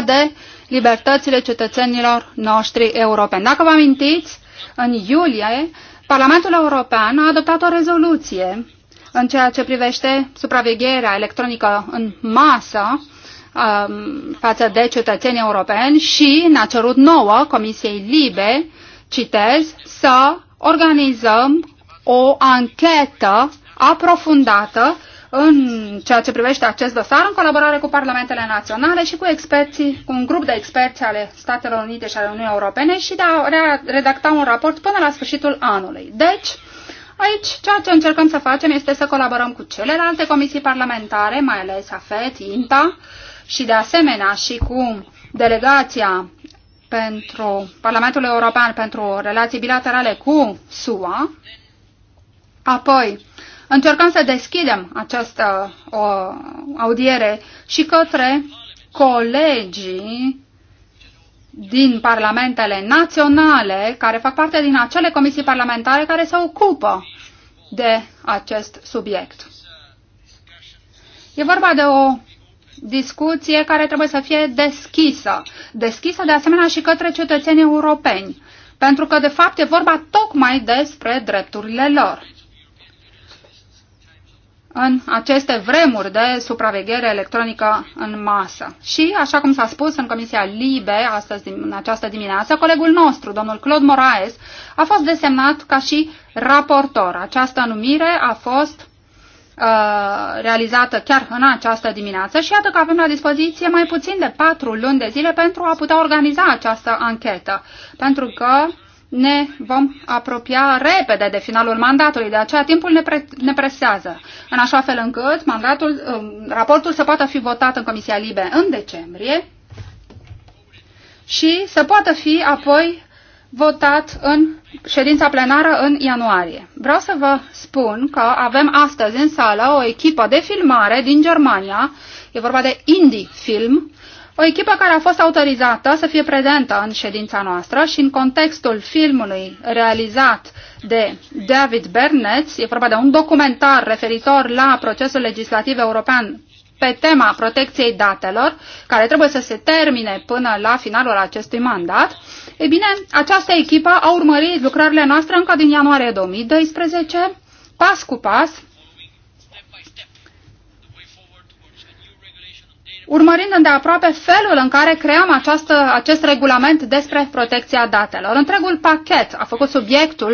de libertățile cetățenilor noștri europeni. Dacă vă amintiți, în iulie, Parlamentul European a adoptat o rezoluție în ceea ce privește supravegherea electronică în masă um, față de cetățenii europeni și ne-a cerut nouă Comisiei Libe, citez, să organizăm o anchetă aprofundată în ceea ce privește acest dosar în colaborare cu parlamentele naționale și cu experții, cu un grup de experți ale Statelor Unite și ale Uniunii Europene și de a redacta un raport până la sfârșitul anului. Deci, aici ceea ce încercăm să facem este să colaborăm cu celelalte comisii parlamentare, mai ales AFET, INTA și de asemenea și cu delegația pentru Parlamentul European pentru relații bilaterale cu SUA, apoi Încercăm să deschidem această o, audiere și către colegii din parlamentele naționale care fac parte din acele comisii parlamentare care se ocupă de acest subiect. E vorba de o discuție care trebuie să fie deschisă. Deschisă de asemenea și către cetățenii europeni, pentru că de fapt e vorba tocmai despre drepturile lor în aceste vremuri de supraveghere electronică în masă. Și, așa cum s-a spus în Comisia Libe astăzi, în această dimineață, colegul nostru, domnul Claude Moraes, a fost desemnat ca și raportor. Această numire a fost uh, realizată chiar în această dimineață și iată că avem la dispoziție mai puțin de patru luni de zile pentru a putea organiza această anchetă. Pentru că ne vom apropia repede de finalul mandatului, de aceea timpul ne, pre ne presează, în așa fel încât mandatul, um, raportul să poată fi votat în Comisia Libe în decembrie și să poată fi apoi votat în ședința plenară în ianuarie. Vreau să vă spun că avem astăzi în sală o echipă de filmare din Germania, e vorba de Indie Film, o echipă care a fost autorizată să fie prezentă în ședința noastră și în contextul filmului realizat de David Bernetz, e vorba de un documentar referitor la procesul legislativ european pe tema protecției datelor, care trebuie să se termine până la finalul acestui mandat, e bine, această echipă a urmărit lucrările noastre încă din ianuarie 2012, pas cu pas, urmărind îndeaproape felul în care creăm această, acest regulament despre protecția datelor. Întregul pachet a făcut subiectul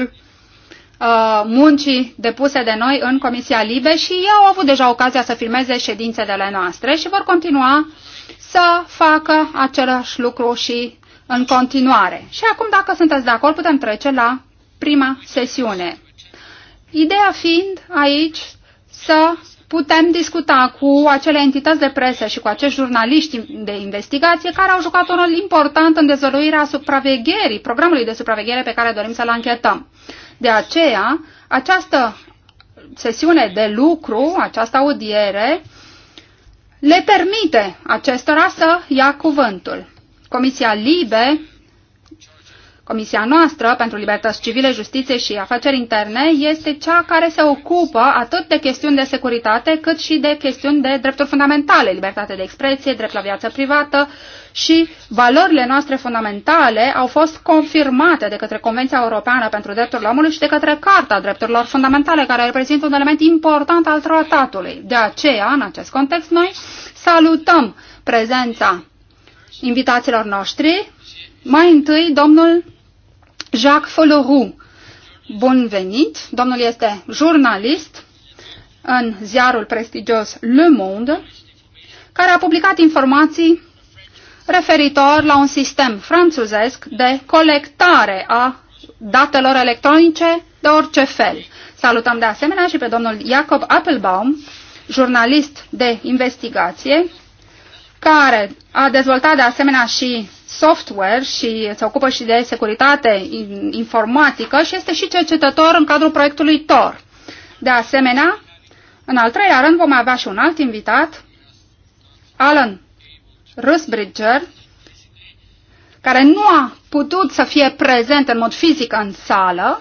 uh, muncii depuse de noi în Comisia Libe și ei au avut deja ocazia să filmeze ședințele noastre și vor continua să facă același lucru și în continuare. Și acum, dacă sunteți de acord, putem trece la prima sesiune. Ideea fiind aici să putem discuta cu acele entități de presă și cu acești jurnaliști de investigație care au jucat un rol important în dezvăluirea supravegherii, programului de supraveghere pe care dorim să-l anchetăm. De aceea, această sesiune de lucru, această audiere, le permite acestora să ia cuvântul. Comisia LIBE Comisia noastră pentru libertăți civile, justiție și afaceri interne este cea care se ocupă atât de chestiuni de securitate cât și de chestiuni de drepturi fundamentale, libertate de expresie, drept la viață privată și valorile noastre fundamentale au fost confirmate de către Convenția Europeană pentru Drepturile Omului și de către Carta Drepturilor Fundamentale, care reprezintă un element important al tratatului. De aceea, în acest context, noi salutăm prezența invitațiilor noștri, mai întâi domnul Jacques Follorou. Bun venit! Domnul este jurnalist în ziarul prestigios Le Monde, care a publicat informații referitor la un sistem franțuzesc de colectare a datelor electronice de orice fel. Salutăm de asemenea și pe domnul Jacob Appelbaum, jurnalist de investigație, care a dezvoltat de asemenea și software și se ocupă și de securitate informatică și este și cercetător în cadrul proiectului TOR. De asemenea, în al treilea rând vom avea și un alt invitat, Alan Rusbridger, care nu a putut să fie prezent în mod fizic în sală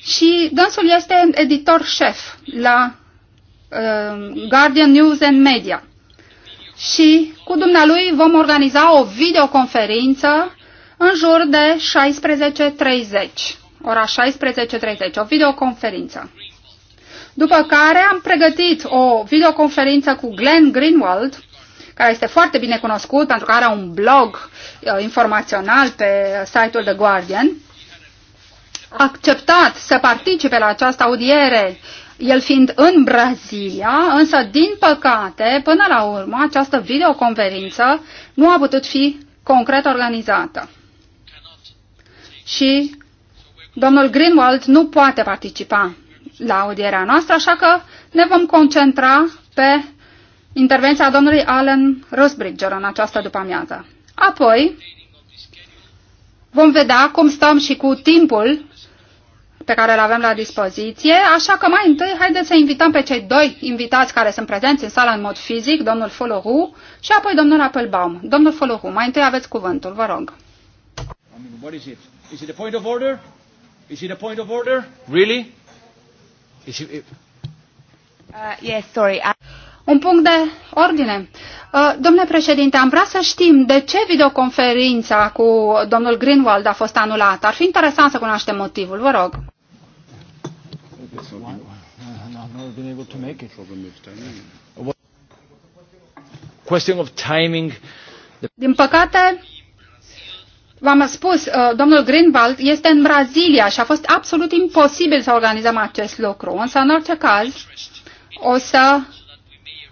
și dânsul este editor șef la uh, Guardian News and Media și cu dumnealui vom organiza o videoconferință în jur de 16.30, ora 16.30, o videoconferință. După care am pregătit o videoconferință cu Glenn Greenwald, care este foarte bine cunoscut pentru că are un blog uh, informațional pe site-ul The Guardian, acceptat să participe la această audiere el fiind în Brazilia, însă, din păcate, până la urmă, această videoconferință nu a putut fi concret organizată. Și domnul Greenwald nu poate participa la audierea noastră, așa că ne vom concentra pe intervenția domnului Allen Rosbridger în această după-amiază. Apoi vom vedea cum stăm și cu timpul pe care îl avem la dispoziție, așa că mai întâi haideți să invităm pe cei doi invitați care sunt prezenți în sală în mod fizic, domnul Foloru și apoi domnul Appelbaum. Domnul Foloru, mai întâi aveți cuvântul, vă rog. Un punct de ordine. Uh, domnule președinte, am vrea să știm de ce videoconferința cu domnul Greenwald a fost anulată. Ar fi interesant să cunoaștem motivul, vă rog. It's not, one, uh, not, not been able to make it. Problem with timing. Question of timing. Din păcate, V-am spus, uh, domnul Greenwald este în Brazilia și a fost absolut imposibil să organizăm acest lucru. Însă, în orice caz, o să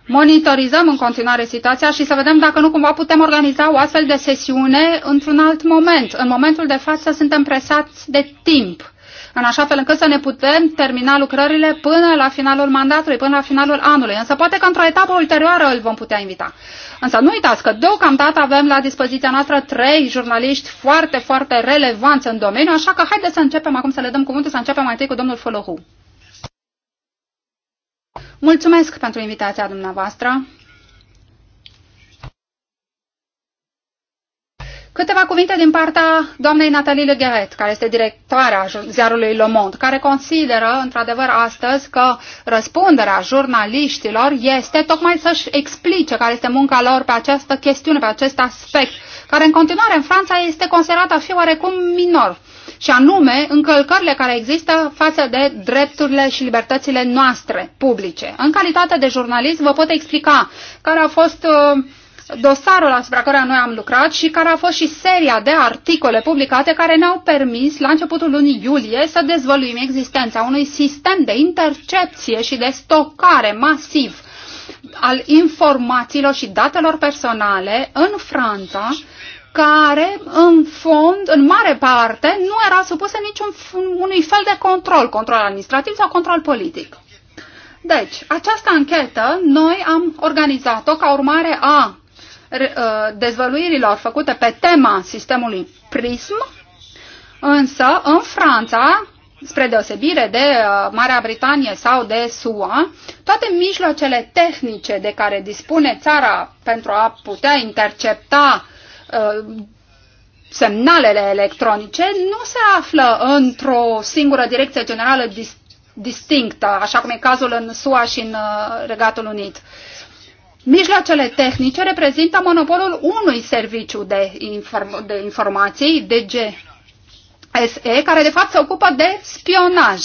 monitorizăm în continuare situația și să vedem dacă nu cumva putem organiza o astfel de sesiune într-un alt moment. În momentul de față suntem presați de timp în așa fel încât să ne putem termina lucrările până la finalul mandatului, până la finalul anului. Însă poate că într-o etapă ulterioară îl vom putea invita. Însă nu uitați că deocamdată avem la dispoziția noastră trei jurnaliști foarte, foarte relevanți în domeniu, așa că haideți să începem acum să le dăm cuvântul, să începem mai întâi cu domnul Folohu. Mulțumesc pentru invitația dumneavoastră. Câteva cuvinte din partea doamnei Natalie Le care este directoarea ziarului Le Monde, care consideră, într-adevăr, astăzi că răspunderea jurnaliștilor este tocmai să-și explice care este munca lor pe această chestiune, pe acest aspect, care în continuare în Franța este considerată a fi oarecum minor, și anume încălcările care există față de drepturile și libertățile noastre publice. În calitate de jurnalist vă pot explica care a fost uh, dosarul asupra căruia noi am lucrat și care a fost și seria de articole publicate care ne-au permis la începutul lunii iulie să dezvăluim existența unui sistem de intercepție și de stocare masiv al informațiilor și datelor personale în Franța, care, în fond, în mare parte, nu era supusă niciun unui fel de control, control administrativ sau control politic. Deci, această anchetă noi am organizat-o ca urmare a Uh, dezvăluirilor făcute pe tema sistemului PRISM, însă în Franța, spre deosebire de uh, Marea Britanie sau de SUA, toate mijloacele tehnice de care dispune țara pentru a putea intercepta uh, semnalele electronice nu se află într-o singură direcție generală distinctă, așa cum e cazul în SUA și în Regatul Unit. Mijloacele tehnice reprezintă monopolul unui serviciu de, inform- de informații, DGSE, care de fapt se ocupă de spionaj.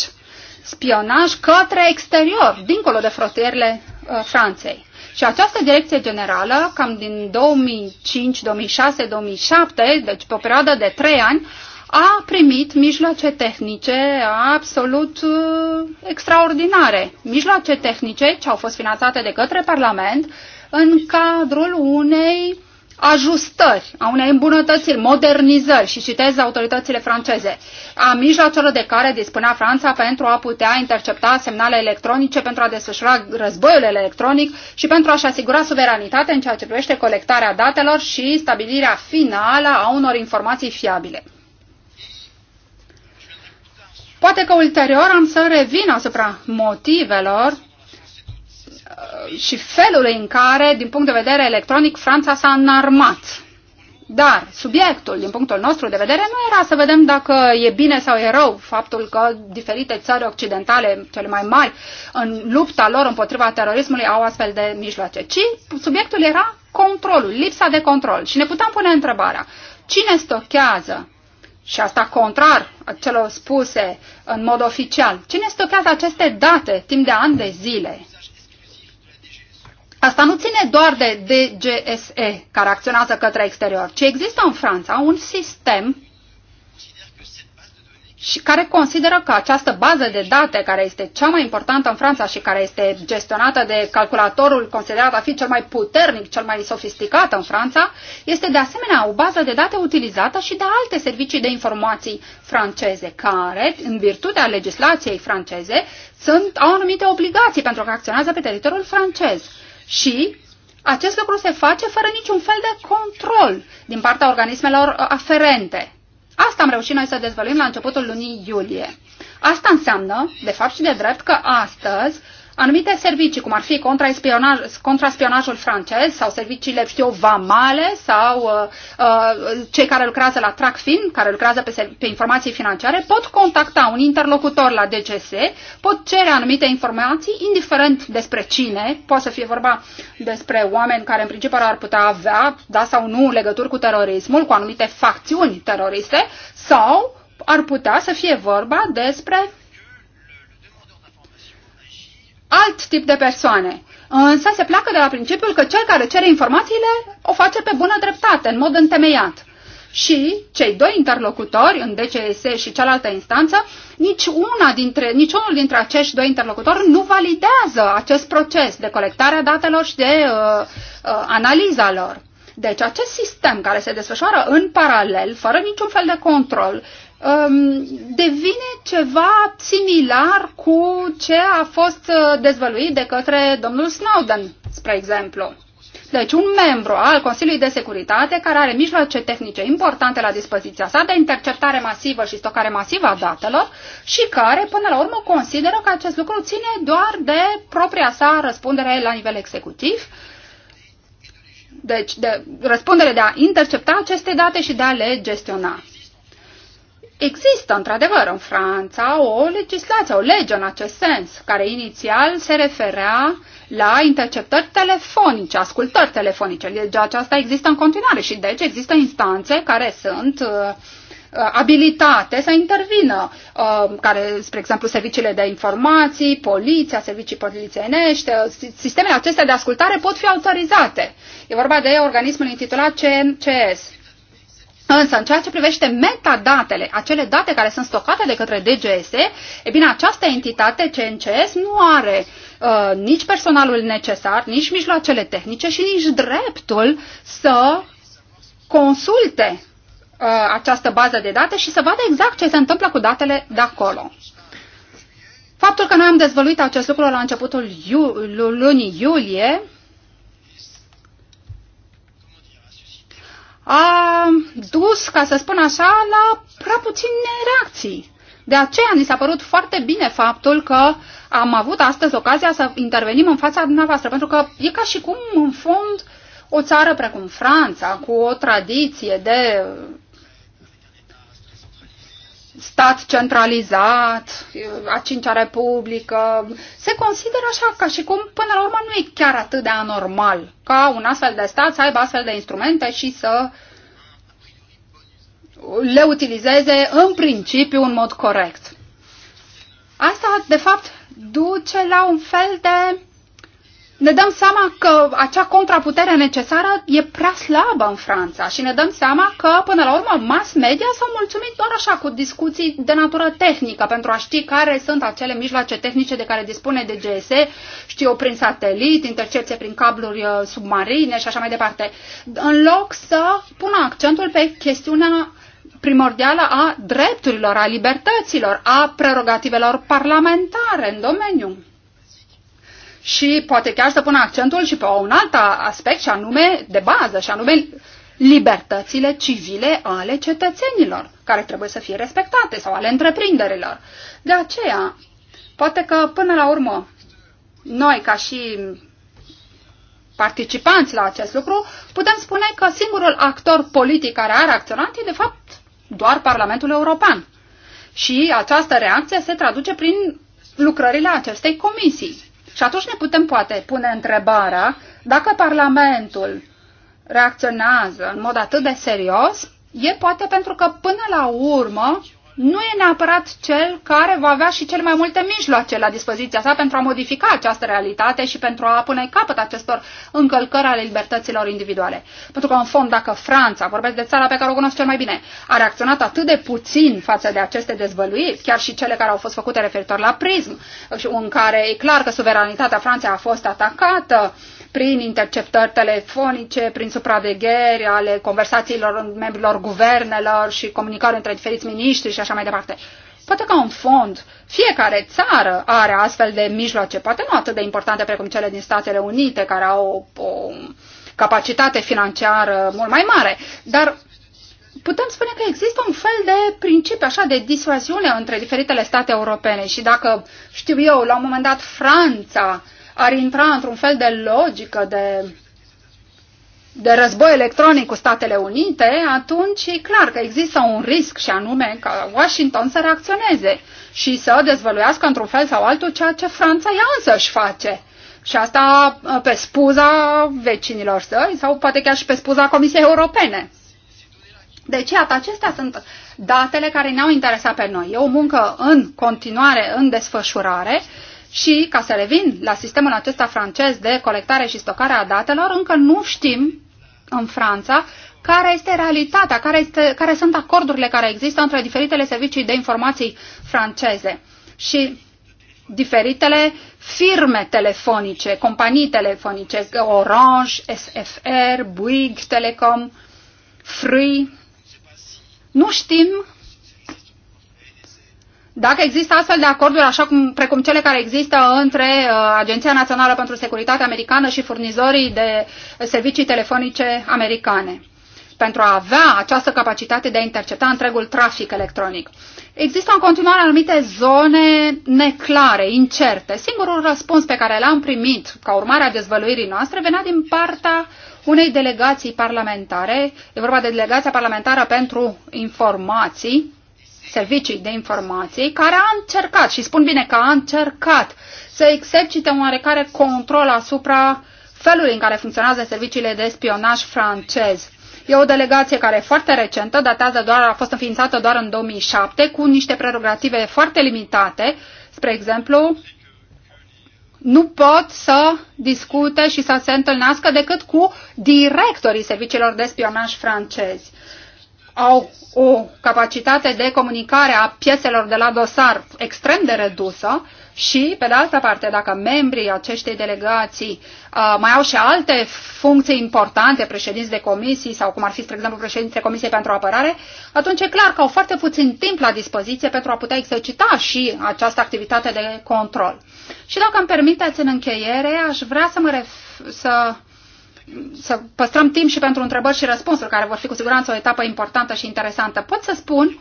Spionaj către exterior, dincolo de frontierele uh, Franței. Și această direcție generală, cam din 2005, 2006, 2007, deci pe o perioadă de trei ani, a primit mijloace tehnice absolut uh, extraordinare. Mijloace tehnice ce au fost finanțate de către Parlament în cadrul unei ajustări, a unei îmbunătățiri, modernizări și citez autoritățile franceze, a mijloacelor de care dispunea Franța pentru a putea intercepta semnale electronice, pentru a desfășura războiul electronic și pentru a-și asigura suveranitatea în ceea ce privește colectarea datelor și stabilirea finală a unor informații fiabile. Poate că ulterior am să revin asupra motivelor și felului în care, din punct de vedere electronic, Franța s-a înarmat. Dar subiectul, din punctul nostru de vedere, nu era să vedem dacă e bine sau e rău faptul că diferite țări occidentale, cele mai mari, în lupta lor împotriva terorismului au astfel de mijloace, ci subiectul era controlul, lipsa de control. Și ne putem pune întrebarea, cine stochează, și asta contrar celor spuse în mod oficial, cine stochează aceste date timp de ani de zile? Asta nu ține doar de DGSE, care acționează către exterior, ci există în Franța un sistem și care consideră că această bază de date, care este cea mai importantă în Franța și care este gestionată de calculatorul considerat a fi cel mai puternic, cel mai sofisticat în Franța, este de asemenea o bază de date utilizată și de alte servicii de informații franceze, care, în virtutea legislației franceze, sunt, au anumite obligații pentru că acționează pe teritoriul francez. Și acest lucru se face fără niciun fel de control din partea organismelor uh, aferente. Asta am reușit noi să dezvăluim la începutul lunii iulie. Asta înseamnă, de fapt și de drept, că astăzi anumite servicii, cum ar fi contraspionaj, contraspionajul francez sau serviciile, știu, vamale sau uh, uh, cei care lucrează la TracFin, care lucrează pe, pe informații financiare, pot contacta un interlocutor la DGS, pot cere anumite informații, indiferent despre cine, poate să fie vorba despre oameni care în principiu ar putea avea, da sau nu, legături cu terorismul, cu anumite facțiuni teroriste, sau ar putea să fie vorba despre alt tip de persoane. Însă se pleacă de la principiul că cel care cere informațiile o face pe bună dreptate, în mod întemeiat. Și cei doi interlocutori, în DCS și cealaltă instanță, nici una dintre, niciunul dintre acești doi interlocutori nu validează acest proces de colectare a datelor și de uh, uh, analiza lor. Deci acest sistem care se desfășoară în paralel, fără niciun fel de control, devine ceva similar cu ce a fost uh, dezvăluit de către domnul Snowden, spre exemplu. Deci un membru al Consiliului de Securitate care are mijloace tehnice importante la dispoziția sa de interceptare masivă și stocare masivă a datelor și care până la urmă consideră că acest lucru ține doar de propria sa răspundere la nivel executiv, deci de răspundere de a intercepta aceste date și de a le gestiona. Există, într-adevăr, în Franța o legislație, o lege în acest sens, care inițial se referea la interceptări telefonice, ascultări telefonice. Legea aceasta există în continuare și deci există instanțe care sunt uh, uh abilitate să intervină, uh, care, spre exemplu, serviciile de informații, poliția, servicii polițienești, uh, sistemele acestea de ascultare pot fi autorizate. E vorba de organismul intitulat CNCS. Însă, în ceea ce privește metadatele, acele date care sunt stocate de către DGS, e bine, această entitate, CNCS, nu are uh, nici personalul necesar, nici mijloacele tehnice și nici dreptul să consulte uh, această bază de date și să vadă exact ce se întâmplă cu datele de acolo. Faptul că noi am dezvăluit acest lucru la începutul iul- lunii iulie a dus, ca să spun așa, la prea puține reacții. De aceea ni s-a părut foarte bine faptul că am avut astăzi ocazia să intervenim în fața dumneavoastră, pentru că e ca și cum, în fond, o țară precum Franța, cu o tradiție de stat centralizat, a cincea republică, se consideră așa ca și cum până la urmă nu e chiar atât de anormal ca un astfel de stat să aibă astfel de instrumente și să le utilizeze în principiu în mod corect. Asta, de fapt, duce la un fel de ne dăm seama că acea contraputere necesară e prea slabă în Franța și ne dăm seama că, până la urmă, mass media s-au mulțumit doar așa cu discuții de natură tehnică pentru a ști care sunt acele mijloace tehnice de care dispune de GSE, știu eu, prin satelit, intercepție prin cabluri uh, submarine și așa mai departe, în loc să pună accentul pe chestiunea primordială a drepturilor, a libertăților, a prerogativelor parlamentare în domeniu și poate chiar să pună accentul și pe un alt aspect și anume de bază, și anume libertățile civile ale cetățenilor, care trebuie să fie respectate, sau ale întreprinderilor. De aceea, poate că până la urmă, noi ca și participanți la acest lucru, putem spune că singurul actor politic care are acționat e de fapt doar Parlamentul European. Și această reacție se traduce prin lucrările acestei comisii. Și atunci ne putem poate pune întrebarea dacă Parlamentul reacționează în mod atât de serios, e poate pentru că până la urmă nu e neapărat cel care va avea și cele mai multe mijloace la dispoziția sa pentru a modifica această realitate și pentru a pune capăt acestor încălcări ale libertăților individuale. Pentru că, în fond, dacă Franța, vorbesc de țara pe care o cunosc cel mai bine, a reacționat atât de puțin față de aceste dezvăluiri, chiar și cele care au fost făcute referitor la prism, în care e clar că suveranitatea Franței a fost atacată, uh, prin interceptări telefonice, prin supravegheri ale conversațiilor membrilor guvernelor și comunicări între diferiți miniștri și așa mai departe. Poate ca un fond fiecare țară are astfel de mijloace, poate nu atât de importante precum cele din Statele Unite, care au o, o capacitate financiară mult mai mare, dar putem spune că există un fel de principiu așa de disuasiune între diferitele state europene și dacă știu eu, la un moment dat Franța uh, ar intra într-un fel de logică de, de război electronic cu Statele Unite, atunci e clar că există un risc și anume ca Washington să reacționeze și să dezvăluiască într-un fel sau altul ceea ce Franța ea însă își face. Și asta uh, pe spuza vecinilor săi sau poate chiar și pe spuza Comisiei Europene. Deci, iată, acestea sunt datele care ne-au interesat pe noi. E o muncă în continuare, în desfășurare și, ca să revin la sistemul acesta francez de colectare și stocare a datelor, încă nu știm în Franța care este realitatea, care, este, care sunt acordurile care există între diferitele servicii de informații franceze și diferitele firme telefonice, companii telefonice, Orange, SFR, Bouygues Telecom, Free. Nu știm dacă există astfel de acorduri, așa cum, precum cele care există între uh, Agenția Națională pentru Securitate Americană și furnizorii de servicii telefonice americane, pentru a avea această capacitate de a intercepta întregul trafic electronic. Există în continuare anumite zone neclare, incerte. Singurul răspuns pe care l-am primit ca urmare a dezvăluirii noastre venea din partea unei delegații parlamentare, e vorba de delegația parlamentară pentru informații, servicii de informații care a încercat, și spun bine că a încercat, să exercite un oarecare control asupra felului în care funcționează serviciile de spionaj francez. E o delegație care e foarte recentă, datează doar, a fost înființată doar în 2007, cu niște prerogative foarte limitate. Spre exemplu, nu pot să discute și să se întâlnească decât cu directorii serviciilor de spionaj francezi au o capacitate de comunicare a pieselor de la dosar extrem de redusă și, pe de altă parte, dacă membrii acestei delegații uh, mai au și alte funcții importante, președinți de comisii sau cum ar fi, spre exemplu, președintele Comisiei pentru Apărare, atunci e clar că au foarte puțin timp la dispoziție pentru a putea exercita și această activitate de control. Și dacă îmi permiteți în încheiere, aș vrea să mă ref- să uh, să păstrăm timp și pentru întrebări și răspunsuri, care vor fi cu siguranță o etapă importantă și interesantă. Pot să spun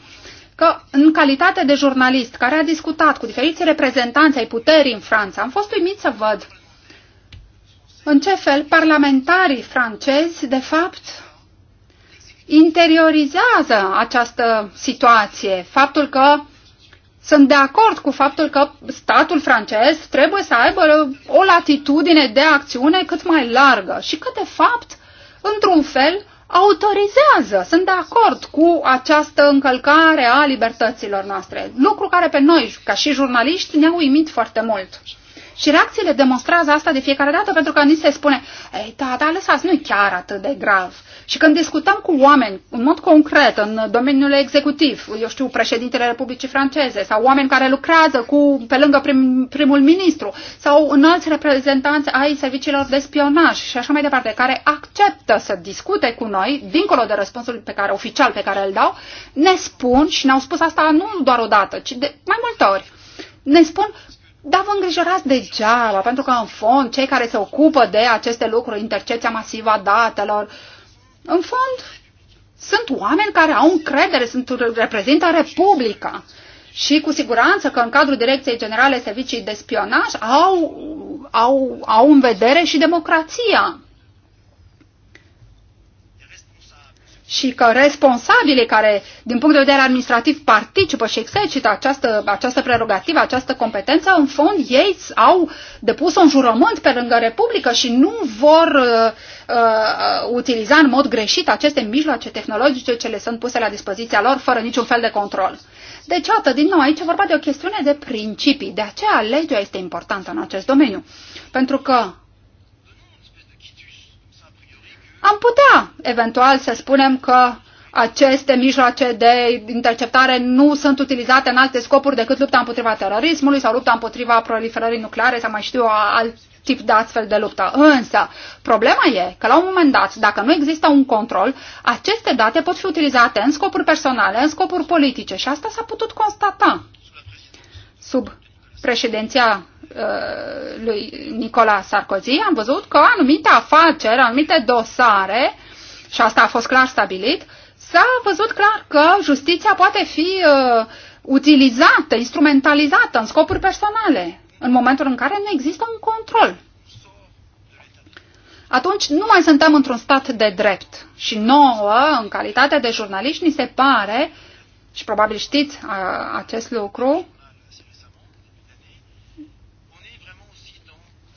că în calitate de jurnalist care a discutat cu diferiți reprezentanți ai puterii în Franța, am fost uimit să văd în ce fel parlamentarii francezi, de fapt, interiorizează această situație, faptul că sunt de acord cu faptul că statul francez trebuie să aibă o latitudine de acțiune cât mai largă și că, de fapt, într-un fel, autorizează. Sunt de acord cu această încălcare a libertăților noastre, lucru care pe noi, ca și jurnaliști, ne-a uimit foarte mult. Și reacțiile demonstrează asta de fiecare dată pentru că ni se spune, ei, da, da, lăsați, nu-i chiar atât de grav. Și când discutăm cu oameni în mod concret în domeniul executiv, eu știu, președintele Republicii Franceze sau oameni care lucrează cu, pe lângă prim, primul ministru sau în alți reprezentanți ai serviciilor de spionaj și așa mai departe, care acceptă să discute cu noi, dincolo de răspunsul pe care, oficial pe care îl dau, ne spun și ne-au spus asta nu doar o dată, ci de mai multe ori. Ne spun dar vă îngrijorați degeaba, pentru că în fond cei care se ocupă de aceste lucruri, intercepția masivă a datelor, în fond, sunt oameni care au încredere, sunt, reprezintă Republica. Și cu siguranță că în cadrul Direcției Generale Servicii de Spionaj au, au, au în vedere și democrația. și că responsabilii care, din punct de vedere administrativ, participă și exercită această, această prerogativă, această competență, în fond ei au depus un jurământ pe lângă Republică și nu vor uh, uh, utiliza în mod greșit aceste mijloace tehnologice ce le sunt puse la dispoziția lor fără niciun fel de control. Deci, atât din nou, aici e vorba de o chestiune de principii. De aceea legea este importantă în acest domeniu. Pentru că am putea, eventual, să spunem că aceste mijloace de interceptare nu sunt utilizate în alte scopuri decât lupta împotriva terorismului sau lupta împotriva proliferării nucleare sau mai știu alt tip de astfel de luptă. Însă, problema e că la un moment dat, dacă nu există un control, aceste date pot fi utilizate în scopuri personale, în scopuri politice și asta s-a putut constata sub președinția Uh, lui Nicola Sarkozy, am văzut că anumite afaceri, anumite dosare, și asta a fost clar stabilit, s-a văzut clar că justiția poate fi uh, utilizată, instrumentalizată în scopuri personale, în momentul în care nu există un control. Atunci nu mai suntem într-un stat de drept și nouă, în calitate de jurnaliști, ni se pare, și probabil știți a, uh, acest lucru,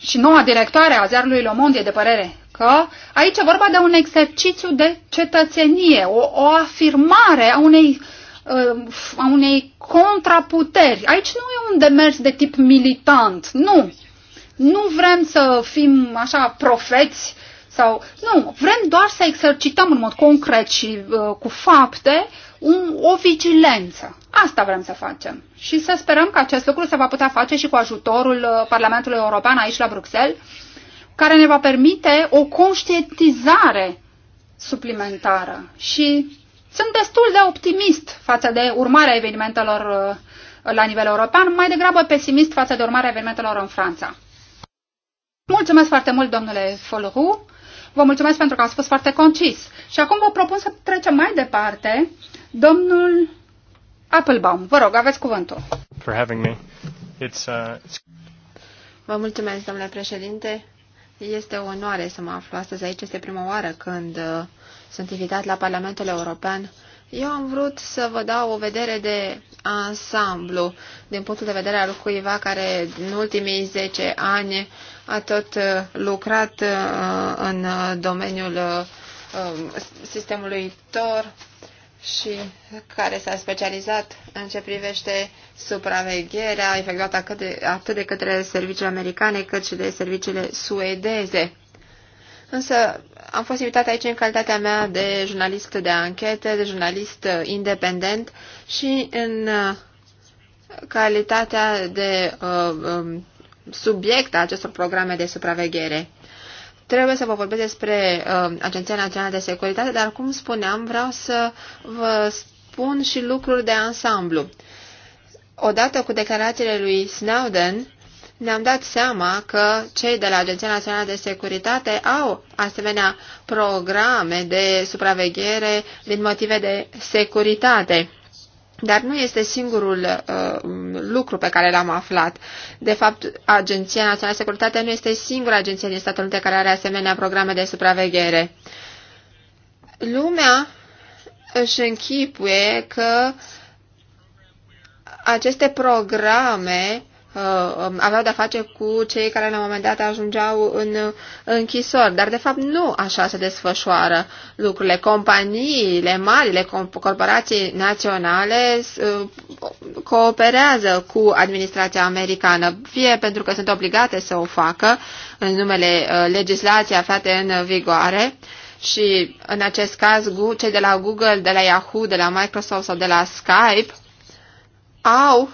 și noua directoare a ziarului Le Monde e de părere că aici e vorba de un exercițiu de cetățenie, o, o afirmare a unei, uh, a unei contraputeri. Aici nu e un demers de tip militant, nu. Nu vrem să fim așa profeți sau nu, vrem doar să exercităm în mod concret și uh, cu fapte un, o vigilență. Asta vrem să facem și să sperăm că acest lucru se va putea face și cu ajutorul uh, Parlamentului European aici la Bruxelles, care ne va permite o conștientizare suplimentară. Și sunt destul de optimist față de urmarea evenimentelor uh, la nivel european, mai degrabă pesimist față de urmarea evenimentelor în Franța. Mulțumesc foarte mult, domnule Folru. Vă mulțumesc pentru că ați fost foarte concis. Și acum vă propun să trecem mai departe. Domnul Applebaum, vă rog, aveți cuvântul. For having me. It's, uh, it's... Vă mulțumesc, domnule președinte. Este o onoare să mă aflu astăzi aici. Este prima oară când uh, sunt invitat la Parlamentul European. Eu am vrut să vă dau o vedere de ansamblu din punctul de vedere al cuiva care în ultimii 10 ani a tot uh, lucrat uh, în uh, domeniul sistemului TOR și care s-a specializat în ce privește supravegherea efectuată atât de către serviciile americane cât și de serviciile suedeze. Însă am fost invitat aici în calitatea mea de jurnalist de anchete, de jurnalist independent și în uh, calitatea de uh, um, subiect a acestor programe de supraveghere. Trebuie să vă vorbesc despre uh, Agenția Națională de Securitate, dar cum spuneam, vreau să vă spun și lucruri de ansamblu. Odată cu declarațiile lui Snowden, ne-am dat seama că cei de la Agenția Națională de Securitate au asemenea programe de supraveghere din motive de securitate. Dar nu este singurul uh, lucru pe care l-am aflat. De fapt, Agenția Națională de Securitate nu este singura agenție din Statele Unite care are asemenea programe de supraveghere. Lumea își închipuie că aceste programe Uh, um, aveau de-a face cu cei care la un moment dat ajungeau în uh, închisori. Dar, de fapt, nu așa se desfășoară lucrurile. Companiile, marile corporații naționale uh, cooperează cu administrația americană, fie pentru că sunt obligate să o facă în numele legislației aflate în vigoare, și în acest caz cei de la Google, de la Yahoo, de la Microsoft sau de la Skype au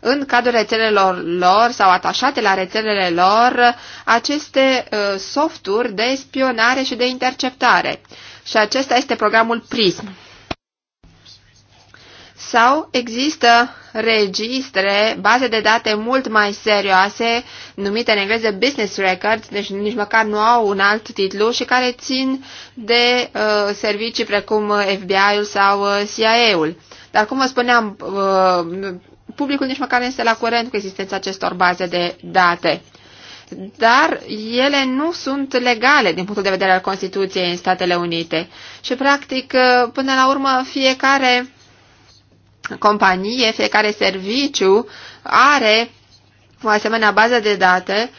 în cadrul rețelelor lor sau atașate la rețelele lor aceste uh, softuri de spionare și de interceptare. Și acesta este programul PRISM. Sau există registre, baze de date mult mai serioase, numite în engleză business records, deci nici măcar nu au un alt titlu și care țin de uh, servicii precum FBI-ul sau uh, CIA-ul. Dar cum vă spuneam, uh, publicul nici măcar nu este la curent cu existența acestor baze de date. Dar ele nu sunt legale din punctul de vedere al Constituției în Statele Unite. Și, practic, până la urmă, fiecare companie, fiecare serviciu are o asemenea bază de date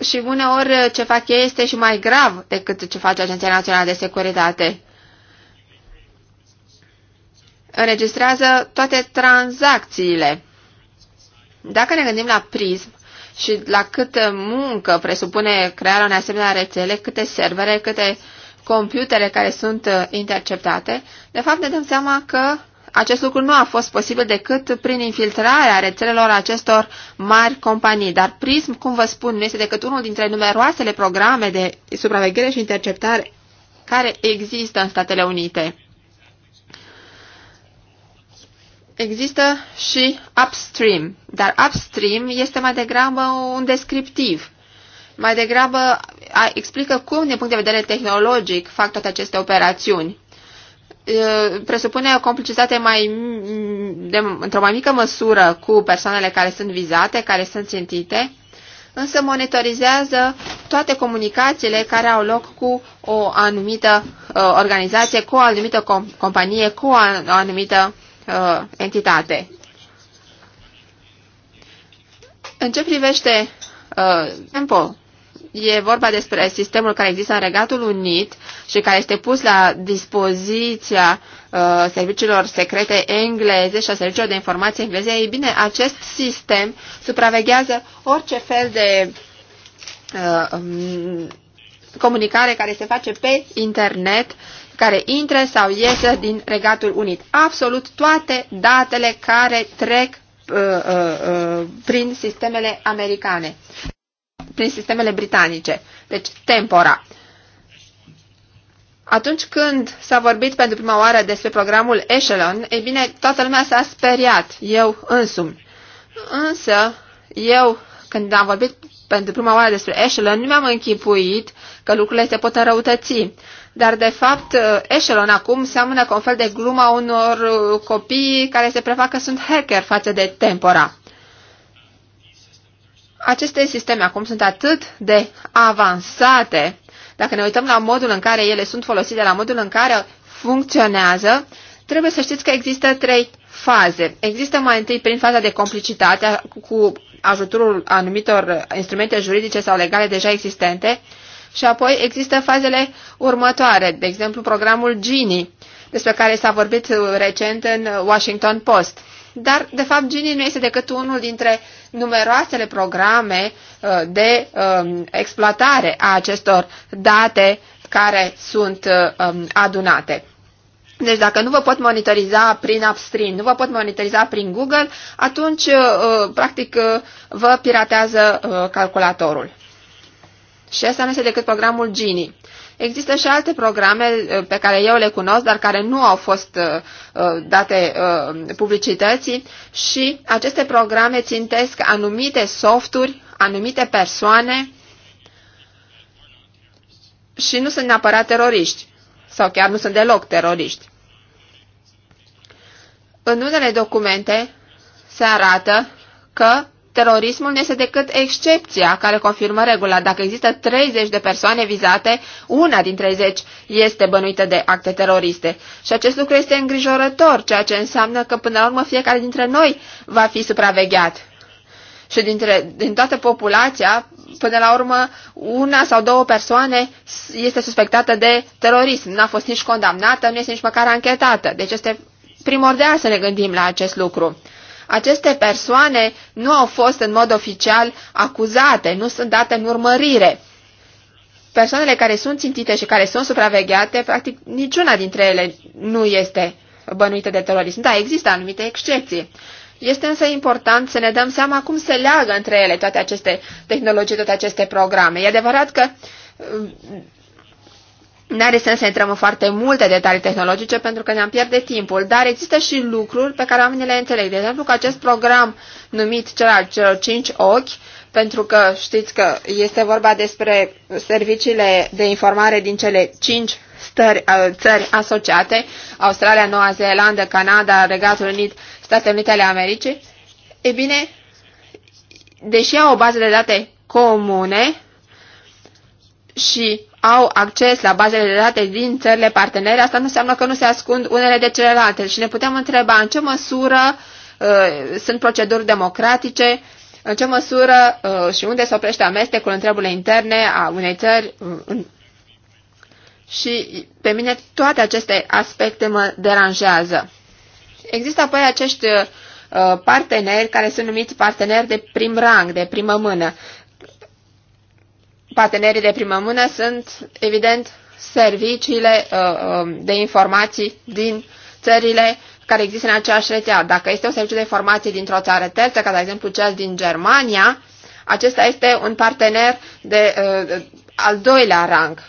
și uneori ce fac ei este și mai grav decât ce face Agenția Națională de Securitate. Înregistrează toate tranzacțiile dacă ne gândim la prism și la câtă muncă presupune crearea unei asemenea rețele, câte servere, câte computere care sunt uh, interceptate, de fapt ne dăm seama că acest lucru nu a fost posibil decât prin infiltrarea rețelelor acestor mari companii, dar Prism, cum vă spun, nu este decât unul dintre numeroasele programe de supraveghere și interceptare care există în Statele Unite. Există și upstream, dar upstream este mai degrabă un descriptiv. Mai degrabă a, explică cum, din punct de vedere tehnologic, fac toate aceste operațiuni. E, presupune o complicitate mai, într-o mai mică măsură cu persoanele care sunt vizate, care sunt țintite, însă monitorizează toate comunicațiile care au loc cu o anumită uh, organizație, cu o anumită com companie, cu o anumită uh, entitate. În ce privește uh, tempo, e vorba despre sistemul care există în Regatul Unit și care este pus la dispoziția uh, serviciilor secrete engleze și a serviciilor de informație engleze. Ei bine, acest sistem supraveghează orice fel de uh, um, comunicare care se face pe internet care intră sau iese din Regatul Unit. Absolut toate datele care trec Uh, uh, uh, prin sistemele americane, prin sistemele britanice, deci tempora. Atunci când s-a vorbit pentru prima oară despre programul Echelon, e bine, toată lumea s-a speriat, eu însumi. Însă, eu, când am vorbit pentru prima oară despre Echelon, nu mi-am închipuit că lucrurile se pot înrăutăți dar de fapt uh, Echelon acum seamănă cu un fel de gluma unor uh, copii care se prefac că sunt hacker față de tempora. Aceste sisteme acum sunt atât de avansate, dacă ne uităm la modul în care ele sunt folosite, la modul în care funcționează, trebuie să știți că există trei faze. Există mai întâi prin faza de complicitate cu ajutorul anumitor instrumente juridice sau legale deja existente, și apoi există fazele următoare, de exemplu programul Gini, despre care s-a vorbit uh, recent în uh, Washington Post. Dar, de fapt, Gini nu este decât unul dintre numeroasele programe uh, de um, exploatare a acestor date care sunt um, adunate. Deci dacă nu vă pot monitoriza prin upstream, nu vă pot monitoriza prin Google, atunci, practic, vă piratează calculatorul. Și asta nu este decât programul Gini. Există și alte programe uh, pe care eu le cunosc, dar care nu au fost uh, uh, date publicității și aceste programe țintesc anumite softuri, anumite persoane și nu sunt neapărat teroriști sau chiar nu sunt deloc teroriști. În unele documente se arată că Terorismul nu este decât excepția care confirmă regula. Dacă există 30 de persoane vizate, una din 30 este bănuită de acte teroriste. Și acest lucru este îngrijorător, ceea ce înseamnă că până la urmă fiecare dintre noi va fi supravegheat. Și dintre, din toată populația, până la urmă, una sau două persoane este suspectată de terorism. Nu a fost nici condamnată, nu este nici măcar anchetată. Deci este primordial să ne gândim la acest lucru. Aceste persoane nu au fost în mod oficial acuzate, nu sunt date în urmărire. Persoanele care sunt țintite și care sunt supravegheate, practic niciuna dintre ele nu este bănuită de terorism. Da, există anumite excepții. Este însă important să ne dăm seama cum se leagă între ele toate aceste tehnologii, toate aceste programe. E adevărat că N-are sens să intrăm în foarte multe detalii tehnologice pentru că ne-am pierde timpul, dar există și lucruri pe care oamenii le înțeleg. De exemplu, că acest program numit cel al celor cinci ochi, pentru că știți că este vorba despre serviciile de informare din cele cinci stări, uh, țări asociate, Australia, Noua Zeelandă, Canada, Regatul Unit, Statele Unite ale Americii, e bine, deși au o bază de date comune și au acces la bazele de date din țările partenere, asta nu înseamnă că nu se ascund unele de celelalte și ne putem întreba în ce măsură uh, sunt proceduri democratice, în ce măsură uh, și unde se oprește amestecul în treburile interne a unei țări. Uh, și pe mine toate aceste aspecte mă deranjează. Există apoi acești uh, parteneri care sunt numiți parteneri de prim rang, de primă mână. Partenerii de primă mână sunt, evident, serviciile uh, um, de informații din țările care există în aceeași rețea. Dacă este un serviciu de informații dintr-o țară terță, ca de exemplu cel din Germania, acesta este un partener de uh, al doilea rang.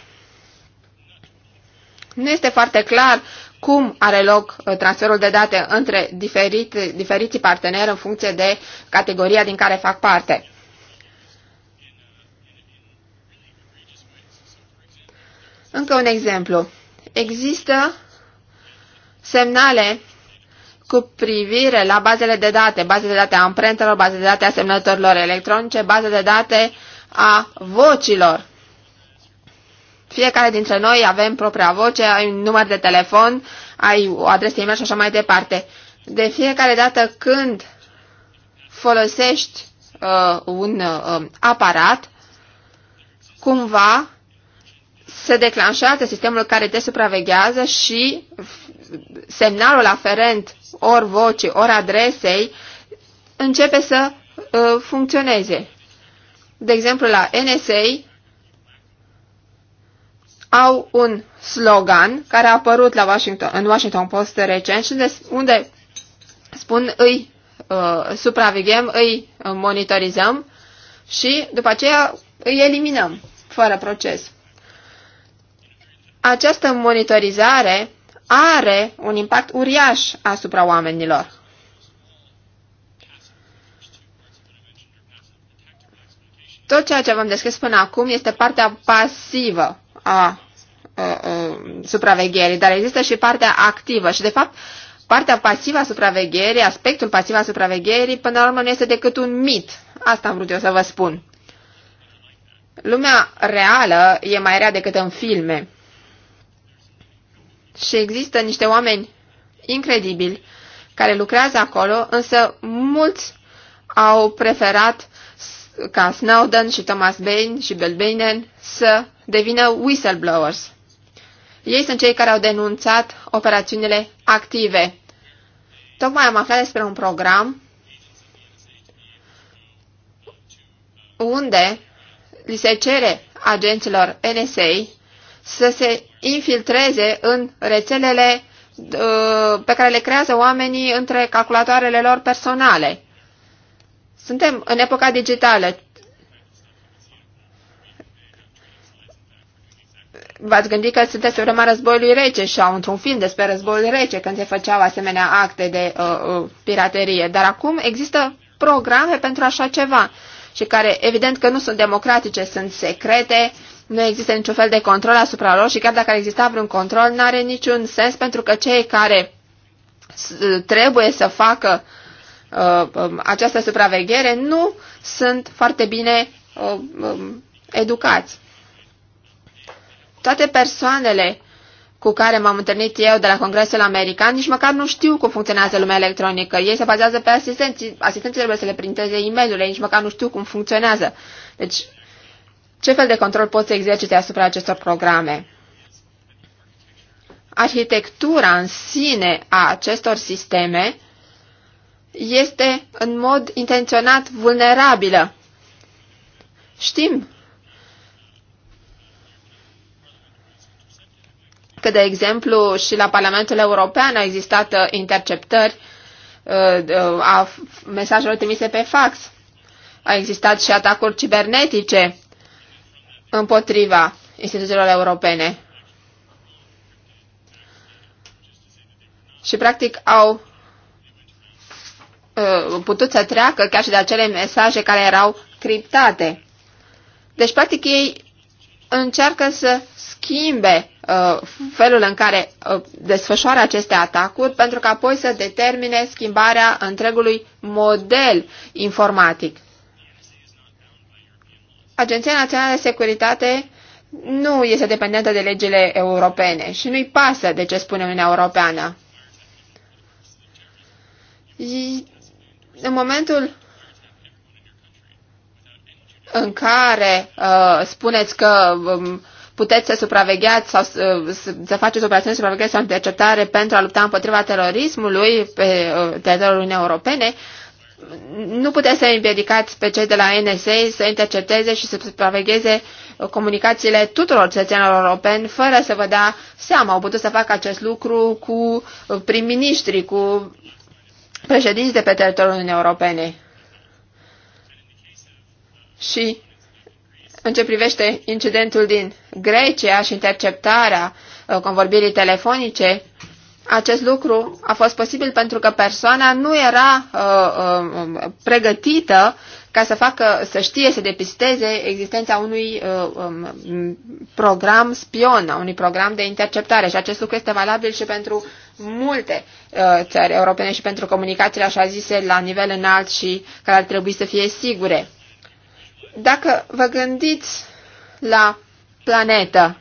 Nu este foarte clar cum are loc uh, transferul de date între diferite, diferiții parteneri în funcție de categoria din care fac parte. Încă un exemplu. Există semnale cu privire la bazele de date, bazele de date a amprentelor, bazele de date a semnătorilor electronice, bazele de date a vocilor. Fiecare dintre noi avem propria voce, ai un număr de telefon, ai o adresă e-mail și așa mai departe. De fiecare dată când folosești uh, un uh, aparat, cumva se declanșează sistemul care te supraveghează și semnalul aferent ori vocii, ori adresei începe să uh, funcționeze. De exemplu, la NSA au un slogan care a apărut la Washington, în Washington Post recent unde, unde spun îi uh, supraveghem, îi monitorizăm și după aceea îi eliminăm fără proces această monitorizare are un impact uriaș asupra oamenilor. Tot ceea ce v-am descris până acum este partea pasivă a supravegherii, dar există și partea activă și, de fapt, partea pasivă a supravegherii, aspectul pasiv a supravegherii, până la urmă nu este decât un mit. Asta am vrut eu să vă spun. Lumea reală e mai rea decât în filme și există niște oameni incredibili care lucrează acolo, însă mulți au preferat ca Snowden și Thomas Bain și Bainen să devină whistleblowers. Ei sunt cei care au denunțat operațiunile active. Tocmai am aflat despre un program unde li se cere agenților NSA să se infiltreze în rețelele uh, pe care le creează oamenii între calculatoarele lor personale. Suntem în epoca digitală. V-ați gândit că sunteți urma războiului rece și au într-un film despre războiul rece când se făceau asemenea acte de uh, uh, piraterie. Dar acum există programe pentru așa ceva și care evident că nu sunt democratice, sunt secrete, uh, nu există niciun fel de control asupra lor și chiar dacă ar exista vreun control, nu are niciun sens pentru că cei care trebuie să facă uh, um, această supraveghere nu sunt foarte bine uh, um, educați. Toate persoanele cu care m-am întâlnit eu de la Congresul American, nici măcar nu știu cum funcționează lumea electronică. Ei se bazează pe asistenții. Asistenții trebuie să le printeze e mail nici măcar nu știu cum funcționează. Deci, ce fel de control poți să exercite asupra acestor programe? Arhitectura în sine a acestor sisteme este în mod intenționat vulnerabilă. Știm că, de exemplu, și la Parlamentul European au existat uh, interceptări uh, uh, a mesajelor trimise pe fax. Au existat și atacuri cibernetice împotriva instituțiilor europene. Și practic au uh, putut să treacă chiar și de acele mesaje care erau criptate. Deci, practic, ei încearcă să schimbe uh, felul în care uh, desfășoară aceste atacuri pentru că apoi să determine schimbarea întregului model informatic. Agenția Națională de Securitate nu este dependentă de legile europene și nu-i pasă de ce spune Uniunea Europeană. În momentul în care uh, spuneți că um, puteți să supravegheați sau uh, să faceți operațiuni de supraveghere sau interceptare pentru a lupta împotriva terorismului pe uh, teritoriul Uniunii Europene, uh, nu putea să împiedicați pe cei de la NSA să intercepteze și să supravegheze comunicațiile tuturor cetățenilor europeni fără să vă da seama. Au putut să facă acest lucru cu prim-ministri, cu președinți de pe teritoriul Uniunii Europene. Și în ce privește incidentul din Grecia și interceptarea uh, convorbirii telefonice, acest lucru a fost posibil pentru că persoana nu era uh, uh, pregătită ca să facă, să știe, să depisteze existența unui uh, um, program spion, a unui program de interceptare. Și acest lucru este valabil și pentru multe uh, țări europene și pentru comunicațiile așa zise la nivel înalt și care ar trebui să fie sigure. Dacă vă gândiți la planetă,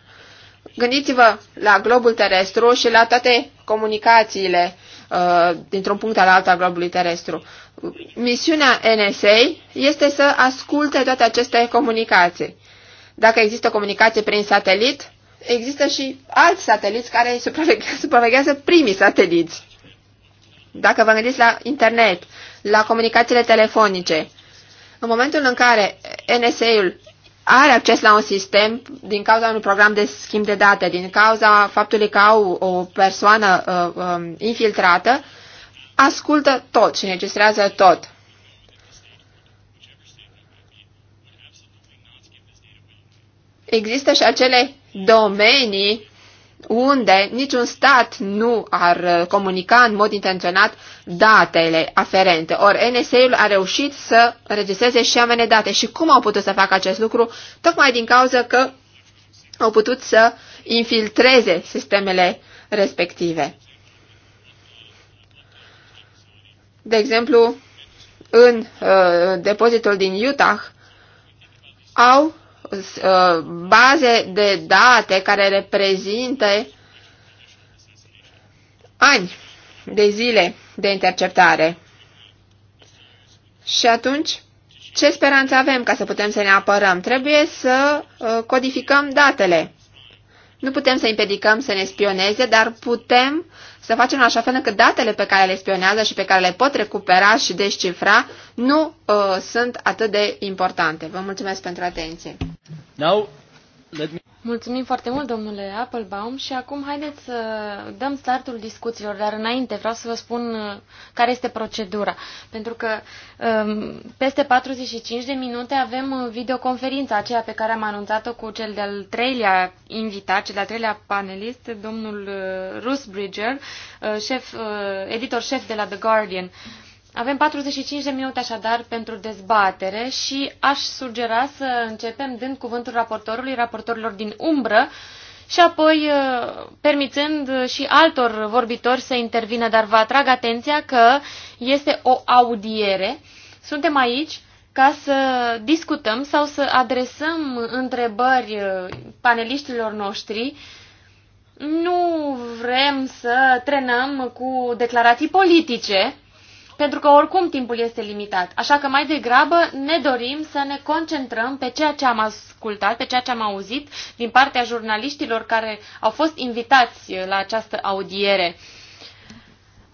Gândiți-vă la globul terestru și la toate comunicațiile uh, dintr-un punct al altul al globului terestru. Misiunea NSA este să asculte toate aceste comunicații. Dacă există comunicație prin satelit, există și alți sateliți care supraveghează primii sateliți. Dacă vă gândiți la internet, la comunicațiile telefonice, în momentul în care NSA-ul are acces la un sistem din cauza unui program de schimb de date, din cauza faptului că au o persoană uh, um, infiltrată, ascultă tot și înregistrează tot. Există și acele domenii unde niciun stat nu ar uh, comunica în mod intenționat datele aferente. Ori NSA-ul a reușit să înregistreze și amene date. Și cum au putut să facă acest lucru? Tocmai din cauza că au putut să infiltreze sistemele respective. De exemplu, în uh, depozitul din Utah au Uh, baze de date care reprezintă ani de zile de interceptare. Și atunci, ce speranță avem ca să putem să ne apărăm? Trebuie să uh, codificăm datele. Nu putem să împiedicăm să ne spioneze, dar putem să facem așa fel încât datele pe care le spionează și pe care le pot recupera și descifra nu uh, sunt atât de importante. Vă mulțumesc pentru atenție. Now, let me... Mulțumim foarte mult, domnule Applebaum, și acum haideți să dăm startul discuțiilor, dar înainte vreau să vă spun uh, care este procedura, pentru că um, peste 45 de minute avem uh, videoconferința aceea pe care am anunțat-o cu cel de-al treilea invitat, cel de-al treilea panelist, domnul Bruce uh, Bridger, șef, editor șef de la The Guardian. Avem 45 de minute așadar pentru dezbatere și aș sugera să începem dând cuvântul raportorului, raportorilor din umbră și apoi uh, permițând uh, și altor vorbitori să intervină, dar vă atrag atenția că este o audiere. Suntem aici ca să discutăm sau să adresăm întrebări uh, paneliștilor noștri nu vrem să trenăm cu declarații politice, pentru că oricum timpul este limitat. Așa că mai degrabă ne dorim să ne concentrăm pe ceea ce am ascultat, pe ceea ce am auzit din partea jurnaliștilor care au fost invitați la această audiere.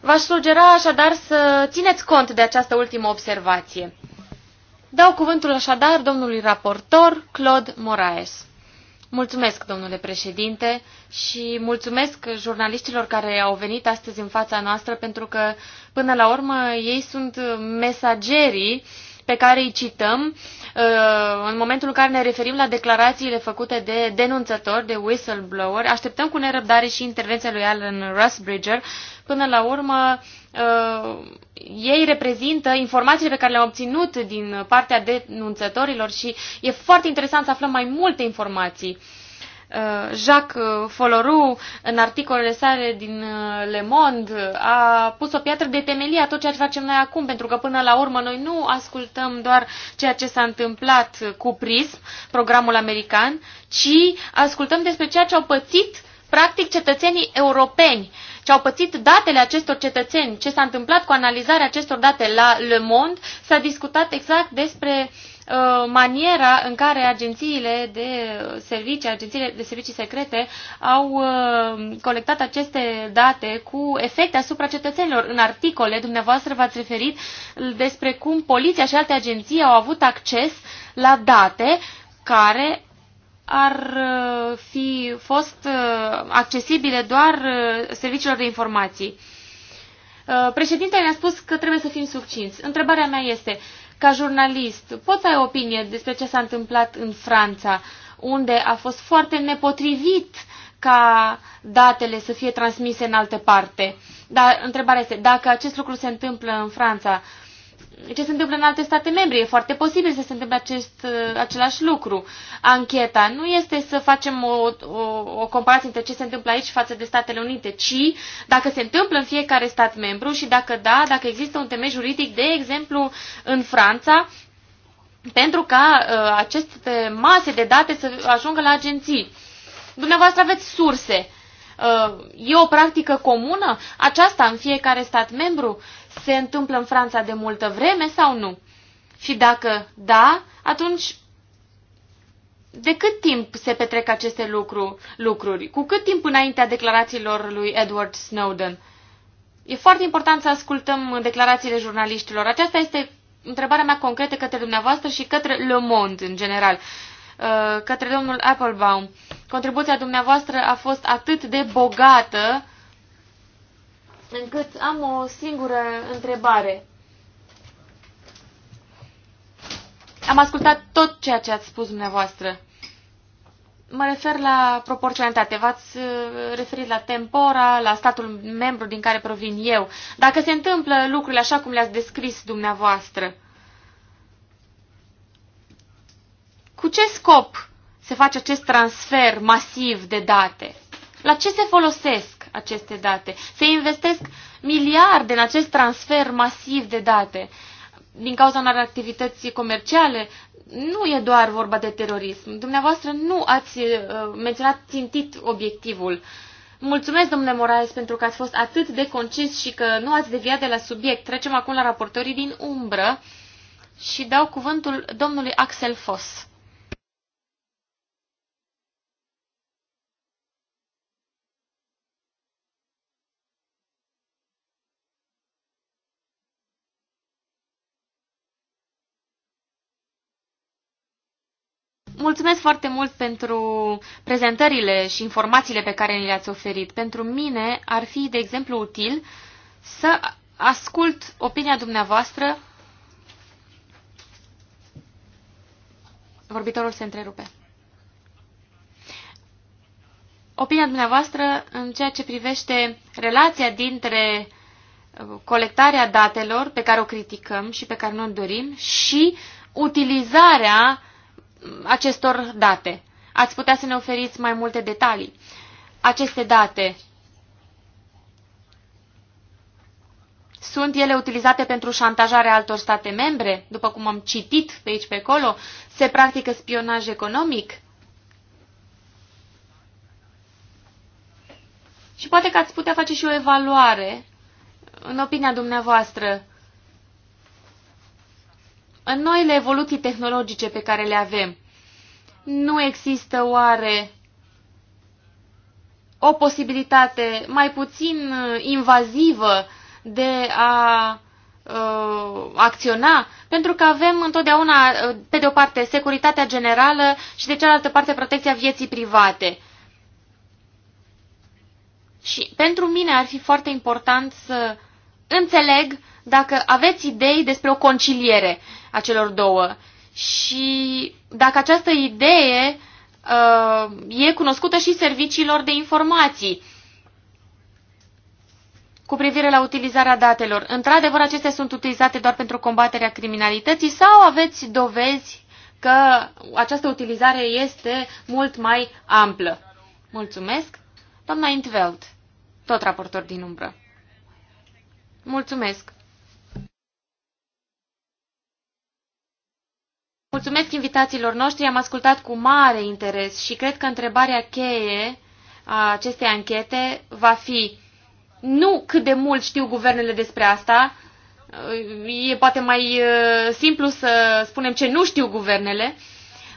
V-aș sugera așadar să țineți cont de această ultimă observație. Dau cuvântul așadar domnului raportor Claude Moraes. Mulțumesc, domnule președinte, și mulțumesc jurnaliștilor care au venit astăzi în fața noastră, pentru că, până la urmă, ei sunt mesagerii uh, pe care îi cităm uh, în momentul în care ne referim la declarațiile făcute de denunțători, de whistleblower. Așteptăm cu nerăbdare și intervenția lui Alan Rusbridger. Până la urmă, uh, ei reprezintă informațiile pe care le-am obținut din partea denunțătorilor și e foarte interesant să aflăm mai multe informații. Uh, Jacques uh, Folorou, în articolele sale din uh, Le Monde, a pus o piatră de temelie a tot ceea ce facem noi acum, pentru că până la urmă noi nu ascultăm doar ceea ce s-a întâmplat cu PRISM, programul american, ci ascultăm despre ceea ce au pățit practic cetățenii europeni, ce au pățit datele acestor cetățeni, ce s-a întâmplat cu analizarea acestor date la Le Monde, s-a discutat exact despre uh, Uh, maniera în care agențiile de servicii, agențiile de servicii secrete au uh, colectat aceste date cu efecte asupra cetățenilor. În articole, dumneavoastră v-ați referit despre cum poliția și alte agenții au avut acces la date care ar uh, fi fost accesibile doar serviciilor de informații. Președintele ne-a spus că trebuie să fim succinți. Întrebarea mea este, ca jurnalist, poți ai opinie despre ce s-a întâmplat în Franța, unde a fost foarte nepotrivit ca datele să fie transmise în altă parte. Dar întrebarea este, dacă acest lucru se întâmplă în Franța, ce se întâmplă în alte state membre. E foarte posibil să se întâmple acest, uh, același lucru. Ancheta nu este să facem o, o, o comparație între ce se întâmplă aici față de Statele Unite, ci dacă se întâmplă în fiecare stat membru și dacă da, dacă există un temei juridic, de exemplu, în Franța, pentru ca uh, aceste mase de date să ajungă la agenții. Dumneavoastră aveți surse. Uh, e o practică comună aceasta în fiecare stat membru? se întâmplă în Franța de multă vreme sau nu? Și dacă da, atunci de cât timp se petrec aceste lucru, lucruri? Cu cât timp înaintea declarațiilor lui Edward Snowden? E foarte important să ascultăm declarațiile jurnaliștilor. Aceasta este întrebarea mea concretă către dumneavoastră și către Le Monde în general, uh, către domnul Applebaum. Contribuția dumneavoastră a fost atât de bogată încât am o singură întrebare. Am ascultat tot ceea ce ați spus dumneavoastră. Mă refer la proporționalitate. V-ați uh, referit la tempora, la statul membru din care provin eu. Dacă se întâmplă lucrurile așa cum le-ați descris dumneavoastră, cu ce scop se face acest transfer masiv de date? La ce se folosesc? aceste date. Se investesc miliarde în acest transfer masiv de date din cauza unor activități comerciale. Nu e doar vorba de terorism. Dumneavoastră nu ați uh, menționat țintit obiectivul. Mulțumesc, domnule Moraes, pentru că ați fost atât de concis și că nu ați deviat de la subiect. Trecem acum la raportorii din umbră și dau cuvântul domnului Axel Foss. Mulțumesc foarte mult pentru prezentările și informațiile pe care ni le-ați oferit. Pentru mine ar fi, de exemplu, util să ascult opinia dumneavoastră. Vorbitorul se întrerupe. Opinia dumneavoastră în ceea ce privește relația dintre uh, colectarea datelor pe care o criticăm și pe care nu o dorim și utilizarea acestor date? Ați putea să ne oferiți mai multe detalii. Aceste date Sunt ele utilizate pentru șantajarea altor state membre, după cum am citit pe aici pe acolo? Se practică spionaj economic? Și poate că ați putea face și o evaluare, în opinia dumneavoastră, în noile evoluții tehnologice pe care le avem, nu există oare o posibilitate mai puțin uh, invazivă de a uh, acționa, pentru că avem întotdeauna, uh, pe de o parte, securitatea generală și de cealaltă parte protecția vieții private. Și pentru mine ar fi foarte important să înțeleg dacă aveți idei despre o conciliere a celor două și dacă această idee uh, e cunoscută și serviciilor de informații cu privire la utilizarea datelor. Într-adevăr, acestea sunt utilizate doar pentru combaterea criminalității sau aveți dovezi că această utilizare este mult mai amplă? Mulțumesc. Doamna Intveld, tot raportor din umbră. Mulțumesc. Mulțumesc invitațiilor noștri, am ascultat cu mare interes și cred că întrebarea cheie a acestei anchete va fi nu cât de mult știu guvernele despre asta, e poate mai uh, simplu să spunem ce nu știu guvernele,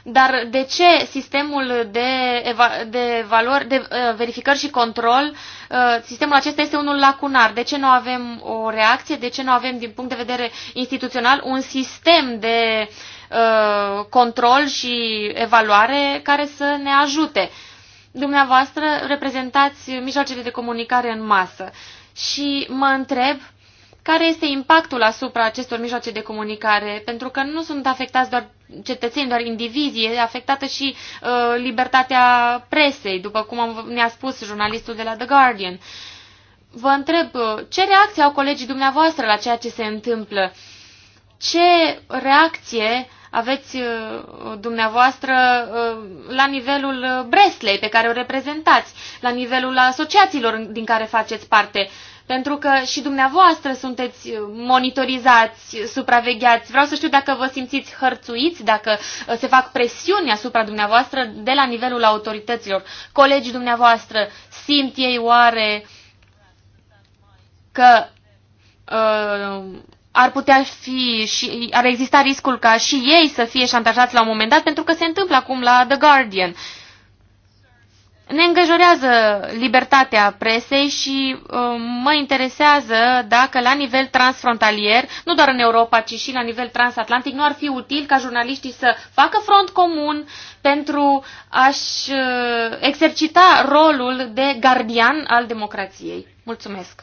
dar de ce sistemul de, eva- de, valori, de uh, verificări și control, uh, sistemul acesta este unul lacunar? De ce nu avem o reacție? De ce nu avem, din punct de vedere instituțional, un sistem de Uh, control și evaluare care să ne ajute. Dumneavoastră reprezentați mijloacele de comunicare în masă și mă întreb care este impactul asupra acestor mijloace de comunicare, pentru că nu sunt afectați doar cetățenii, doar indivizii, e afectată și uh, libertatea presei, după cum ne-a spus jurnalistul de la The Guardian. Vă întreb, uh, ce reacție au colegii dumneavoastră la ceea ce se întâmplă? Ce reacție aveți uh, dumneavoastră uh, la nivelul uh, Breslei pe care o reprezentați, la nivelul asociațiilor din care faceți parte, pentru că și dumneavoastră sunteți monitorizați, supravegheați. Vreau să știu dacă vă simțiți hărțuiți, dacă se fac presiuni asupra dumneavoastră de la nivelul autorităților. Colegii dumneavoastră simt ei oare că ar putea fi și ar exista riscul ca și ei să fie șantajați la un moment dat, pentru că se întâmplă acum la The Guardian. Ne îngăjorează libertatea presei și uh, mă interesează dacă la nivel transfrontalier, nu doar în Europa, ci și la nivel transatlantic, nu ar fi util ca jurnaliștii să facă front comun pentru a-și uh, exercita rolul de gardian al democrației. Mulțumesc!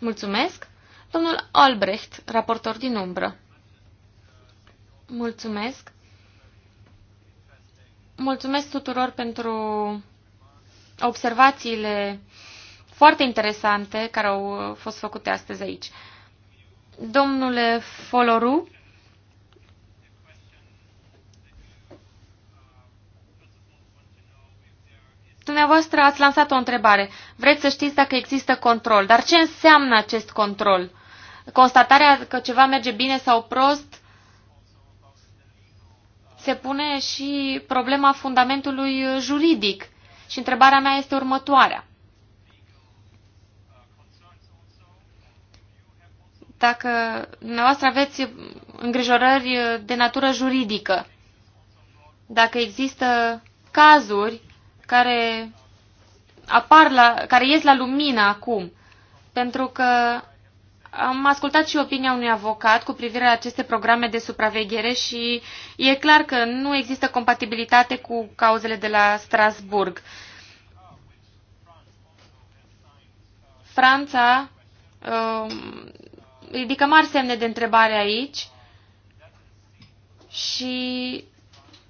Mulțumesc! Domnul Albrecht, raportor din umbră. Mulțumesc. Mulțumesc tuturor pentru observațiile foarte interesante care au fost făcute astăzi aici. Domnule Foloru, Dumneavoastră ați lansat o întrebare. Vreți să știți dacă există control. Dar ce înseamnă acest control? constatarea că ceva merge bine sau prost, se pune și problema fundamentului juridic. Și întrebarea mea este următoarea. Dacă dumneavoastră aveți îngrijorări de natură juridică, dacă există cazuri care apar la, care ies la lumină acum, pentru că am ascultat și opinia unui avocat cu privire la aceste programe de supraveghere și e clar că nu există compatibilitate cu cauzele de la Strasburg. Franța uh, ridică mari semne de întrebare aici și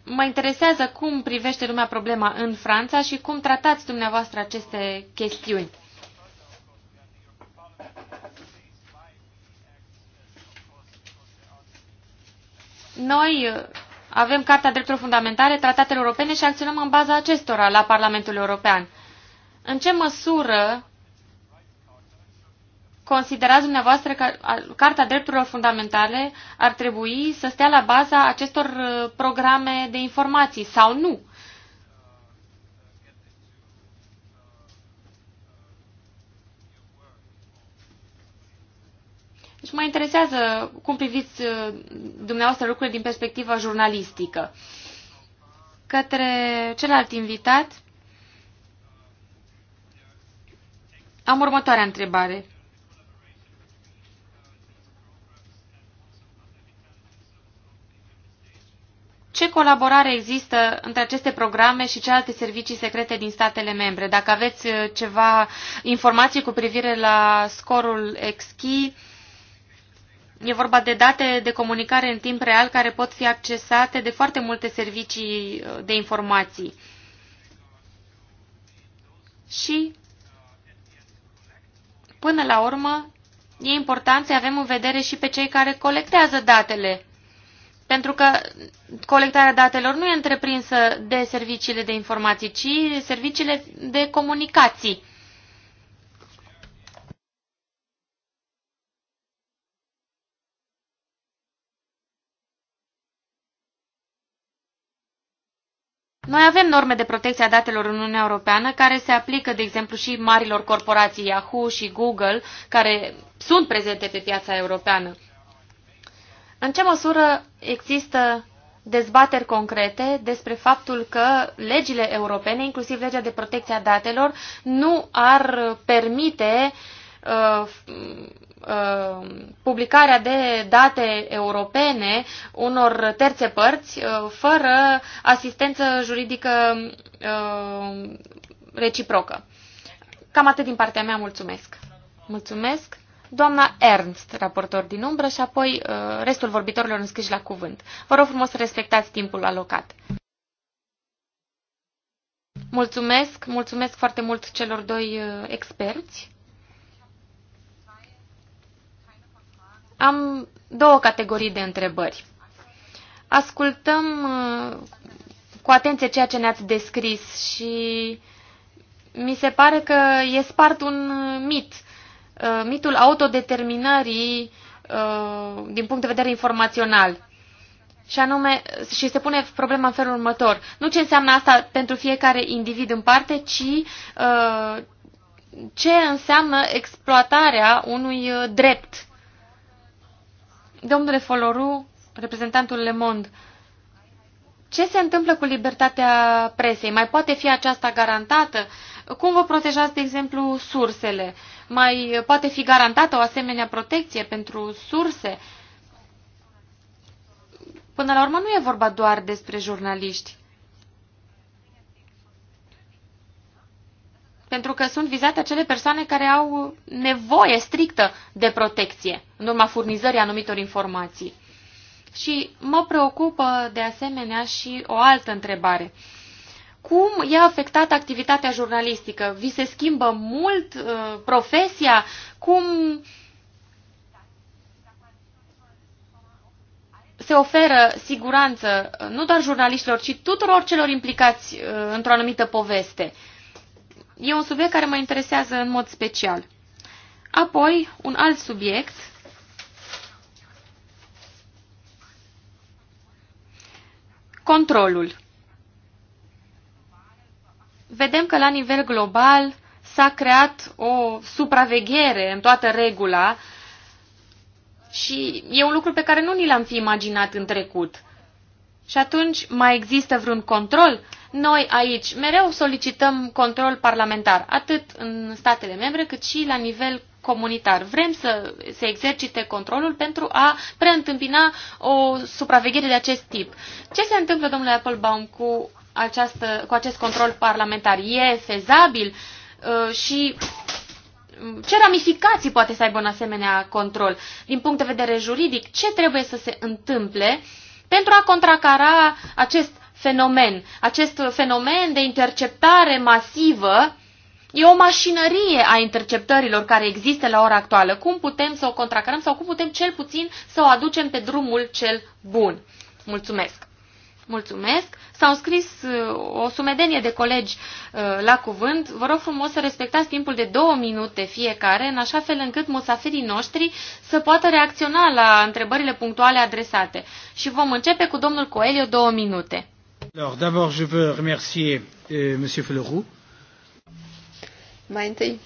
mă interesează cum privește lumea problema în Franța și cum tratați dumneavoastră aceste chestiuni. Noi uh, avem Carta Drepturilor Fundamentale, tratatele europene și acționăm în baza acestora la Parlamentul European. În ce măsură considerați dumneavoastră că Carta Drepturilor Fundamentale ar trebui să stea la baza acestor uh, programe de informații sau nu? Și deci mă interesează cum priviți uh, dumneavoastră lucrurile din perspectiva jurnalistică. Către celălalt invitat, am următoarea întrebare. Ce colaborare există între aceste programe și celelalte servicii secrete din statele membre? Dacă aveți uh, ceva informații cu privire la scorul exchi, E vorba de date de comunicare în timp real care pot fi accesate de foarte multe servicii uh, de informații. Și, până la urmă, e important să avem în vedere și pe cei care colectează datele. Pentru că colectarea datelor nu e întreprinsă de serviciile de informații, ci serviciile de comunicații. Noi avem norme de protecție a datelor în Uniunea Europeană care se aplică, de exemplu, și marilor corporații Yahoo și Google, care sunt prezente pe piața europeană. În ce măsură există dezbateri concrete despre faptul că legile europene, inclusiv legea de protecție a datelor, nu ar permite uh, Uh, publicarea de date europene unor terțe părți uh, fără asistență juridică uh, reciprocă. Cam atât din partea mea, mulțumesc. Mulțumesc. Doamna Ernst, raportor din umbră, și apoi restul vorbitorilor înscriși la cuvânt. Vă rog frumos să respectați timpul alocat. Mulțumesc, mulțumesc foarte mult celor doi experți. Am două categorii de întrebări. Ascultăm uh, cu atenție ceea ce ne-ați descris și mi se pare că e spart un uh, mit, uh, mitul autodeterminării din punct de vedere informațional. Și anume, și se pune problema în felul următor. Nu ce înseamnă asta pentru fiecare individ în parte, ci uh, ce înseamnă exploatarea unui drept Domnule Foloru, reprezentantul Le Monde, ce se întâmplă cu libertatea presei? Mai poate fi aceasta garantată? Cum vă protejați, de exemplu, sursele? Mai poate fi garantată o asemenea protecție pentru surse? Până la urmă nu e vorba doar despre jurnaliști. pentru că sunt vizate acele persoane care au nevoie strictă de protecție în urma furnizării anumitor informații. Și mă preocupă de asemenea și o altă întrebare. Cum i-a afectat activitatea jurnalistică? Vi se schimbă mult uh, profesia? Cum se oferă siguranță uh, nu doar jurnaliștilor, ci tuturor celor implicați uh, într-o anumită poveste? Uh, e un subiect care mă interesează în mod special. Apoi, un alt subiect Controlul. Vedem că la nivel global s-a creat o supraveghere în toată regula și e un lucru pe care nu ni l-am fi imaginat în trecut. Și atunci, mai există vreun control? Noi aici mereu solicităm control parlamentar, atât în statele membre cât și la nivel comunitar. Vrem să se exercite controlul pentru a preîntâmpina o supraveghere de acest tip. Ce se întâmplă, domnule Applebaum, cu, această, cu acest control parlamentar? E fezabil uh, și ce ramificații poate să aibă un asemenea control? Din punct de vedere juridic, ce trebuie să se întâmple pentru a contracara acest fenomen. Acest fenomen de interceptare masivă e o mașinărie a interceptărilor care există la ora actuală. Cum putem să o contracarăm sau cum putem cel puțin să o aducem pe drumul cel bun? Mulțumesc! Mulțumesc! S-au scris uh, o sumedenie de colegi uh, la cuvânt. Vă rog frumos să respectați timpul de două minute fiecare, în așa fel încât musafirii noștri să poată reacționa la întrebările punctuale adresate. Și vom începe cu domnul Coelio două minute. Alors, d'abord, je veux remercier euh, Monsieur Fleuroux. Mai întâi,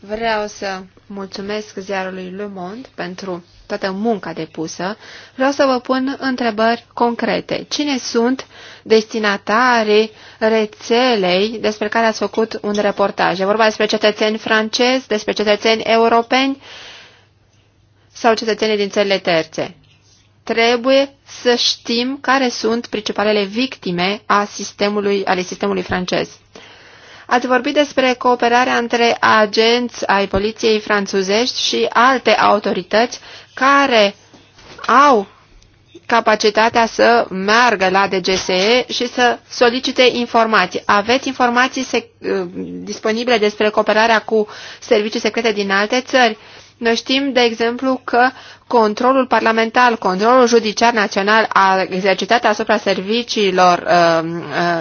vreau să mulțumesc ziarului Le Monde pentru toată munca depusă. Vreau să vă pun întrebări concrete. Cine sunt destinatarii rețelei despre care ați făcut un reportaj? E vorba despre cetățeni francezi, despre cetățeni europeni sau cetățenii din țările terțe? trebuie să știm care sunt principalele victime a sistemului, ale sistemului francez. Ați vorbit despre cooperarea între agenți ai poliției franțuzești și alte autorități care au capacitatea să meargă la DGSE și să solicite informații. Aveți informații uh, disponibile despre cooperarea cu servicii secrete din alte țări? Noi știm, de exemplu, că controlul parlamentar, controlul judiciar național a exercitat asupra serviciilor uh, uh,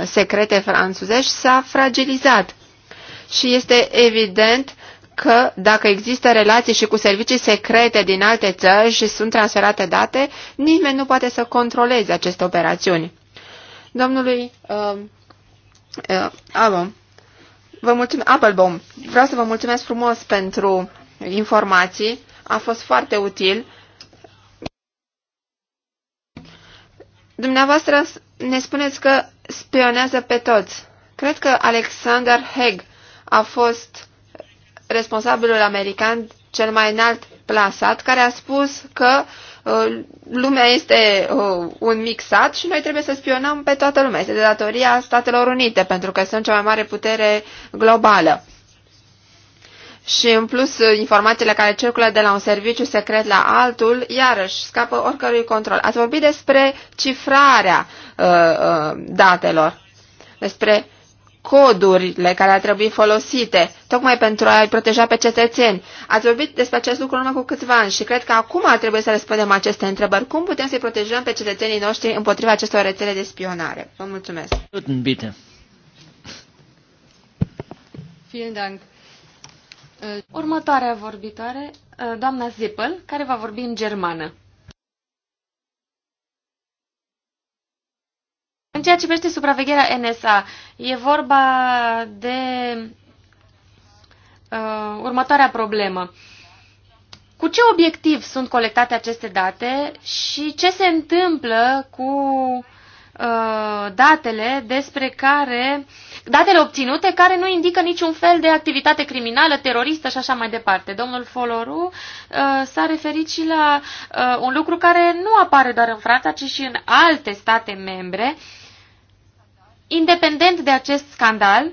secrete franțuzești s-a fragilizat. Și este evident că dacă există relații și cu servicii secrete din alte țări și sunt transferate date, nimeni nu poate să controleze aceste operațiuni. Domnului uh, uh, Abel, vă mulțumesc, Applebaum, vreau să vă mulțumesc frumos pentru informații, a fost foarte util Dumneavoastră ne spuneți că spionează pe toți. Cred că Alexander Haig a fost responsabilul american cel mai înalt plasat, care a spus că uh, lumea este uh, un mixat și noi trebuie să spionăm pe toată lumea. Este de datoria Statelor Unite, pentru că sunt cea mai mare putere globală și în plus informațiile care circulă de la un serviciu secret la altul, iarăși scapă oricărui control. Ați vorbit despre cifrarea uh, uh, datelor, despre codurile care ar trebui folosite, tocmai pentru a-i proteja pe cetățeni. Ați vorbit despre acest lucru numai cu câțiva ani și cred că acum ar trebui să răspundem aceste întrebări. Cum putem să-i protejăm pe cetățenii noștri împotriva acestor rețele de spionare? Vă mulțumesc! Vielen Dank. Uh, următoarea vorbitoare, uh, doamna Zippel, care va vorbi în germană. În ceea ce privește supravegherea NSA, e vorba de uh, următoarea problemă. Cu ce obiectiv sunt colectate aceste date și ce se întâmplă cu uh, datele despre care uh, datele obținute care nu indică niciun fel de activitate criminală, teroristă și așa mai departe. Domnul Foloru uh, s-a referit și la uh, un lucru care nu apare doar în Franța, ci și în alte state membre. Independent de acest scandal, uh,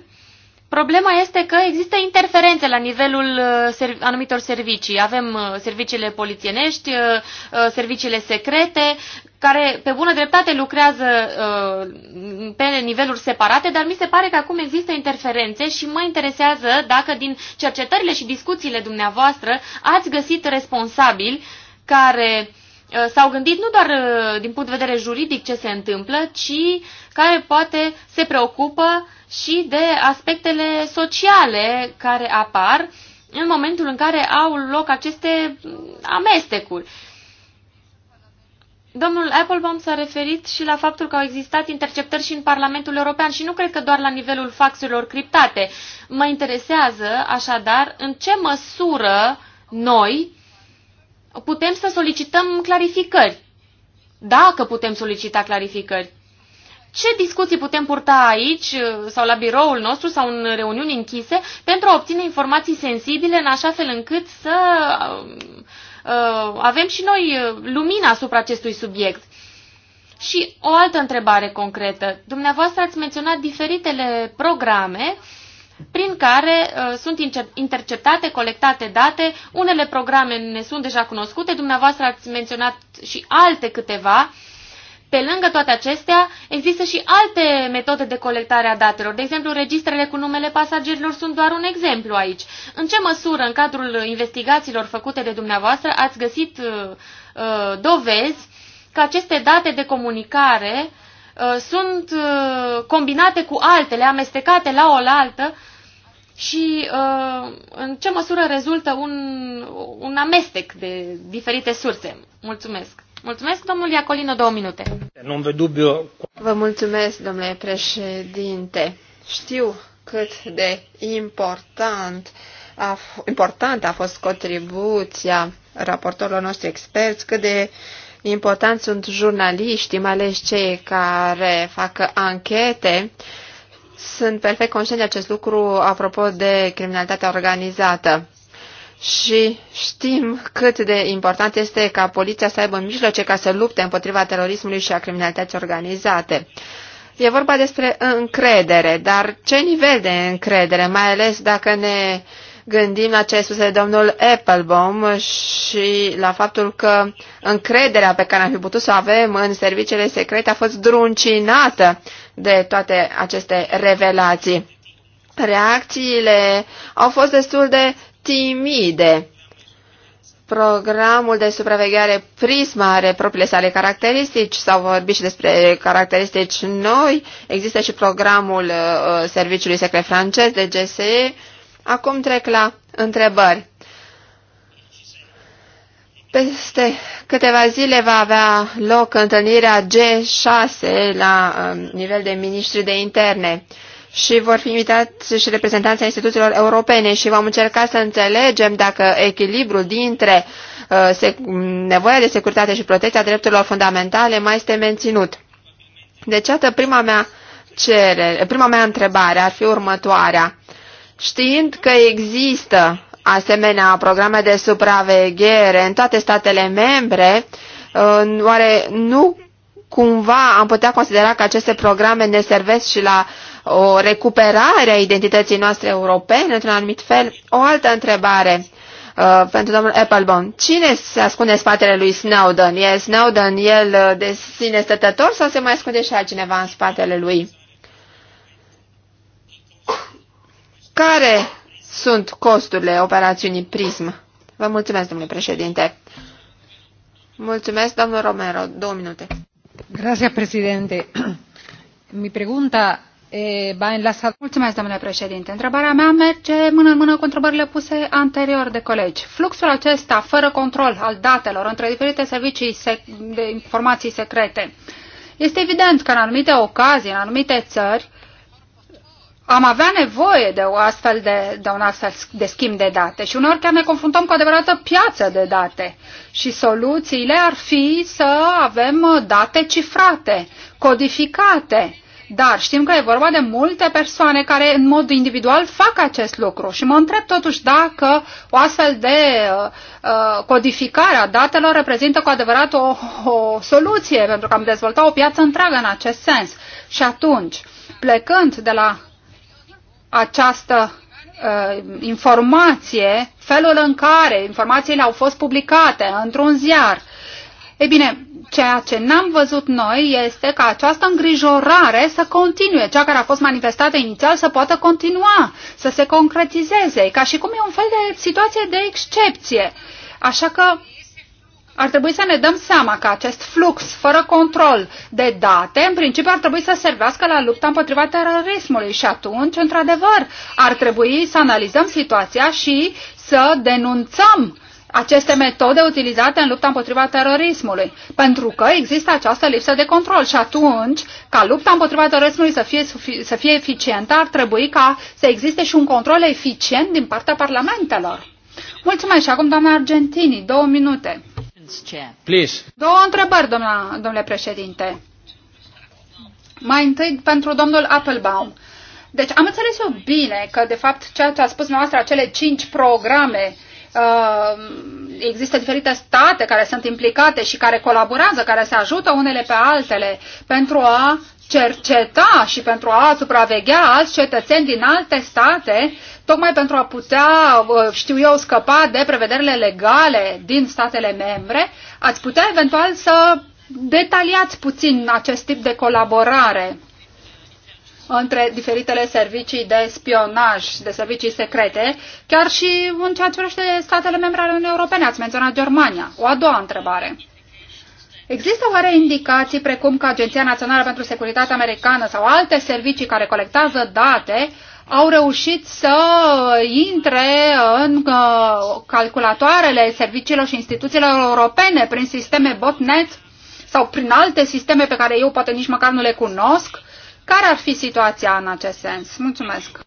Problema este că există interferențe la nivelul uh, anumitor servicii. Avem uh, serviciile polițienești, uh, serviciile secrete, care pe bună dreptate lucrează pe niveluri separate, dar mi se pare că acum există interferențe și mă interesează dacă din cercetările și discuțiile dumneavoastră ați găsit responsabili care s-au gândit nu doar din punct de vedere juridic ce se întâmplă, ci care poate se preocupă și de aspectele sociale care apar în momentul în care au loc aceste amestecuri. Domnul Applebaum s-a referit și la faptul că au existat interceptări și în Parlamentul European și nu cred că doar la nivelul faxurilor criptate. Mă interesează, așadar, în ce măsură noi putem să solicităm clarificări. Dacă putem solicita clarificări ce discuții putem purta aici uh, sau la biroul nostru sau în reuniuni închise pentru a obține informații sensibile în așa fel încât să uh, uh, avem și noi lumina asupra acestui subiect. Și o altă întrebare concretă. Dumneavoastră ați menționat diferitele programe prin care uh, sunt interceptate, colectate date. Unele programe ne sunt deja cunoscute, dumneavoastră ați menționat și alte câteva uh, pe lângă toate acestea, există și alte metode de colectare a datelor. De exemplu, registrele cu numele pasagerilor sunt doar un exemplu aici. În ce măsură, în cadrul investigațiilor făcute de dumneavoastră, ați găsit uh, uh dovezi că aceste date de comunicare uh, sunt uh, combinate cu altele, amestecate la oaltă și uh, în ce măsură rezultă un, un amestec de diferite surse? Mulțumesc! Mulțumesc, domnul Iacolino, două minute. Vă mulțumesc, domnule președinte. Știu cât de important a, important a fost contribuția raportorilor noștri experți, cât de important sunt jurnaliștii, mai ales cei care fac anchete. Sunt perfect conștient de acest lucru apropo de criminalitatea organizată și știm cât de important este ca poliția să aibă mijloace ca să lupte împotriva terorismului și a criminalității organizate. E vorba despre încredere, dar ce nivel de încredere, mai ales dacă ne gândim la ce a spus de domnul Applebaum și la faptul că încrederea pe care am fi putut să o avem în serviciile secrete a fost druncinată de toate aceste revelații. Reacțiile au fost destul de timide. Programul de supraveghere Prisma are propriile sale caracteristici, s-au vorbit și despre caracteristici noi, există și programul uh, Serviciului Secret francez de GSE. Acum trec la întrebări. Peste câteva zile va avea loc întâlnirea G6 la uh, nivel de ministri de interne. Uh, și vor fi invitați și reprezentanții instituțiilor europene și vom încerca să înțelegem dacă echilibrul dintre uh, nevoia de securitate și protecția drepturilor fundamentale mai este menținut. Deci, atât prima mea, cerere, prima mea întrebare ar fi următoarea. Știind că există asemenea programe de supraveghere în toate statele membre, uh, oare nu cumva am putea considera că aceste programe ne servesc și la uh, o recuperare a identității noastre europene într-un anumit fel? O altă întrebare uh, pentru domnul Applebaum. Cine se ascunde în spatele lui Snowden? E Snowden el uh, de sine stătător sau se mai ascunde și altcineva în spatele lui? Care sunt costurile operațiunii PRISM? Vă mulțumesc, domnule președinte. Mulțumesc, domnul Romero. Două minute. Gracias, președinte. Mi pregunta va înlasa... Mulțumesc, domnule președinte. Întrebarea mea merge mână în mână cu întrebările puse anterior de colegi. Fluxul acesta, fără control al datelor între diferite servicii de informații secrete, este evident că în anumite ocazii, în anumite țări, am avea nevoie de, o astfel de, de un astfel de schimb de date și uneori chiar ne confruntăm cu o adevărată piață de date și soluțiile ar fi să avem date cifrate, codificate, dar știm că e vorba de multe persoane care în mod individual fac acest lucru și mă întreb totuși dacă o astfel de uh, uh, codificare a datelor reprezintă cu adevărat o, o soluție, pentru că am dezvoltat o piață întreagă în acest sens. Și atunci, plecând de la această uh, informație, felul în care informațiile au fost publicate într-un ziar, uh, E bine, ceea ce n-am văzut noi este ca această îngrijorare să continue, cea care a fost manifestată inițial să poată continua, să se concretizeze, ca și cum e un fel de situație de excepție. Așa că ar trebui să ne dăm seama că acest flux fără control de date, în principiu, ar trebui să servească la lupta împotriva terorismului și atunci, într-adevăr, ar trebui să analizăm situația și să denunțăm aceste metode utilizate în lupta împotriva terorismului, pentru că există această lipsă de control și atunci, ca lupta împotriva terorismului să fie, să fie eficientă, ar trebui ca să existe și un control eficient din partea parlamentelor. Mulțumesc și acum, doamna Argentini, două minute. Please. Două întrebări, doamna, domnule președinte. Mai întâi pentru domnul Applebaum. Deci am înțeles eu bine că, de fapt, ceea ce a spus noastră, acele cinci programe Uh, există diferite state care sunt implicate și care colaborează, care se ajută unele pe altele pentru a cerceta și pentru a supraveghea alți cetățeni din alte state, tocmai pentru a putea, uh, știu eu, scăpa de prevederile legale din statele membre, ați putea eventual să detaliați puțin acest tip de colaborare între diferitele servicii de spionaj, de servicii secrete, chiar și în ceea ce privește statele membre ale Uniunii Europene. Ați menționat Germania. O a doua întrebare. Există oare indicații precum că Agenția Națională pentru Securitate Americană sau alte servicii care colectează date au reușit să intre în uh, calculatoarele serviciilor și instituțiilor europene prin sisteme botnet sau prin alte sisteme pe care eu poate nici măcar nu le cunosc care ar fi situația în acest sens? Mulțumesc.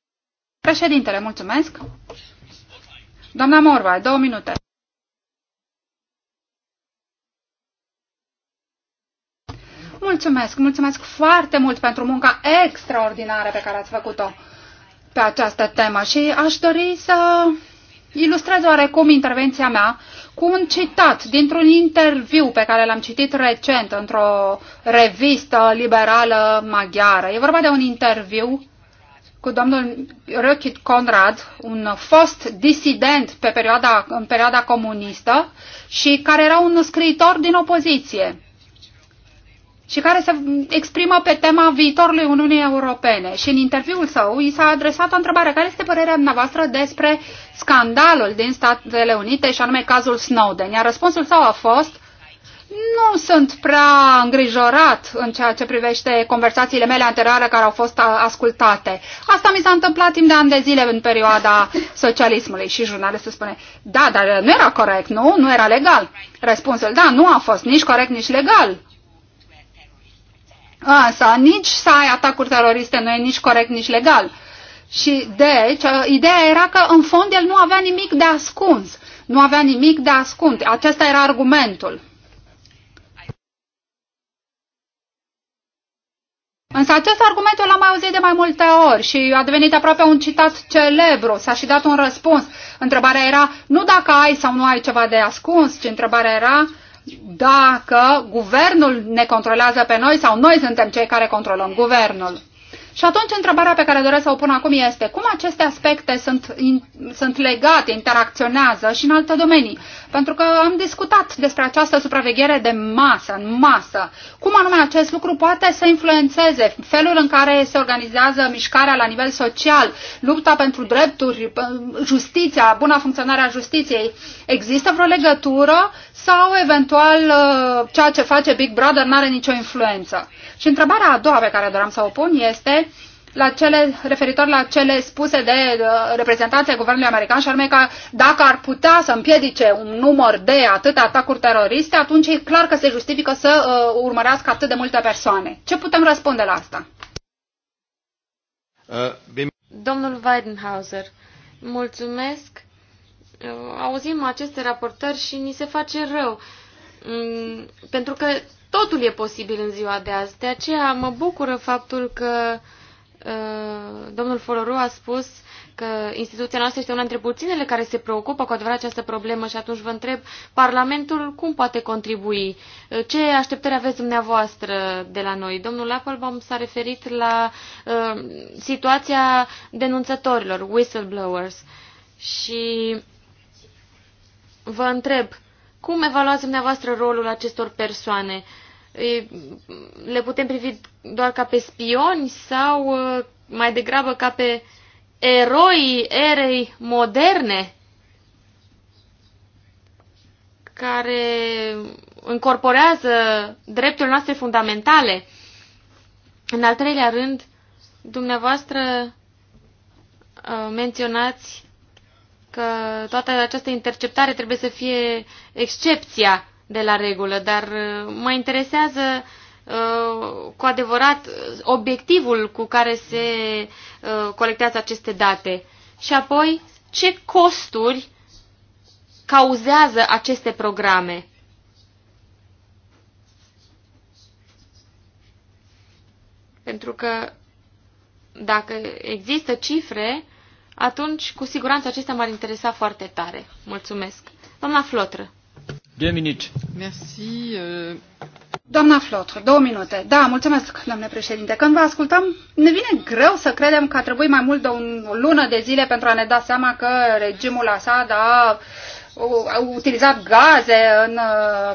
Președintele, mulțumesc. Doamna Morva, două minute. Mulțumesc, mulțumesc foarte mult pentru munca extraordinară pe care ați făcut-o pe această temă și aș dori să ilustrez oarecum intervenția mea cu un citat dintr-un interviu pe care l-am citit recent într-o revistă liberală maghiară. E vorba de un interviu cu domnul Rökit Conrad, un fost disident pe perioada, în perioada comunistă și care era un scriitor din opoziție și care se exprimă pe tema viitorului Uniunii Europene. Și în interviul său i s-a adresat o întrebare. Care este părerea dumneavoastră despre scandalul din Statele Unite și anume cazul Snowden? Iar răspunsul său a fost nu sunt prea îngrijorat în ceea ce privește conversațiile mele anterioare care au fost ascultate. Asta mi s-a întâmplat timp de ani de zile în perioada socialismului și se spune, da, dar nu era corect, nu? Nu era legal. Răspunsul, da, nu a fost nici corect, nici legal asta, nici să ai atacuri teroriste nu e nici corect, nici legal. Și deci, uh, ideea era că în fond el nu avea nimic de ascuns. Nu avea nimic de ascuns. Acesta era argumentul. Însă acest argument l-am mai auzit de mai multe ori și a devenit aproape un citat celebru, s-a și dat un răspuns. Întrebarea era nu dacă ai sau nu ai ceva de ascuns, ci întrebarea era dacă guvernul ne controlează pe noi sau noi suntem cei care controlăm guvernul. Și atunci întrebarea pe care doresc să o pun acum este cum aceste aspecte sunt, in, sunt legate, interacționează și în alte domenii. Pentru că am discutat despre această supraveghere de masă, în masă. Cum anume acest lucru poate să influențeze felul în care se organizează mișcarea la nivel social, lupta pentru drepturi, justiția, buna funcționare a justiției. Există vreo legătură sau eventual uh, ceea ce face Big Brother nu are nicio influență? Și întrebarea a doua pe care doream să o pun este la cele, referitor la cele spuse de uh, reprezentanții guvernului american și anume că dacă ar putea să împiedice un număr de atâtea atacuri teroriste, atunci e clar că se justifică să uh, urmărească atât de multe persoane. Ce putem răspunde la asta? Uh, Domnul Weidenhauser, mulțumesc. Uh, auzim aceste raportări și ni se face rău. Mm, pentru că totul e posibil în ziua de azi. De aceea mă bucură faptul că uh, Uh, domnul Foloru a spus că instituția noastră este una dintre puținele care se preocupă cu adevărat această problemă și atunci vă întreb, Parlamentul cum poate contribui? Uh, ce așteptări aveți dumneavoastră de la noi? Domnul Applebaum s-a referit la uh, situația denunțătorilor, whistleblowers. Și vă întreb, cum evaluați dumneavoastră rolul acestor persoane? Uh, le putem privi doar ca pe spioni sau mai degrabă ca pe eroi, erei moderne care încorporează drepturile noastre fundamentale. În al treilea rând, dumneavoastră menționați că toată această interceptare trebuie să fie excepția de la regulă, dar uh, mă interesează uh, cu adevărat obiectivul cu care se uh, colectează aceste date și apoi ce costuri cauzează aceste programe. Pentru că dacă există cifre, atunci cu siguranță acestea m-ar interesa foarte tare. Mulțumesc. Doamna Flotră. Două euh. Doamna două minute. Da, mulțumesc, domnule președinte. Când vă ascultăm, ne vine greu să credem că a trebuit mai mult de un, o lună de zile pentru a ne da seama că regimul Assad a a utilizat gaze în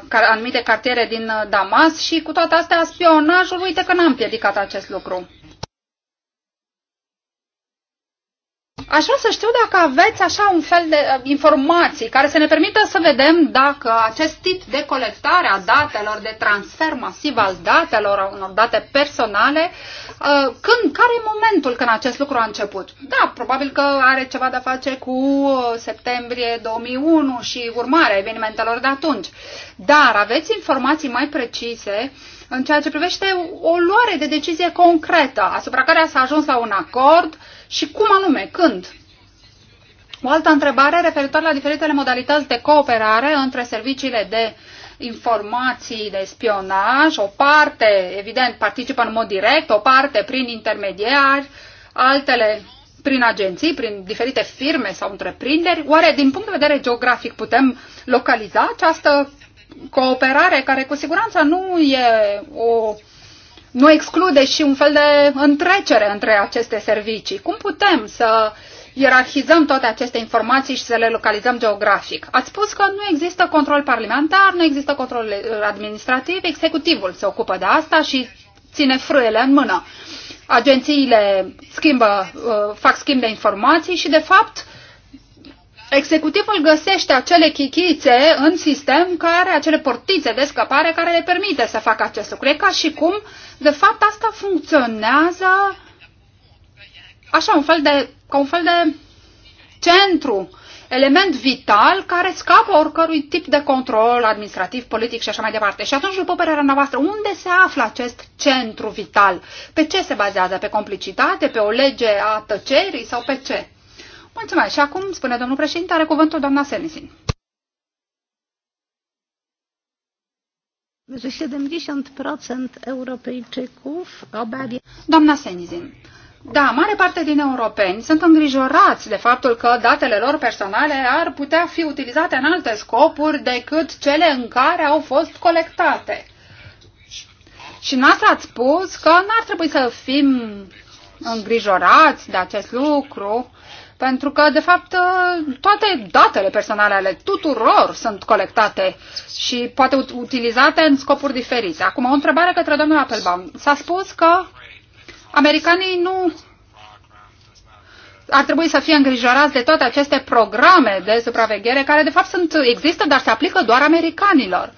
uh, anumite cartiere din uh, Damas și cu toate astea spionajul, uite că n-am piedicat acest lucru. Aș vrea să știu dacă aveți așa un fel de uh, informații care să ne permită să vedem dacă acest tip de colectare a datelor, de transfer masiv al datelor, a unor date personale, uh, când, care e momentul când acest lucru a început? Da, probabil că are ceva de a face cu uh, septembrie 2001 și urmarea evenimentelor de atunci. Dar aveți informații mai precise în ceea ce privește o luare de decizie concretă asupra care s-a ajuns la un acord uh, și cum anume, când. O altă întrebare referitoare la diferitele modalități de cooperare între serviciile de informații de spionaj, o parte, evident, participă în mod direct, o parte prin intermediari, altele prin agenții, prin diferite firme sau întreprinderi. Oare, din punct de vedere geografic, putem localiza această cooperare, care cu siguranță nu e o nu exclude și un fel de întrecere între aceste servicii. Cum putem să ierarhizăm toate aceste informații și să le localizăm geografic? Ați spus că nu există control parlamentar, nu există control administrativ, executivul se ocupă de asta și ține frâiele în mână. Agențiile schimbă, uh, fac schimb de informații și, de fapt, executivul găsește acele chichițe în sistem care, acele portițe de scăpare care le permite să facă acest lucru. E ca și cum, de fapt, asta funcționează așa, un fel de, ca un fel de centru, element vital care scapă oricărui tip de control administrativ, politic și așa mai departe. Și atunci, după părerea noastră, unde se află acest centru vital? Pe ce se bazează? Pe complicitate? Pe o lege a tăcerii? Sau pe ce? Mulțumesc. Și acum, spune domnul președinte, are cuvântul doamna Senisin. 70% europejczyków obawia... Doamna Senizin, da, mare parte din europeni sunt îngrijorați de faptul că datele lor personale ar putea fi utilizate în alte scopuri decât cele în care au fost colectate. Și noastră ați spus că n-ar trebui să fim îngrijorați de acest lucru, pentru că, de fapt, ă, toate datele personale ale tuturor sunt colectate și poate utilizate în scopuri diferite. Acum, o întrebare către domnul Appelbaum. S-a spus că americanii nu ar trebui să fie îngrijorați de toate aceste programe de supraveghere care, de fapt, sunt, există, dar se aplică doar americanilor,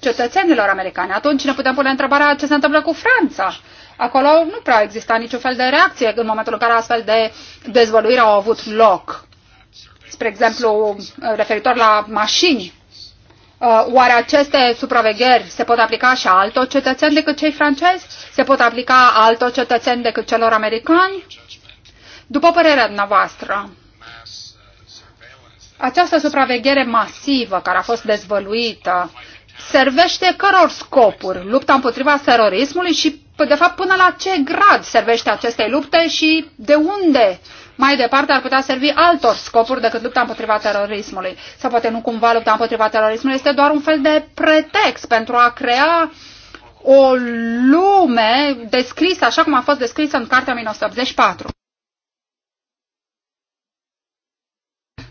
cetățenilor americani. Atunci ne putem pune întrebarea ce se întâmplă cu Franța acolo nu prea exista niciun fel de reacție în momentul în care astfel de dezvăluiri au avut loc. Spre exemplu, referitor la mașini, uh, Oare aceste supravegheri se pot aplica și altor cetățeni decât cei francezi? Se pot aplica altor cetățeni decât celor americani? După părerea dumneavoastră, această supraveghere masivă care a fost dezvăluită servește căror scopuri? Lupta împotriva terorismului și Păi, de fapt, până la ce grad servește aceste lupte și de unde mai departe ar putea servi altor scopuri decât lupta împotriva terorismului. Sau poate nu cumva lupta împotriva terorismului este doar un fel de pretext pentru a crea o lume descrisă așa cum a fost descrisă în cartea 1984.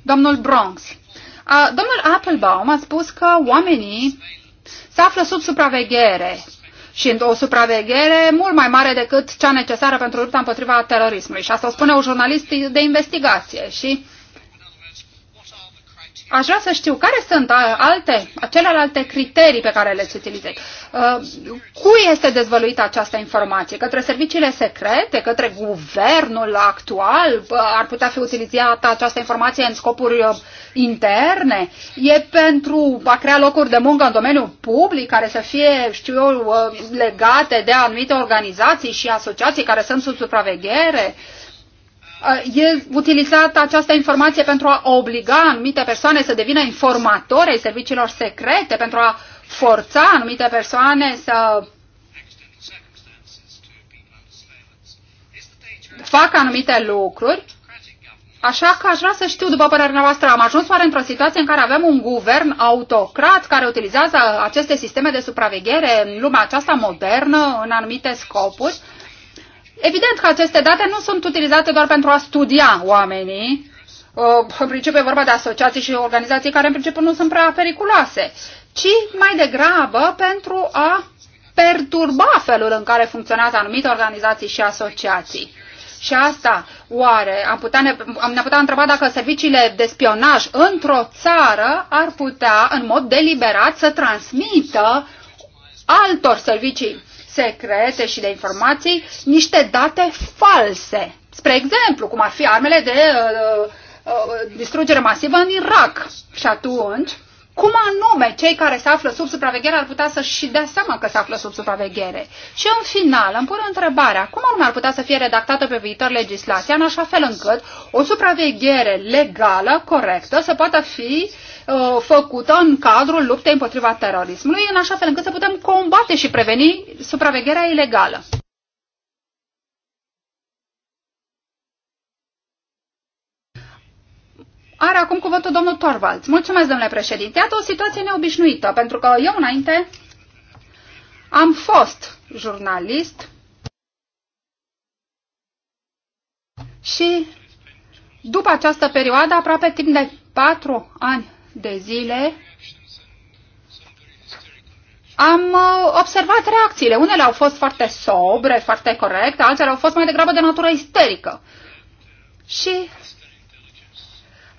Domnul Bronx. domnul Applebaum a spus că oamenii se află sub supraveghere și o supraveghere mult mai mare decât cea necesară pentru lupta împotriva terorismului. Și asta o spune un jurnalist de investigație. Și aș vrea să știu care sunt alte, celelalte criterii pe care le utilizați. Uh, Cui este dezvăluită această informație? Către serviciile secrete? Către guvernul actual? Ar putea fi utilizată această informație în scopuri uh, interne? E pentru a crea locuri de muncă în domeniul public care să fie, știu eu, uh, legate de anumite organizații și asociații care sunt sub supraveghere? Uh, Uh, e utilizată această informație pentru a obliga anumite persoane să devină informatori ai serviciilor secrete, pentru a forța anumite persoane să facă anumite lucruri. Așa că aș vrea să știu, după părerea noastră, am ajuns oare într-o situație în care avem un guvern autocrat care utilizează aceste sisteme de supraveghere în lumea aceasta modernă, în anumite scopuri? Evident că aceste date nu sunt utilizate doar pentru a studia oamenii, uh, în principiu e vorba de asociații și organizații care în principiu nu sunt prea periculoase, ci mai degrabă pentru a perturba felul în care funcționează anumite organizații și asociații. Și asta, oare, am putea ne, ne putea întreba dacă serviciile de spionaj într-o țară ar putea, în mod deliberat, să transmită altor servicii secrete și de informații niște date false. Spre exemplu, cum ar fi armele de uh, uh, uh distrugere masivă în Irak. Și atunci, cum anume cei care se află sub supraveghere ar putea să și dea seama că se află sub supraveghere. Și în final îmi pun întrebarea, cum anume ar putea să fie redactată pe viitor legislația în așa fel încât o supraveghere legală, corectă, să poată fi uh, făcută în cadrul luptei împotriva terorismului, în așa fel încât să putem combate și preveni supravegherea ilegală. Are acum cuvântul domnul Torvalds. Mulțumesc, domnule președinte. Iată o situație neobișnuită, pentru că eu înainte am fost jurnalist și după această perioadă, aproape timp de patru ani de zile, am uh, observat reacțiile. Unele au fost foarte sobre, foarte corecte, altele au fost mai degrabă de natură isterică. Și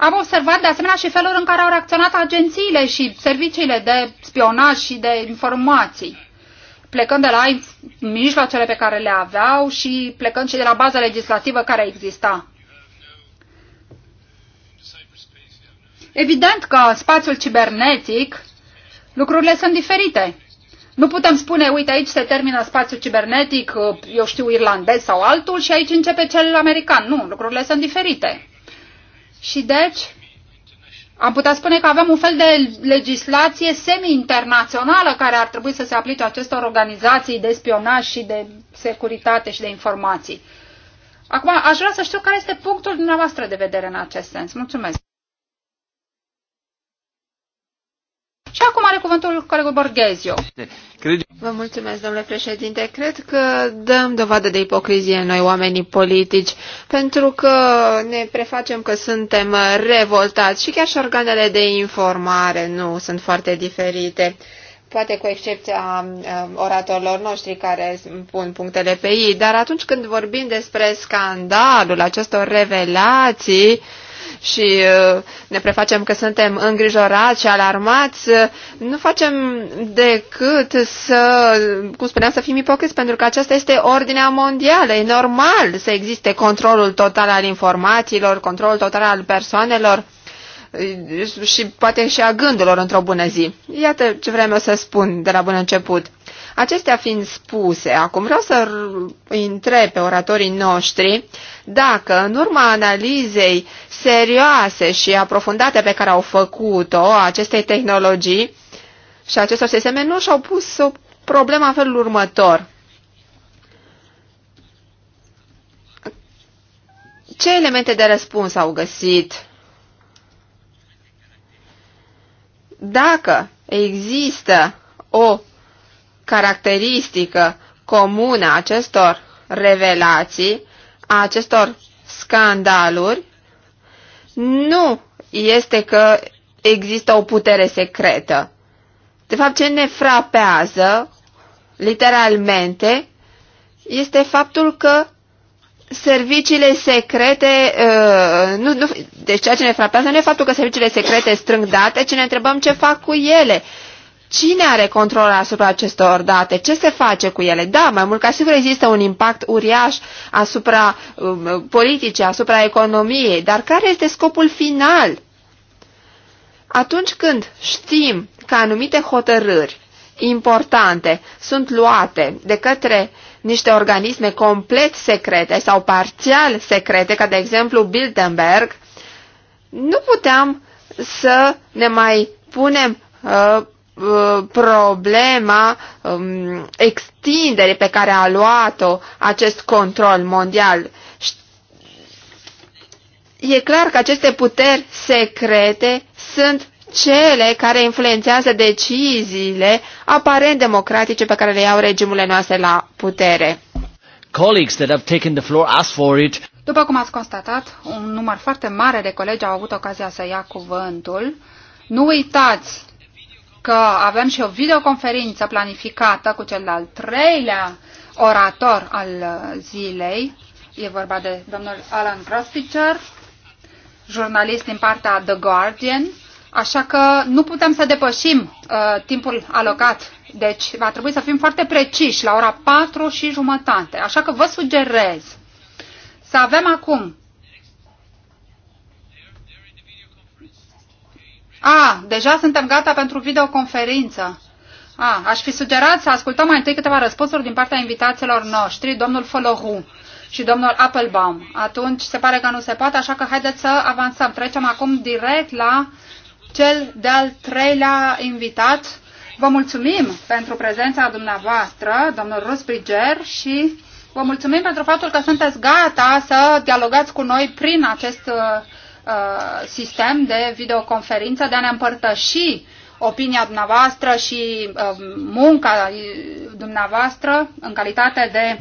am observat de asemenea și felul în care au reacționat agențiile și serviciile de spionaj și de informații, plecând de la mijloacele pe care le aveau și plecând și de la baza legislativă care exista. Evident că în spațiul cibernetic lucrurile sunt diferite. Nu putem spune, uite, aici se termină spațiul cibernetic, eu știu, irlandez sau altul, și aici începe cel american. Nu, lucrurile sunt diferite. Și deci, am putea spune că avem un fel de legislație semi-internațională care ar trebui să se aplice acestor organizații de spionaj și de securitate și de informații. Acum, aș vrea să știu care este punctul dumneavoastră de vedere în acest sens. Mulțumesc! Și acum are cuvântul colegul Borghezio. Vă mulțumesc, domnule președinte. Cred că dăm dovadă de ipocrizie noi, oamenii politici, pentru că ne prefacem că suntem revoltați și chiar și organele de informare nu sunt foarte diferite poate cu excepția um, oratorilor noștri care pun punctele pe ei, dar atunci când vorbim despre scandalul acestor revelații, și uh, ne prefacem că suntem îngrijorați și alarmați, uh, nu facem decât să, cum spuneam, să fim ipocriți, pentru că aceasta este ordinea mondială. E normal să existe controlul total al informațiilor, controlul total al persoanelor uh, și poate și a gândurilor într-o bună zi. Iată ce vreau să spun de la bun început. Acestea fiind spuse, acum vreau să întreb pe oratorii noștri dacă, în urma analizei serioase și aprofundate pe care au făcut-o acestei tehnologii și acestor sisteme, nu și-au pus o problemă în felul următor. Ce elemente de răspuns au găsit? Dacă există o caracteristică comună acestor revelații, a acestor scandaluri, nu este că există o putere secretă. De fapt, ce ne frapează, literalmente, este faptul că serviciile secrete, uh, nu, nu, deci ceea ce ne frapează nu e faptul că serviciile secrete strâng date, ci ne întrebăm ce fac cu ele. Cine are control asupra acestor date? Ce se face cu ele? Da, mai mult ca sigur există un impact uriaș asupra um, politicii, asupra economiei, dar care este scopul final? Atunci când știm că anumite hotărâri importante sunt luate de către niște organisme complet secrete sau parțial secrete, ca de exemplu Bilderberg, nu puteam să ne mai punem uh, Uh, problema um, extinderii pe care a luat-o acest control mondial. E clar că aceste puteri secrete sunt cele care influențează deciziile aparent democratice pe care le iau regimurile noastre la putere. După cum ați constatat, un număr foarte mare de colegi au avut ocazia să ia cuvântul. Nu uitați că avem și o videoconferință planificată cu cel de al treilea orator al uh, zilei. E vorba de domnul Alan Grosfitcher, jurnalist din partea The Guardian, așa că nu putem să depășim uh, timpul alocat. Deci va trebui să fim foarte preciși la ora 4 și jumătate. Așa că vă sugerez să avem acum A, deja suntem gata pentru videoconferință. A, aș fi sugerat să ascultăm mai întâi câteva răspunsuri din partea invitațiilor noștri, domnul Folohu și domnul Applebaum. Atunci se pare că nu se poate, așa că haideți să avansăm. Trecem acum direct la cel de-al treilea invitat. Vă mulțumim pentru prezența dumneavoastră, domnul Rusbriger, și vă mulțumim pentru faptul că sunteți gata să dialogați cu noi prin acest uh, Uh, sistem de videoconferință de a ne împărtăși opinia dumneavoastră și uh, munca dumneavoastră în calitate de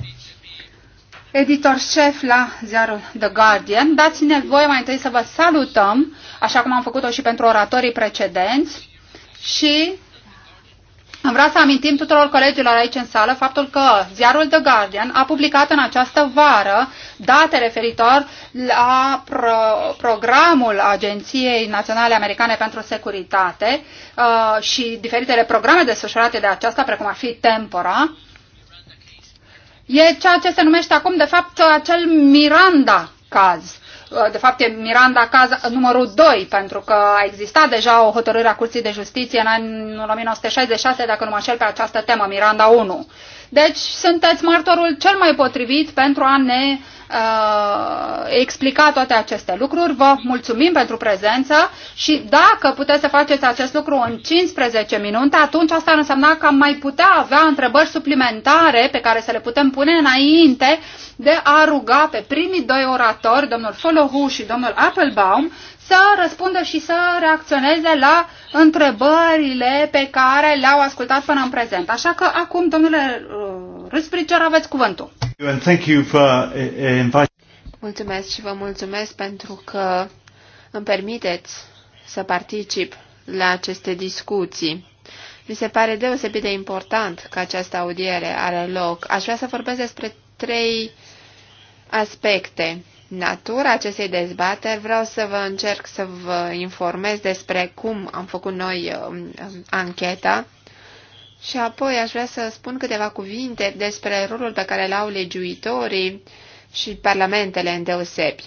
editor șef la ziarul The Guardian. Dați-ne voie mai întâi să vă salutăm, așa cum am făcut-o și pentru oratorii precedenți, și am vrea să amintim tuturor colegilor aici în sală faptul că ziarul The Guardian a publicat în această vară date referitor la pro programul Agenției Naționale Americane pentru Securitate uh, și diferitele programe desfășurate de aceasta, precum ar fi Tempora. E ceea ce se numește acum, de fapt, acel Miranda caz. Uh, de fapt e Miranda caz uh, numărul 2, pentru că a existat deja o hotărâre a Curții de Justiție în anul 1966, dacă nu mă pe această temă, Miranda 1. Deci sunteți martorul cel mai potrivit pentru a ne uh, Uh, explica toate aceste lucruri. Vă mulțumim pentru prezență și dacă puteți să faceți acest lucru în 15 minute, atunci asta ar însemna că am mai putea avea întrebări suplimentare pe care să le putem pune înainte de a ruga pe primii doi oratori, domnul Folohu și domnul Applebaum, să răspundă și să reacționeze la întrebările pe care le-au ascultat până în prezent. Așa că acum, domnule uh, Râspricer, aveți cuvântul. Uh, mulțumesc și vă mulțumesc pentru că îmi permiteți să particip la aceste discuții. Mi se pare deosebit de important că această audiere are loc. Aș vrea să vorbesc despre trei aspecte natura acestei dezbateri, vreau să vă încerc să vă informez despre cum am făcut noi um, um, ancheta și apoi aș vrea să spun câteva cuvinte despre rolul pe care l-au legiuitorii și parlamentele îndeosebi.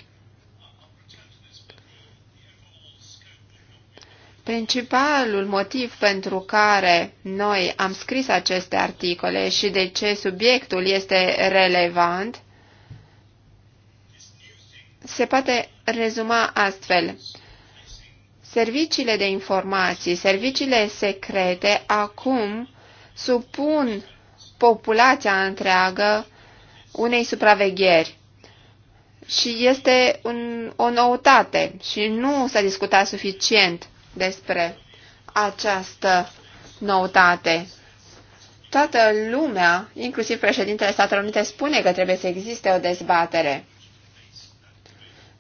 Principalul motiv pentru care noi am scris aceste articole și de ce subiectul este relevant se poate rezuma astfel. Serviciile de informații, serviciile secrete acum supun populația întreagă unei supravegheri. Și este un, o noutate și nu s-a discutat suficient despre această noutate. Toată lumea, inclusiv președintele Statelor Unite, spune că trebuie să existe o dezbatere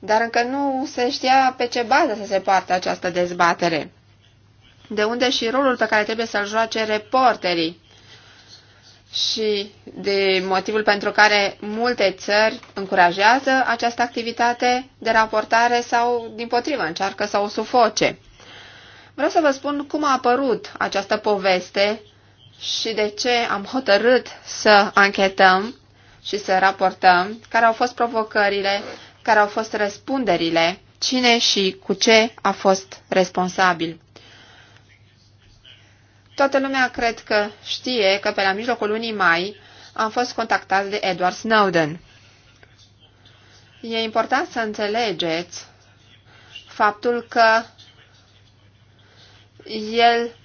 dar încă nu se știa pe ce bază să se poartă această dezbatere. De unde și rolul pe care trebuie să-l joace reporterii și de motivul pentru care multe țări încurajează această activitate de raportare sau, din potrivă, încearcă să o sufoce. Vreau să vă spun cum a apărut această poveste și de ce am hotărât să anchetăm și să raportăm care au fost provocările care au fost răspunderile, cine și cu ce a fost responsabil. Toată lumea cred că știe că pe la mijlocul lunii mai am fost contactat de Edward Snowden. E important să înțelegeți faptul că el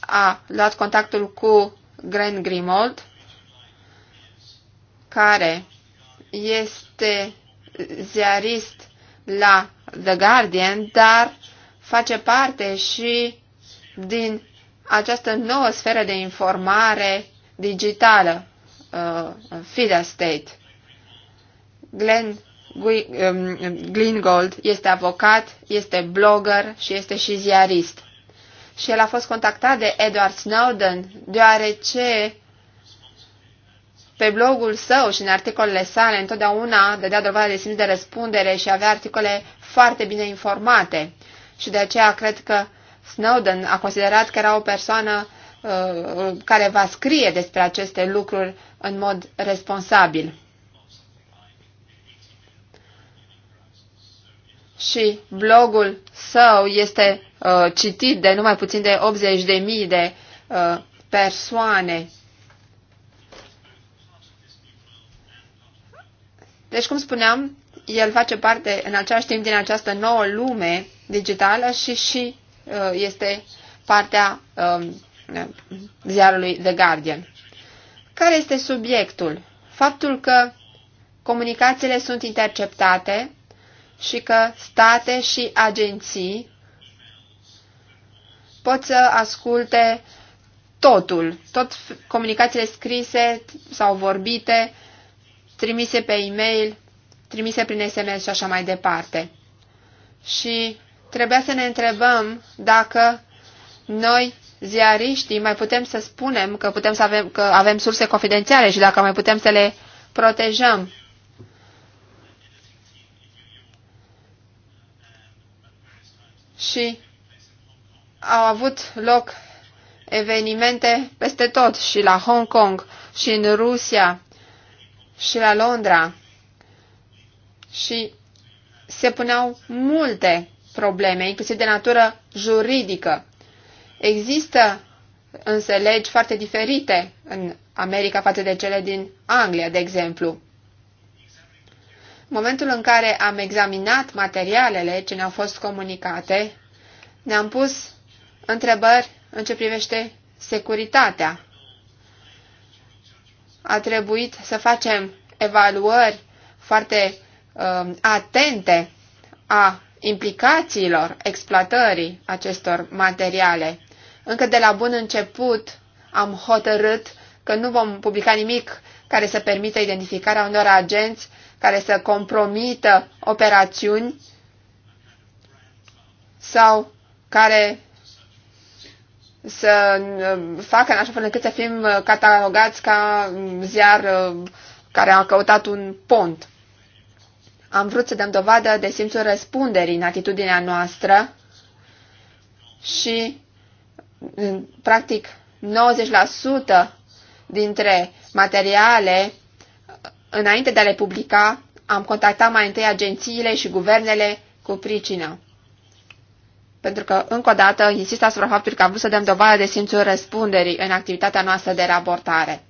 a luat contactul cu Grant Grimold, care este ziarist la The Guardian, dar face parte și din această nouă sferă de informare digitală, uh, FIDA State. Glenn um, Glingold este avocat, este blogger și este și ziarist. Și el a fost contactat de Edward Snowden, deoarece pe blogul său și în articolele sale întotdeauna dădea dovadă de simț de răspundere și avea articole foarte bine informate. Și de aceea cred că Snowden a considerat că era o persoană uh, care va scrie despre aceste lucruri în mod responsabil. și blogul său este uh, citit de numai puțin de 80.000 de uh, persoane. Deci, cum spuneam, el face parte în același timp din această nouă lume digitală și și uh, este partea um, ziarului The Guardian. Care este subiectul? Faptul că comunicațiile sunt interceptate și că state și agenții pot să asculte totul, tot comunicațiile scrise sau vorbite trimise pe e-mail, trimise prin SMS și așa mai departe. Și trebuia să ne întrebăm dacă noi, ziariștii, mai putem să spunem că, putem să avem, că avem surse confidențiale și dacă mai putem să le protejăm. Și au avut loc evenimente peste tot și la Hong Kong și în Rusia și la Londra și se puneau multe probleme, inclusiv de natură juridică. Există însă legi foarte diferite în America față de cele din Anglia, de exemplu. În momentul în care am examinat materialele ce ne-au fost comunicate, ne-am pus întrebări în ce privește securitatea a trebuit să facem evaluări foarte uh, atente a implicațiilor exploatării acestor materiale. Încă de la bun început am hotărât că nu vom publica nimic care să permită identificarea unor agenți care să compromită operațiuni sau care să uh, facă în așa fel încât să fim uh, catalogați ca ziar uh, care a căutat un pont. Am vrut să dăm dovadă de simțul răspunderii în atitudinea noastră și, practic, 90% dintre materiale, înainte de a le publica, am contactat mai întâi agențiile și guvernele cu pricina pentru că, încă o dată, insist asupra faptului că am vrut să dăm dovadă de simțul răspunderii în activitatea noastră de raportare.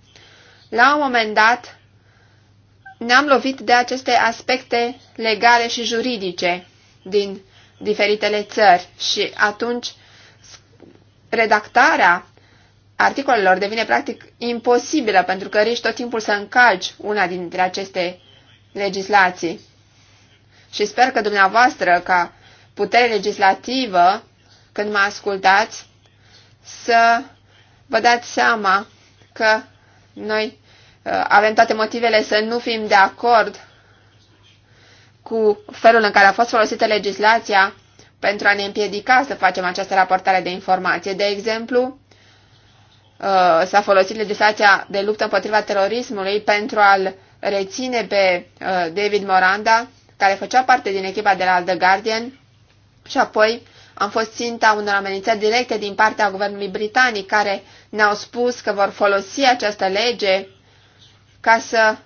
La un moment dat, ne-am lovit de aceste aspecte legale și juridice din diferitele țări și atunci redactarea articolelor devine practic imposibilă pentru că riști tot timpul să încalci una dintre aceste legislații. Și sper că dumneavoastră, ca putere legislativă, când mă ascultați, să vă dați seama că noi uh, avem toate motivele să nu fim de acord cu felul în care a fost folosită legislația pentru a ne împiedica să facem această raportare de informație. De exemplu, uh, s-a folosit legislația de luptă împotriva terorismului pentru a-l reține pe uh, David Moranda, care făcea parte din echipa de la The Guardian, și apoi am fost ținta unor amenințări directe din partea guvernului britanic, care ne-au spus că vor folosi această lege ca să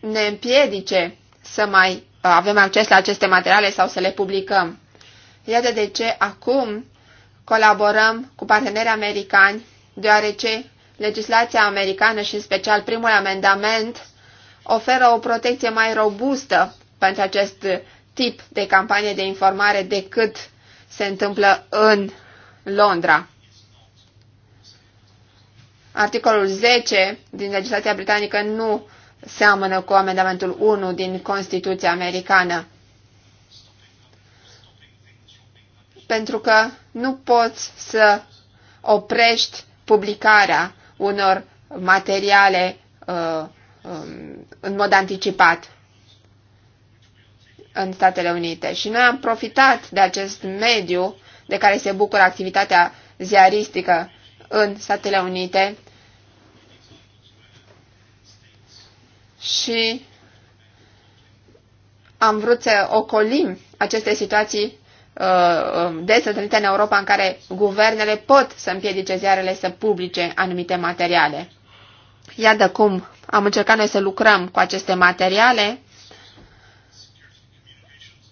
ne împiedice să mai uh, avem acces la aceste materiale sau să le publicăm. Iată de ce acum colaborăm cu parteneri americani, deoarece legislația americană și în special primul amendament oferă o protecție mai robustă pentru acest tip de campanie de informare decât se întâmplă în Londra. Articolul 10 din legislația britanică nu seamănă cu amendamentul 1 din Constituția americană. Pentru că nu poți să oprești publicarea unor materiale uh, um, în mod anticipat în Statele Unite și noi am profitat de acest mediu de care se bucură activitatea ziaristică în Statele Unite și am vrut să ocolim aceste situații uh, um, des întâlnite în Europa în care guvernele pot să împiedice ziarele să publice anumite materiale. Iată cum am încercat noi să lucrăm cu aceste materiale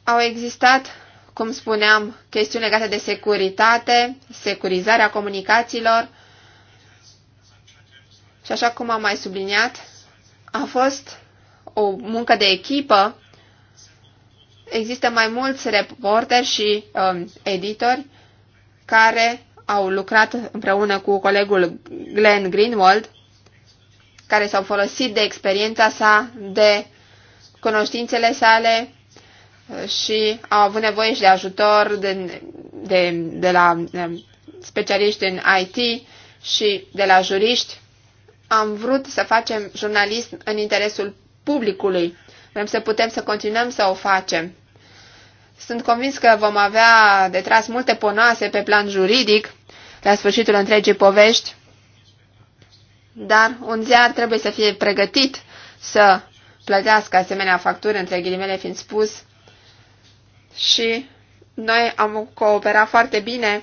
au existat, cum spuneam, chestiuni legate de securitate, securizarea comunicațiilor și așa cum am mai subliniat, a fost o muncă de echipă. Există mai mulți reporteri și um, editori care au lucrat împreună cu colegul Glenn Greenwald, care s-au folosit de experiența sa, de cunoștințele sale și au avut nevoie și de ajutor de, de, de la specialiști în IT și de la juriști. Am vrut să facem jurnalism în interesul publicului. Vrem să putem să continuăm să o facem. Sunt convins că vom avea de tras multe ponoase pe plan juridic la sfârșitul întregii povești, dar un ziar trebuie să fie pregătit să plătească asemenea facturi, între ghilimele fiind spus, și noi am cooperat foarte bine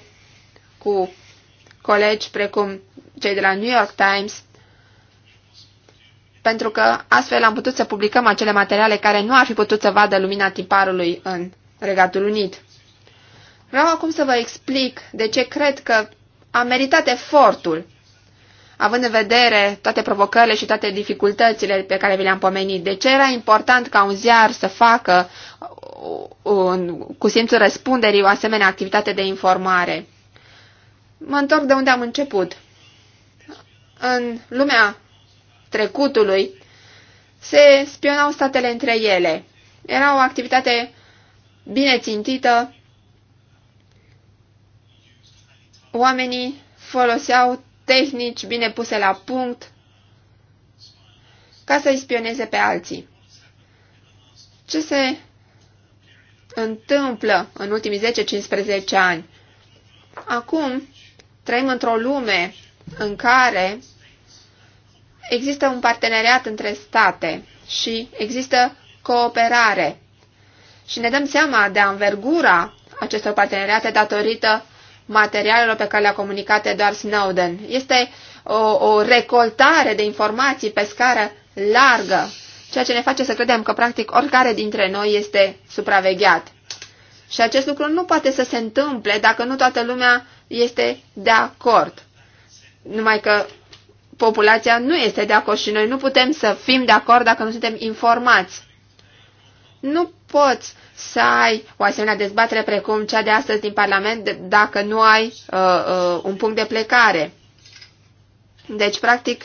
cu colegi precum cei de la New York Times, pentru că astfel am putut să publicăm acele materiale care nu ar fi putut să vadă lumina tiparului în Regatul Unit. Vreau acum să vă explic de ce cred că a meritat efortul având în vedere toate provocările și toate dificultățile pe care vi le-am pomenit, de deci ce era important ca un ziar să facă uh, un, cu simțul răspunderii o asemenea activitate de informare? Mă întorc de unde am început. În lumea trecutului se spionau statele între ele. Era o activitate bine țintită. Oamenii foloseau tehnici bine puse la punct ca să-i spioneze pe alții. Ce se întâmplă în ultimii 10-15 ani? Acum trăim într-o lume în care există un parteneriat între state și există cooperare. Și ne dăm seama de anvergura acestor parteneriate datorită materialelor pe care le-a comunicat Edward Snowden. Este o, o recoltare de informații pe scară largă, ceea ce ne face să credem că practic oricare dintre noi este supravegheat. Și acest lucru nu poate să se întâmple dacă nu toată lumea este de acord. Numai că populația nu este de acord și noi nu putem să fim de acord dacă nu suntem informați. Nu poți să ai o asemenea dezbatere precum cea de astăzi din Parlament dacă nu ai uh, uh, un punct de plecare. Deci, practic,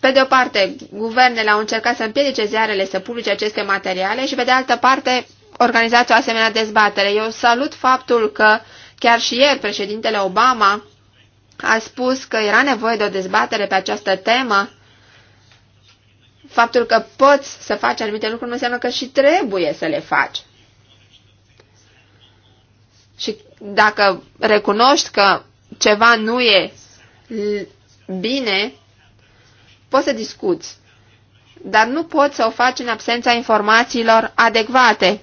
pe de o parte, guvernele au încercat să împiedice ziarele să publice aceste materiale și, pe de altă parte, organizați o asemenea dezbatere. Eu salut faptul că chiar și ieri președintele Obama a spus că era nevoie de o dezbatere pe această temă. Faptul că poți să faci anumite lucruri nu înseamnă că și trebuie să le faci. Și dacă recunoști că ceva nu e bine, poți să discuți, dar nu poți să o faci în absența informațiilor adecvate.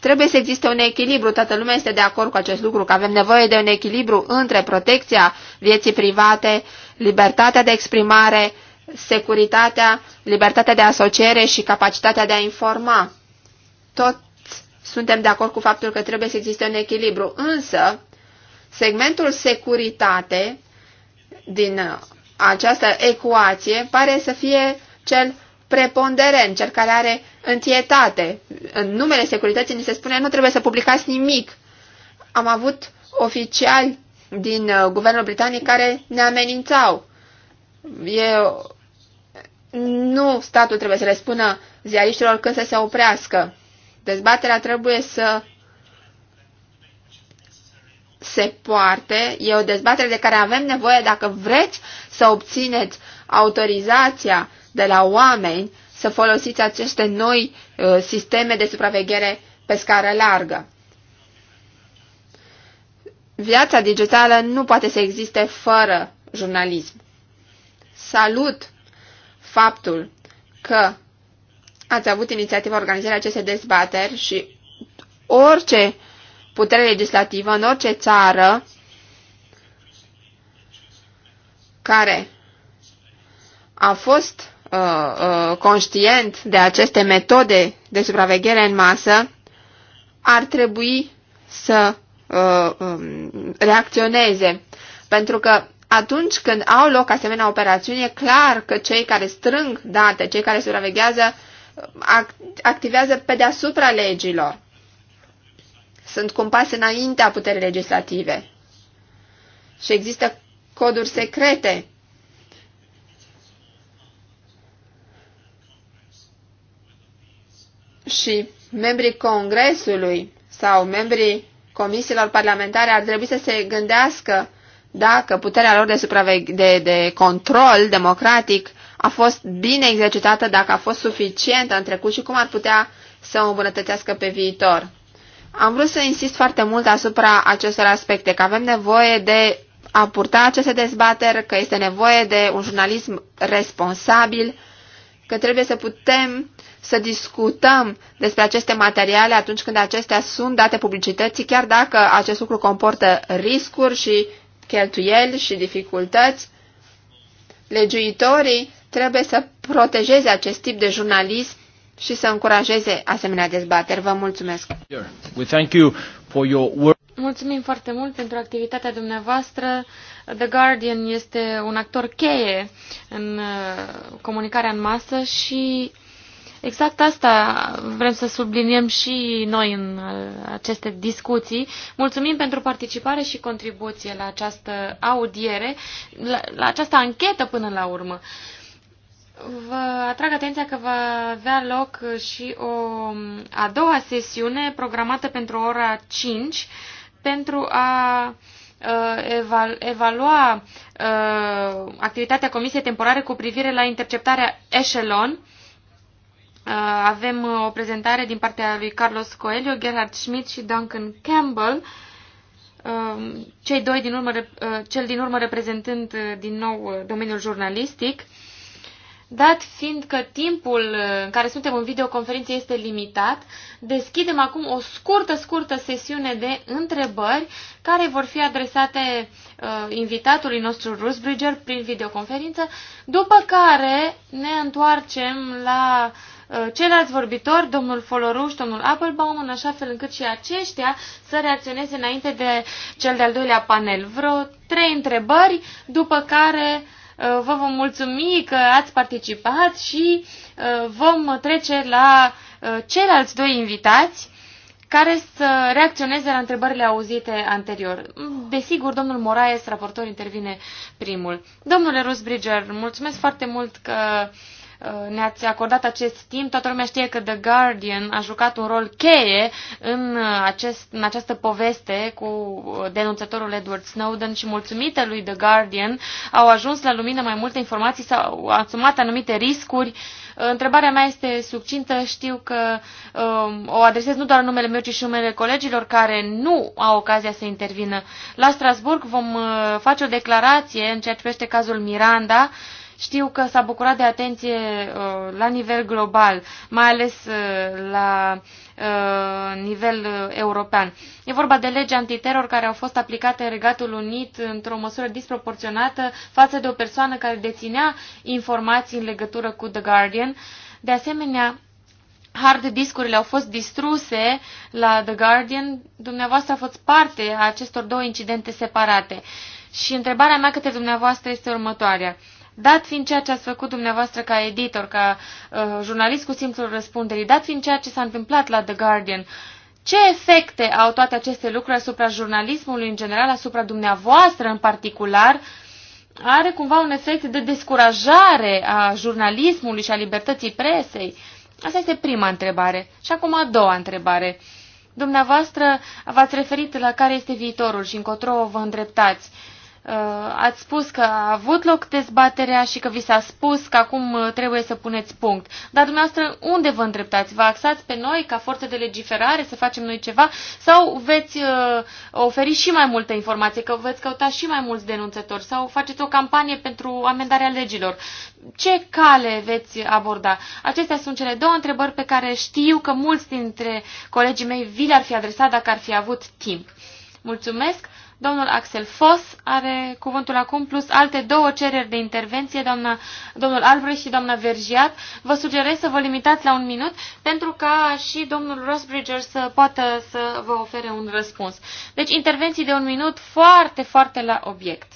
Trebuie să existe un echilibru, toată lumea este de acord cu acest lucru, că avem nevoie de un echilibru între protecția vieții private, libertatea de exprimare, securitatea, libertatea de asociere și capacitatea de a informa. Tot suntem de acord cu faptul că trebuie să existe un echilibru, însă segmentul securitate din această ecuație pare să fie cel preponderent, cel care are întietate. În numele securității ni se spune nu trebuie să publicați nimic. Am avut oficiali din uh, guvernul britanic care ne amenințau. E, nu statul trebuie să le spună ziariștilor când să se oprească. Dezbaterea trebuie să se poarte. E o dezbatere de care avem nevoie dacă vreți să obțineți autorizația de la oameni să folosiți aceste noi uh, sisteme de supraveghere pe scară largă. Viața digitală nu poate să existe fără jurnalism. Salut faptul că ați avut inițiativa organizării acestei dezbateri și orice putere legislativă în orice țară care a fost uh, uh, conștient de aceste metode de supraveghere în masă ar trebui să uh, um, reacționeze. Pentru că atunci când au loc asemenea operațiuni, e clar că cei care strâng date, cei care supraveghează, uh, activează pe deasupra legilor. Sunt cu un pas înaintea puterii legislative. Și există coduri secrete. Și membrii Congresului sau membrii comisiilor parlamentare ar trebui să se gândească dacă puterea lor de, de, de control democratic a fost bine exercitată, dacă a fost suficientă în trecut și cum ar putea să o îmbunătățească pe viitor. Am vrut să insist foarte mult asupra acestor aspecte, că avem nevoie de a purta aceste dezbateri, că este nevoie de un jurnalism responsabil, că trebuie să putem să discutăm despre aceste materiale atunci când acestea sunt date publicității, chiar dacă acest lucru comportă riscuri și cheltuieli și dificultăți. Legiuitorii trebuie să protejeze acest tip de jurnalism și să încurajeze asemenea dezbateri. Vă mulțumesc! We thank you for your work. Mulțumim foarte mult pentru activitatea dumneavoastră. The Guardian este un actor cheie în uh, comunicarea în masă și Exact asta vrem să subliniem și noi în uh, aceste discuții. Mulțumim pentru participare și contribuție la această audiere, la, la această anchetă până la urmă. Vă atrag atenția că va avea loc și o a doua sesiune programată pentru ora 5 pentru a uh, evalua uh, activitatea Comisiei Temporare cu privire la interceptarea Echelon. Uh, avem o prezentare din partea lui Carlos Coelho, Gerhard Schmidt și Duncan Campbell, cei doi din urmă, cel din urmă reprezentând din nou domeniul jurnalistic. Dat fiind că timpul uh, în care suntem în videoconferință este limitat, deschidem acum o scurtă, scurtă sesiune de întrebări care vor fi adresate uh, invitatului nostru Rusbridger prin videoconferință, după care ne întoarcem la uh, ceilalți vorbitori, domnul Foloruș, domnul Applebaum, în așa fel încât și aceștia să reacționeze înainte de cel de-al doilea panel. Vreo trei întrebări, după care uh, Uh, vă vom mulțumi că ați participat și uh, vom trece la uh, ceilalți doi invitați care să reacționeze la întrebările auzite anterior. Desigur, domnul Moraes, raportor, intervine primul. Domnule Rusbridger, mulțumesc foarte mult că uh, Uh, ne-ați acordat acest timp. Toată lumea știe că The Guardian a jucat un rol cheie în, uh, acest, în această poveste cu uh, denunțătorul Edward Snowden și mulțumită lui The Guardian au ajuns la lumină mai multe informații, s-au asumat anumite riscuri. Întrebarea mea este succintă. Știu că um, o adresez nu doar în numele meu, ci și numele colegilor care nu au ocazia să intervină. La Strasburg vom uh, face o declarație în ceea ce privește cazul Miranda. Uh, știu că s-a bucurat de atenție uh, la nivel global, mai ales uh, la uh, nivel european. E vorba de legi antiteror care au fost aplicate în Regatul Unit într-o măsură disproporționată față de o persoană care deținea informații în legătură cu The Guardian. De asemenea, hard discurile au fost distruse la The Guardian. Dumneavoastră a fost parte a acestor două incidente separate. Și întrebarea mea către dumneavoastră este următoarea dat fiind ceea ce ați făcut dumneavoastră ca editor, ca uh, jurnalist cu simțul răspunderii, dat fiind ceea ce s-a întâmplat la The Guardian, ce efecte au toate aceste lucruri asupra jurnalismului în general, asupra dumneavoastră în particular, are cumva un efect de descurajare a jurnalismului și a libertății presei? Asta este prima întrebare. Și acum a doua întrebare. Dumneavoastră v-ați referit la care este viitorul și încotro vă îndreptați. Uh, Uh, ați spus că a avut loc dezbaterea și că vi s-a spus că acum uh, trebuie să puneți punct. Dar dumneavoastră unde vă îndreptați? Vă axați pe noi ca forță de legiferare să facem noi ceva? Sau veți uh, oferi și mai multe informații, că veți căuta și mai mulți denunțători? Sau faceți o campanie pentru amendarea legilor? Ce cale veți aborda? Acestea sunt cele două întrebări pe care știu că mulți dintre colegii mei vi le-ar fi adresat dacă ar fi avut timp. Mulțumesc! Domnul Axel Foss are cuvântul acum, plus alte două cereri de intervenție, doamna, domnul Albrecht și doamna Vergiat. Vă sugerez să vă limitați la un minut, pentru ca și domnul Rosbridger să poată să vă ofere un răspuns. Deci intervenții de un minut foarte, foarte la obiect.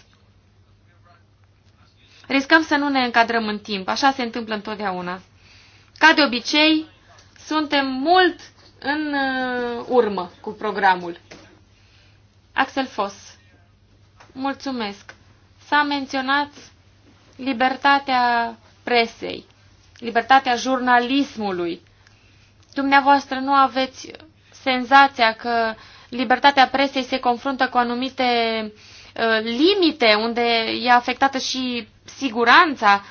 Riscăm să nu ne încadrăm în timp, așa se întâmplă întotdeauna. Ca de obicei, suntem mult în uh, urmă cu programul. Axel Foss. Mulțumesc. S-a menționat libertatea presei, libertatea jurnalismului. Dumneavoastră nu aveți senzația că libertatea presei se confruntă cu anumite uh, limite, unde e afectată și siguranța.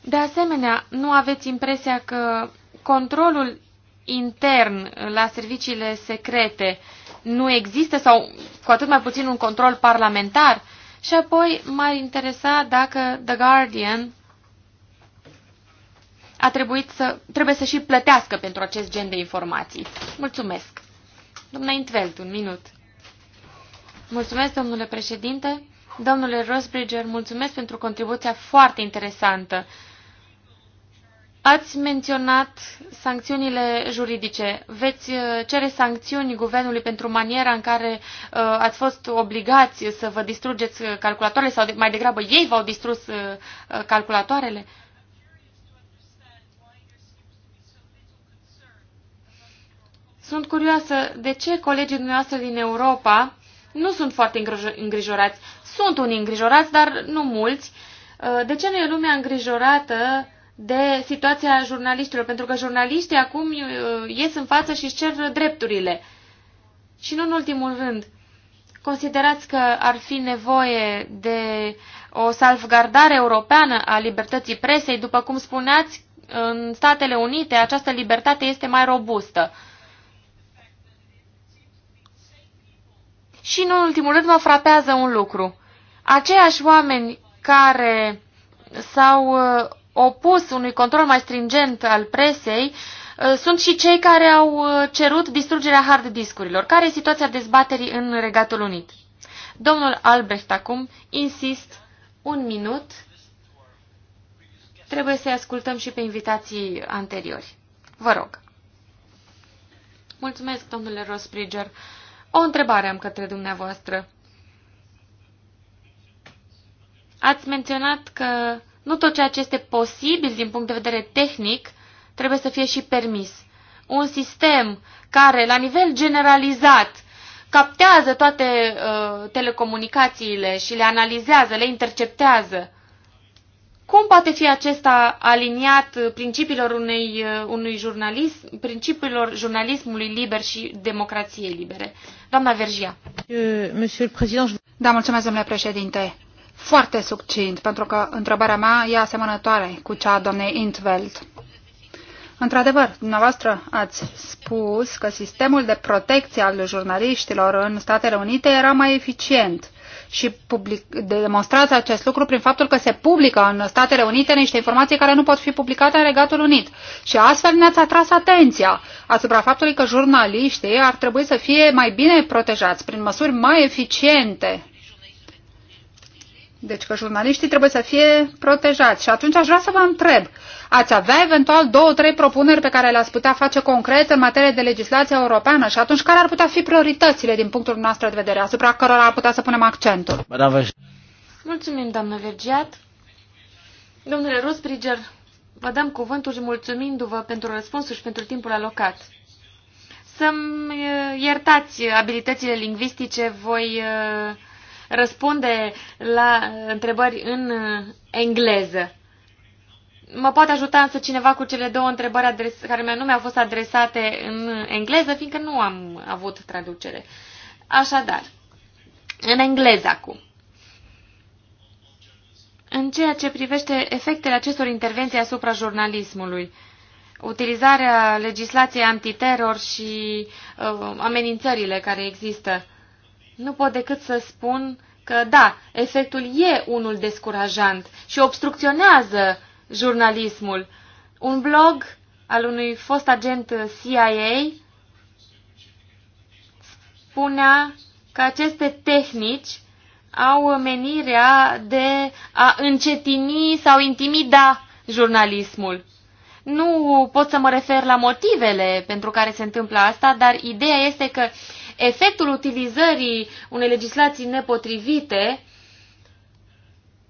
De asemenea, nu aveți impresia că controlul intern la serviciile secrete nu există sau cu atât mai puțin un control parlamentar? Și apoi m-ar interesa dacă The Guardian a trebuit să, trebuie să și plătească pentru acest gen de informații. Mulțumesc. Domnule Intveld, un minut. Mulțumesc, domnule președinte. Domnule Rosbridger, mulțumesc pentru contribuția foarte interesantă. Ați menționat sancțiunile juridice. Veți uh, cere sancțiuni guvernului pentru maniera în care uh, ați fost obligați să vă distrugeți uh, calculatoarele sau mai degrabă ei v-au distrus calculatoarele? Sunt curioasă de ce colegii dumneavoastră din Europa nu sunt foarte îngrijorați. Sunt unii îngrijorați, dar nu mulți. De ce nu e lumea îngrijorată de situația jurnaliștilor, pentru că jurnaliștii acum uh, ies în față și își cer drepturile. Și nu în ultimul rând, considerați că ar fi nevoie de o salvgardare europeană a libertății presei? După cum spuneați, în Statele Unite această libertate este mai robustă. Și, în ultimul rând, mă frapează un lucru. Aceiași oameni care s-au uh, opus unui control mai stringent al presei uh, sunt și cei care au uh, cerut distrugerea hard discurilor. Care e situația dezbaterii în Regatul Unit? Domnul Albrecht acum, insist, un minut. Trebuie să-i ascultăm și pe invitații anteriori. Vă rog. Mulțumesc, domnule Rospriger. O întrebare am către dumneavoastră. Ați menționat că nu tot ceea ce este posibil din punct de vedere tehnic trebuie să fie și permis. Un sistem care, la nivel generalizat, captează toate uh, telecomunicațiile și le analizează, le interceptează. Cum poate fi acesta aliniat principiilor unei, uh, unui jurnalism, principiilor jurnalismului liber și democrației libere? Doamna Vergia. Euh, da, mulțumesc, domnule președinte. Foarte succint, pentru că întrebarea mea e asemănătoare cu cea a doamnei Intveld. Într-adevăr, dumneavoastră ați spus că sistemul de protecție al jurnaliștilor în Statele Unite era mai eficient și public, demonstrați acest lucru prin faptul că se publică în Statele Unite niște informații care nu pot fi publicate în Regatul Unit. Și astfel ne-ați atras atenția asupra faptului că jurnaliștii ar trebui să fie mai bine protejați prin măsuri mai eficiente deci că jurnaliștii trebuie să fie protejați. Și atunci aș vrea să vă întreb, ați avea eventual două, trei propuneri pe care le-ați putea face concret în materie de legislație europeană și atunci care ar putea fi prioritățile din punctul nostru de vedere, asupra cărora ar putea să punem accentul? Mulțumim, doamnă Vergiat. Domnule Rosbriger, vă dăm cuvântul și mulțumindu-vă pentru răspunsul și pentru timpul alocat. Să-mi uh, iertați abilitățile lingvistice, voi uh, răspunde la uh, întrebări în uh, engleză. Mă poate ajuta însă cineva cu cele două întrebări care mi-a nu mi-au fost adresate în uh, engleză, fiindcă nu am avut traducere. Așadar, în engleză acum. În ceea ce privește efectele acestor intervenții asupra jurnalismului, utilizarea legislației antiteror și uh, amenințările care există, nu pot decât să spun că, da, efectul e unul descurajant și obstrucționează jurnalismul. Un blog al unui fost agent CIA spunea că aceste tehnici au menirea de a încetini sau intimida jurnalismul. Nu pot să mă refer la motivele pentru care se întâmplă asta, dar ideea este că efectul utilizării unei legislații nepotrivite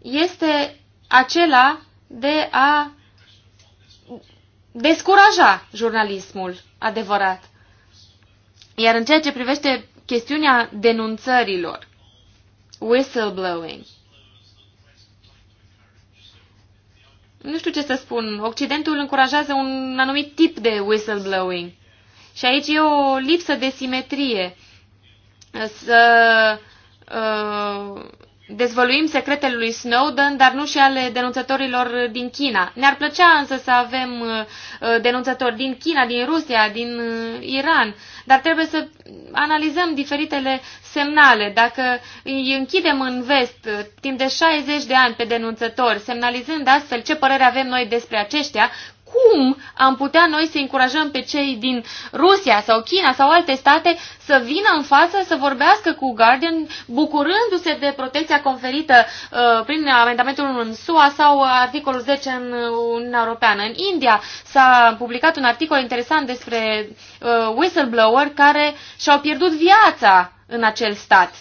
este acela de a descuraja jurnalismul adevărat. Iar în ceea ce privește chestiunea denunțărilor, whistleblowing, nu știu ce să spun, Occidentul încurajează un anumit tip de whistleblowing. Și aici e o lipsă de simetrie. Să uh, dezvăluim secretele lui Snowden, dar nu și ale denunțătorilor din China. Ne-ar plăcea însă să avem uh, denunțători din China, din Rusia, din uh, Iran, dar trebuie să analizăm diferitele semnale. Dacă îi închidem în vest uh, timp de 60 de ani pe denunțători, semnalizând astfel ce părere avem noi despre aceștia, cum am putea noi să încurajăm pe cei din Rusia sau China sau alte state să vină în față să vorbească cu Guardian, bucurându-se de protecția conferită uh, prin amendamentul 1 în SUA sau uh, articolul 10 în uh, Uniunea Europeană. În India s-a publicat un articol interesant despre uh, whistleblower care și-au pierdut viața în acel stat.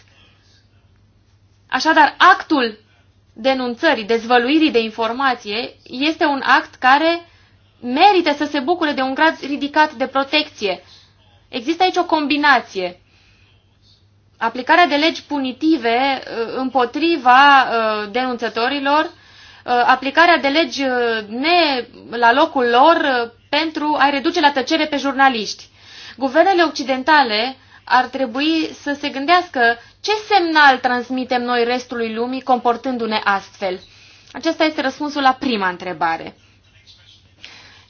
Așadar, actul denunțării, dezvăluirii de informație este un act care merită să se bucure de un grad ridicat de protecție. Există aici o combinație. Aplicarea de legi punitive uh, împotriva uh, denunțătorilor, uh, aplicarea de legi ne la locul lor pentru a-i reduce la tăcere pe jurnaliști. Guvernele occidentale ar trebui să se gândească ce semnal transmitem noi restului lumii comportându-ne astfel. Acesta este răspunsul la prima întrebare.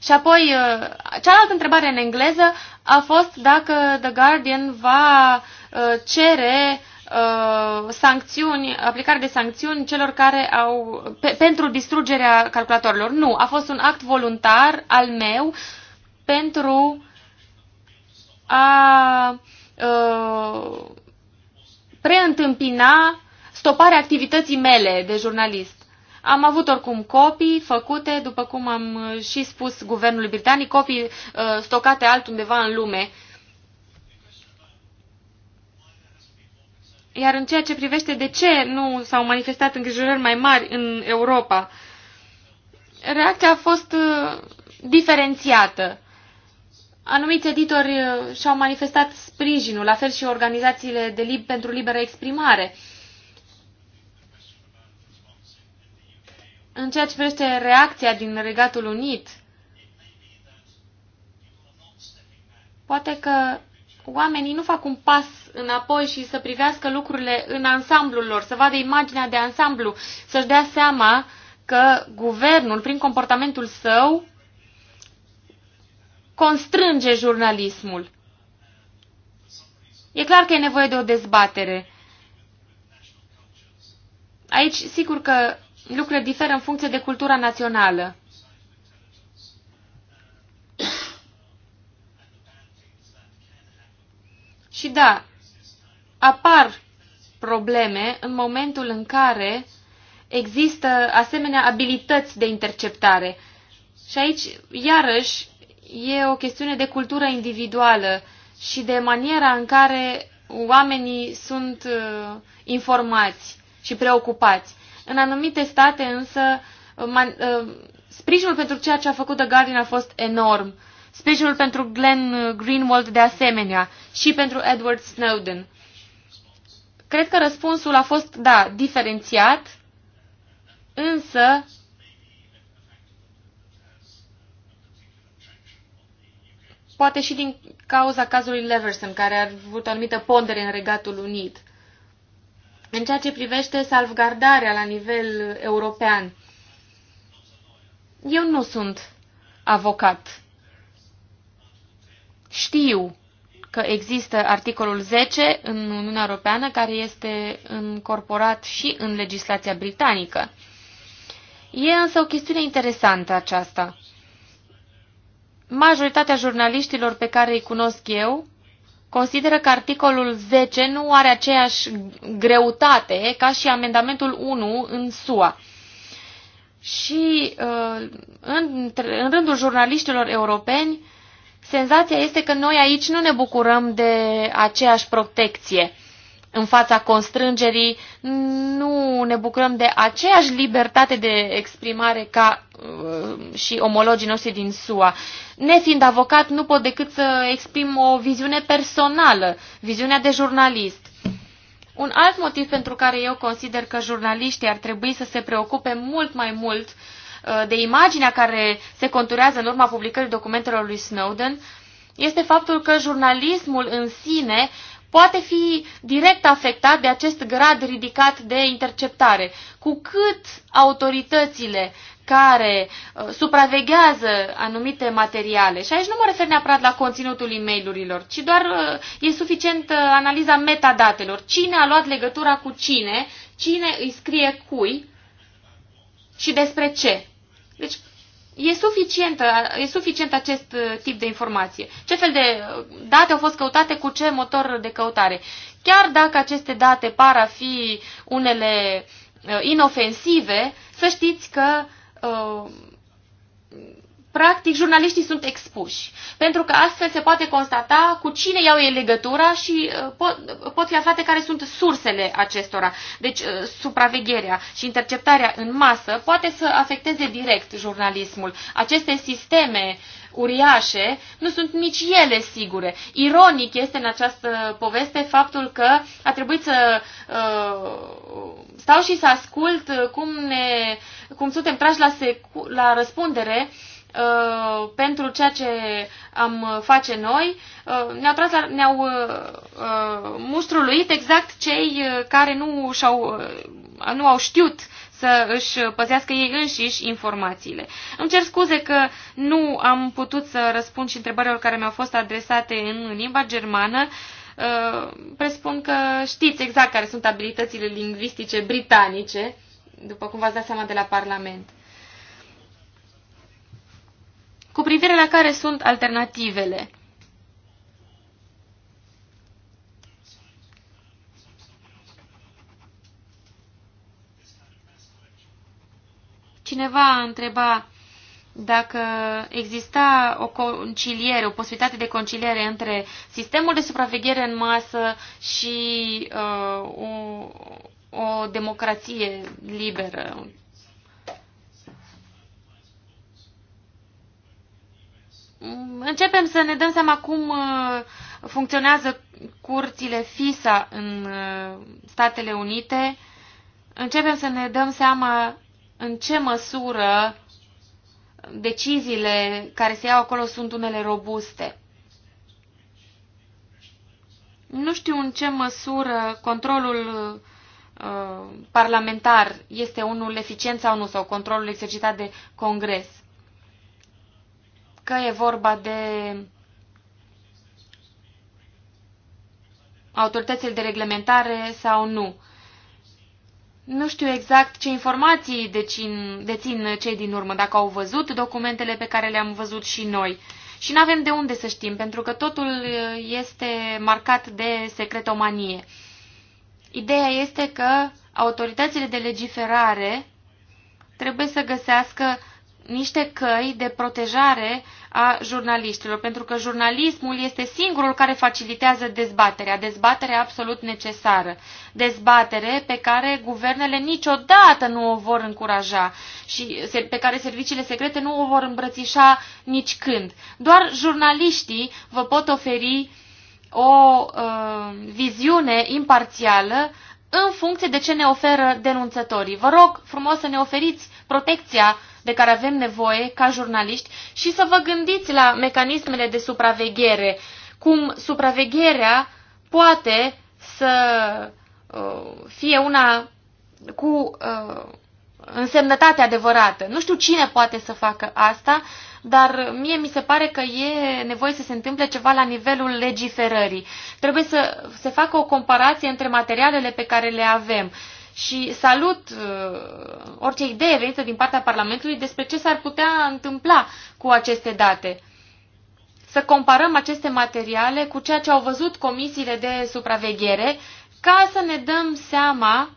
Și apoi, uh, cealaltă întrebare în engleză a fost dacă The Guardian va uh, cere uh, sancțiuni, aplicare de sancțiuni celor care au pe, pentru distrugerea calculatorilor. Nu, a fost un act voluntar al meu pentru a uh, preîntâmpina stoparea activității mele de jurnalist. Am avut oricum copii făcute, după cum am uh, și spus guvernului britanic, copii uh, stocate altundeva în lume. Iar în ceea ce privește de ce nu s-au manifestat îngrijorări mai mari în Europa, reacția a fost uh, diferențiată. Anumiți editori uh, și-au manifestat sprijinul, la fel și organizațiile de lib pentru liberă exprimare. Uh, În ceea ce privește reacția din Regatul Unit, poate că oamenii nu fac un pas înapoi și să privească lucrurile în ansamblul lor, să vadă imaginea de ansamblu, să-și dea seama că guvernul, prin comportamentul său, constrânge jurnalismul. E clar că e nevoie de o dezbatere. Aici, sigur că lucrurile diferă în funcție de cultura națională. Și da, apar probleme în momentul în care există asemenea abilități de interceptare. Și aici, iarăși, e o chestiune de cultură individuală și de maniera în care oamenii sunt uh, informați și preocupați. În anumite state însă ă, sprijinul pentru ceea ce a făcut The Guardian a fost enorm. Sprijinul pentru Glenn Greenwald de asemenea și pentru Edward Snowden. Cred că răspunsul a fost, da, diferențiat, însă poate și din cauza cazului Leverson, care a avut o anumită pondere în Regatul Unit în ceea ce privește salvgardarea la nivel european. Eu nu sunt avocat. Știu că există articolul 10 în Uniunea Europeană care este încorporat și în legislația britanică. E însă o chestiune interesantă aceasta. Majoritatea jurnaliștilor pe care îi cunosc eu consideră că articolul 10 nu are aceeași greutate ca și amendamentul 1 în SUA. Și uh, în, în rândul jurnaliștilor europeni, senzația este că noi aici nu ne bucurăm de aceeași protecție în fața constrângerii, nu ne bucurăm de aceeași libertate de exprimare ca Uh, și omologii noștri din SUA. Nefiind avocat, nu pot decât să exprim o viziune personală, viziunea de jurnalist. Un alt motiv pentru care eu consider că jurnaliștii ar trebui să se preocupe mult mai mult uh, de imaginea care se conturează în urma publicării documentelor lui Snowden este faptul că jurnalismul în sine poate fi direct afectat de acest grad ridicat de interceptare. Cu cât autoritățile care uh, supraveghează anumite materiale. Și aici nu mă refer neapărat la conținutul e mail ci doar uh, e suficient uh, analiza metadatelor. Cine a luat legătura cu cine, cine îi scrie cui și despre ce. Deci e suficient, e suficient acest tip de informație. Ce fel de date au fost căutate cu ce motor de căutare. Chiar dacă aceste date par a fi unele inofensive, să știți că uh, practic, jurnaliștii sunt expuși, pentru că astfel se poate constata cu cine iau ei legătura și uh, pot, uh, pot fi aflate care sunt sursele acestora. Deci, uh, supravegherea și interceptarea în masă poate să afecteze direct jurnalismul. Aceste sisteme uriașe nu sunt nici ele sigure. Ironic este în această poveste faptul că a trebuit să uh, stau și să ascult cum, ne, cum suntem trași la, secu- la răspundere uh, Uh, pentru ceea ce am face noi, uh, ne-au, tras la, ne-au uh, uh mustruluit exact cei uh, care nu, și-au, uh, nu au știut să își păzească ei înșiși informațiile. Îmi cer scuze că nu am putut să răspund și întrebărilor care mi-au fost adresate în limba germană. Presupun că știți exact care sunt abilitățile lingvistice britanice, după cum v-ați dat seama de la Parlament cu privire la care sunt alternativele. Cineva întreba dacă exista o conciliere, o posibilitate de conciliere între sistemul de supraveghere în masă și uh, o, o democrație liberă, începem să ne dăm seama cum uh, funcționează curțile FISA în uh, Statele Unite, începem să ne dăm seama în ce măsură deciziile care se iau acolo sunt unele robuste. Nu știu în ce măsură controlul uh, parlamentar este unul eficient sau nu, sau controlul exercitat de Congres că e vorba de autoritățile de reglementare sau nu. Nu știu exact ce informații dețin, dețin cei din urmă, dacă au văzut documentele pe care le-am văzut și noi. Și nu avem de unde să știm, pentru că totul este marcat de secretomanie. Ideea este că autoritățile de legiferare trebuie să găsească niște căi de protejare a jurnaliștilor, pentru că jurnalismul este singurul care facilitează dezbaterea, dezbaterea absolut necesară, dezbatere pe care guvernele niciodată nu o vor încuraja și pe care serviciile secrete nu o vor îmbrățișa nici când. Doar jurnaliștii vă pot oferi o uh, viziune imparțială în funcție de ce ne oferă denunțătorii. Vă rog frumos să ne oferiți protecția de care avem nevoie ca jurnaliști și să vă gândiți la mecanismele de supraveghere, cum supravegherea poate să uh, fie una cu uh, însemnătate adevărată. Nu știu cine poate să facă asta, dar mie mi se pare că e nevoie să se întâmple ceva la nivelul legiferării. Trebuie să se facă o comparație între materialele pe care le avem. Uh, și salut uh, orice idee venită din partea Parlamentului despre ce s-ar putea întâmpla cu aceste date. Să comparăm aceste materiale cu ceea ce au văzut comisiile de supraveghere ca să ne dăm seama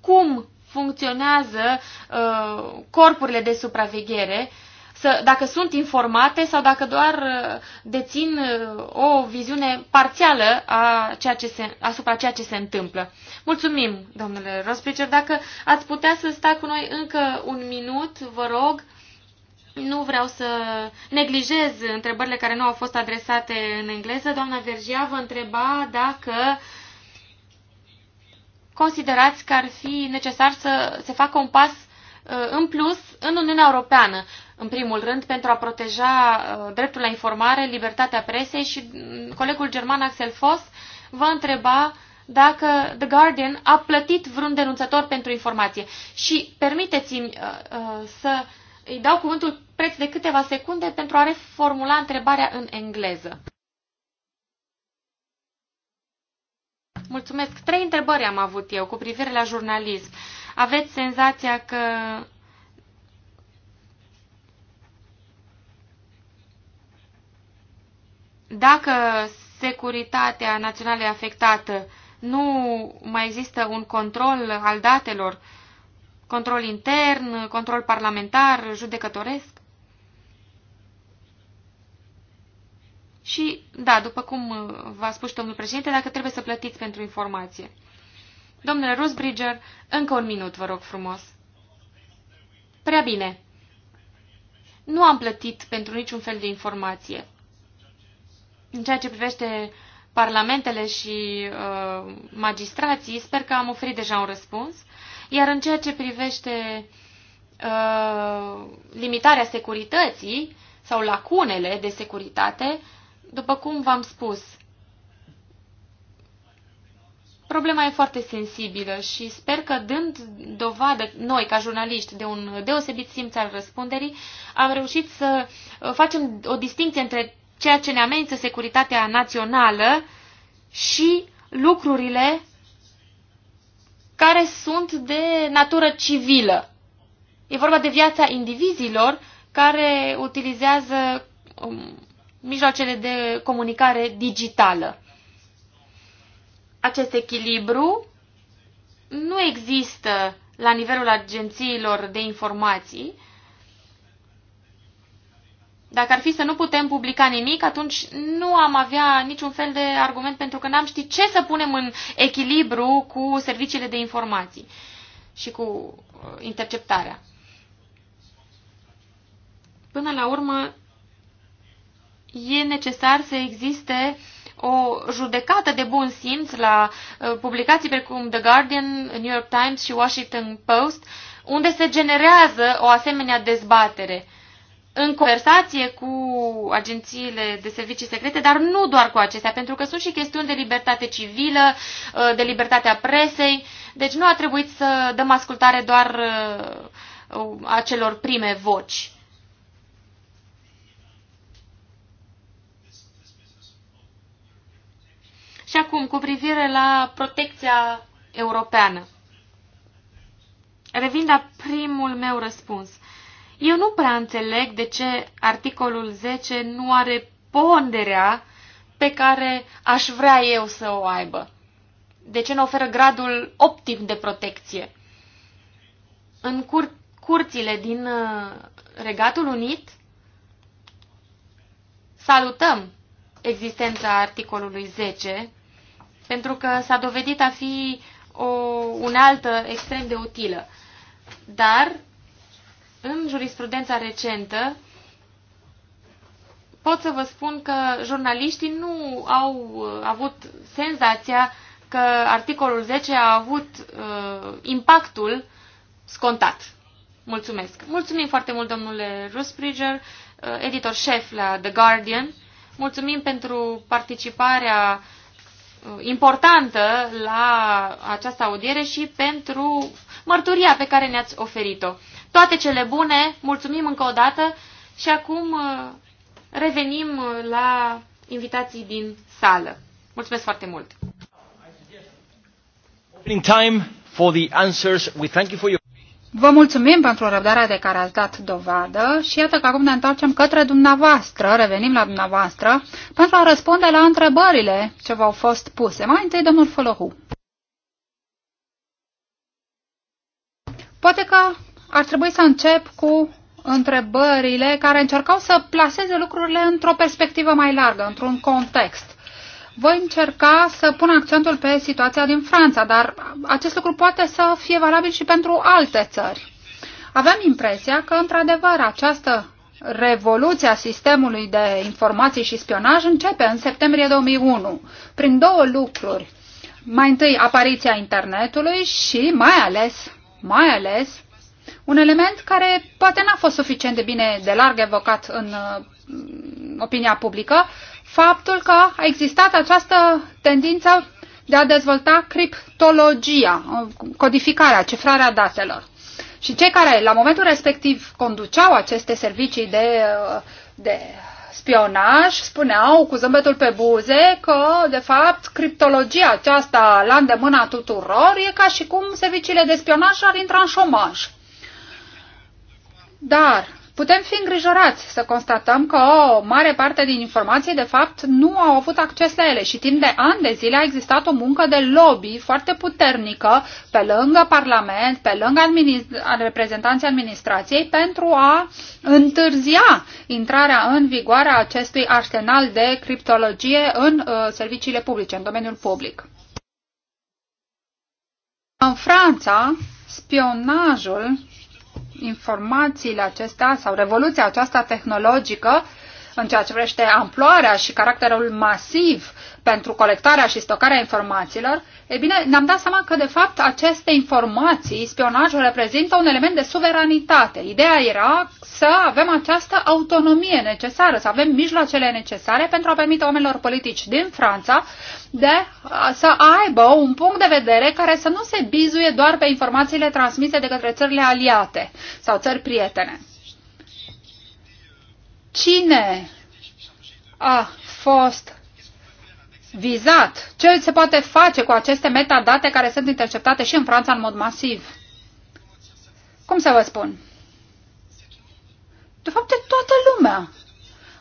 cum funcționează uh, corpurile de supraveghere uh, să, dacă sunt informate sau dacă doar uh, dețin uh, o viziune parțială a ceea ce se, asupra ceea ce se întâmplă. Mulțumim, domnule Rospricer. Dacă ați putea să sta cu noi încă un minut, vă rog. Nu vreau să neglijez întrebările care nu au fost adresate în engleză. Doamna Vergia vă întreba dacă considerați că ar fi necesar să se facă un pas Uh, în plus în Uniunea Europeană, în primul rând, pentru a proteja uh, dreptul la informare, libertatea presei și mm, colegul german Axel Foss vă întreba dacă The Guardian a plătit vreun denunțător pentru informație. Și permiteți-mi uh, să îi dau cuvântul preț de câteva secunde pentru a reformula întrebarea în engleză. Mulțumesc. Trei întrebări am avut eu cu privire la jurnalism aveți senzația că dacă securitatea națională e afectată, nu mai există un control al datelor, control intern, control parlamentar, judecătoresc? Și, da, după cum v-a spus domnul președinte, dacă trebuie să plătiți pentru informație. Domnule Rusbridger, încă un minut, vă rog frumos. Prea bine. Nu am plătit pentru niciun fel de informație. În ceea ce privește parlamentele și uh, magistrații, sper că am oferit deja un răspuns. Iar în ceea ce privește uh, limitarea securității sau lacunele de securitate, după cum v-am spus, Problema e foarte sensibilă și sper că dând dovadă noi, ca jurnaliști, de un deosebit simț al răspunderii, am reușit să uh, facem o distinție între ceea ce ne amenință securitatea națională și lucrurile care sunt de natură civilă. E vorba de viața indivizilor care utilizează um, mijloacele de comunicare digitală acest echilibru nu există la nivelul agențiilor de informații. Dacă ar fi să nu putem publica nimic, atunci nu am avea niciun fel de argument pentru că n-am ști ce să punem în echilibru cu serviciile de informații și cu uh, interceptarea. Până la urmă, e necesar să existe judecată de bun simț la uh, publicații precum The Guardian, New York Times și Washington Post, unde se generează o asemenea dezbatere în conversație cu agențiile de servicii secrete, dar nu doar cu acestea, pentru că sunt și chestiuni de libertate civilă, uh, de libertatea presei, deci nu a trebuit să dăm ascultare doar uh, acelor prime voci. Și acum, cu privire la protecția europeană. Revin la primul meu răspuns. Eu nu prea înțeleg de ce articolul 10 nu are ponderea pe care aș vrea eu să o aibă. De ce nu oferă gradul optim de protecție? În cur curțile din uh, Regatul Unit salutăm existența articolului 10 pentru că s-a dovedit a fi o unealtă extrem de utilă. Dar, în jurisprudența recentă, pot să vă spun că jurnaliștii nu au uh, avut senzația că articolul 10 a avut uh, impactul scontat. Mulțumesc. Mulțumim foarte mult, domnule Rusbridger, uh, editor șef la The Guardian. Mulțumim pentru participarea Uh, importantă la această audiere și pentru mărturia pe care ne-ați oferit-o. Toate cele bune, mulțumim încă o dată și acum uh, revenim la invitații din sală. Mulțumesc foarte mult! Opening time for the answers. We thank you for your Vă mulțumim pentru răbdarea de care ați dat dovadă și iată că acum ne întoarcem către dumneavoastră, revenim la dumneavoastră, pentru a răspunde la întrebările ce v-au fost puse. Mai întâi, domnul Folohu. Poate că ar trebui să încep cu întrebările care încercau să placeze lucrurile într-o perspectivă mai largă, într-un context voi încerca să pun accentul pe situația din Franța, dar acest lucru poate să fie valabil și pentru alte țări. Avem impresia că, într-adevăr, această revoluție a sistemului de informații și spionaj începe în septembrie 2001, prin două lucruri. Mai întâi apariția internetului și, mai ales, mai ales, un element care poate n-a fost suficient de bine de larg evocat în uh, opinia publică, faptul că a existat această tendință de a dezvolta criptologia, codificarea, cifrarea datelor. Și cei care la momentul respectiv conduceau aceste servicii de, de spionaj spuneau cu zâmbetul pe buze că, de fapt, criptologia aceasta la îndemâna tuturor e ca și cum serviciile de spionaj ar intra în șomaj. Dar Putem fi îngrijorați să constatăm că o mare parte din informații, de fapt, nu au avut acces la ele și timp de ani de zile a existat o muncă de lobby foarte puternică pe lângă Parlament, pe lângă administ- reprezentanții administrației pentru a întârzia intrarea în vigoare a acestui arsenal de criptologie în uh, serviciile publice, în domeniul public. În Franța, spionajul informațiile acestea sau revoluția aceasta tehnologică în ceea ce vrește amploarea și caracterul masiv pentru colectarea și stocarea informațiilor, e bine, ne-am dat seama că, de fapt, aceste informații, spionajul reprezintă un element de suveranitate. Ideea era să avem această autonomie necesară, să avem mijloacele necesare pentru a permite oamenilor politici din Franța de să aibă un punct de vedere care să nu se bizuie doar pe informațiile transmise de către țările aliate sau țări prietene cine a fost vizat, ce se poate face cu aceste metadate care sunt interceptate și în Franța în mod masiv. Cum să vă spun? De fapt, de toată lumea.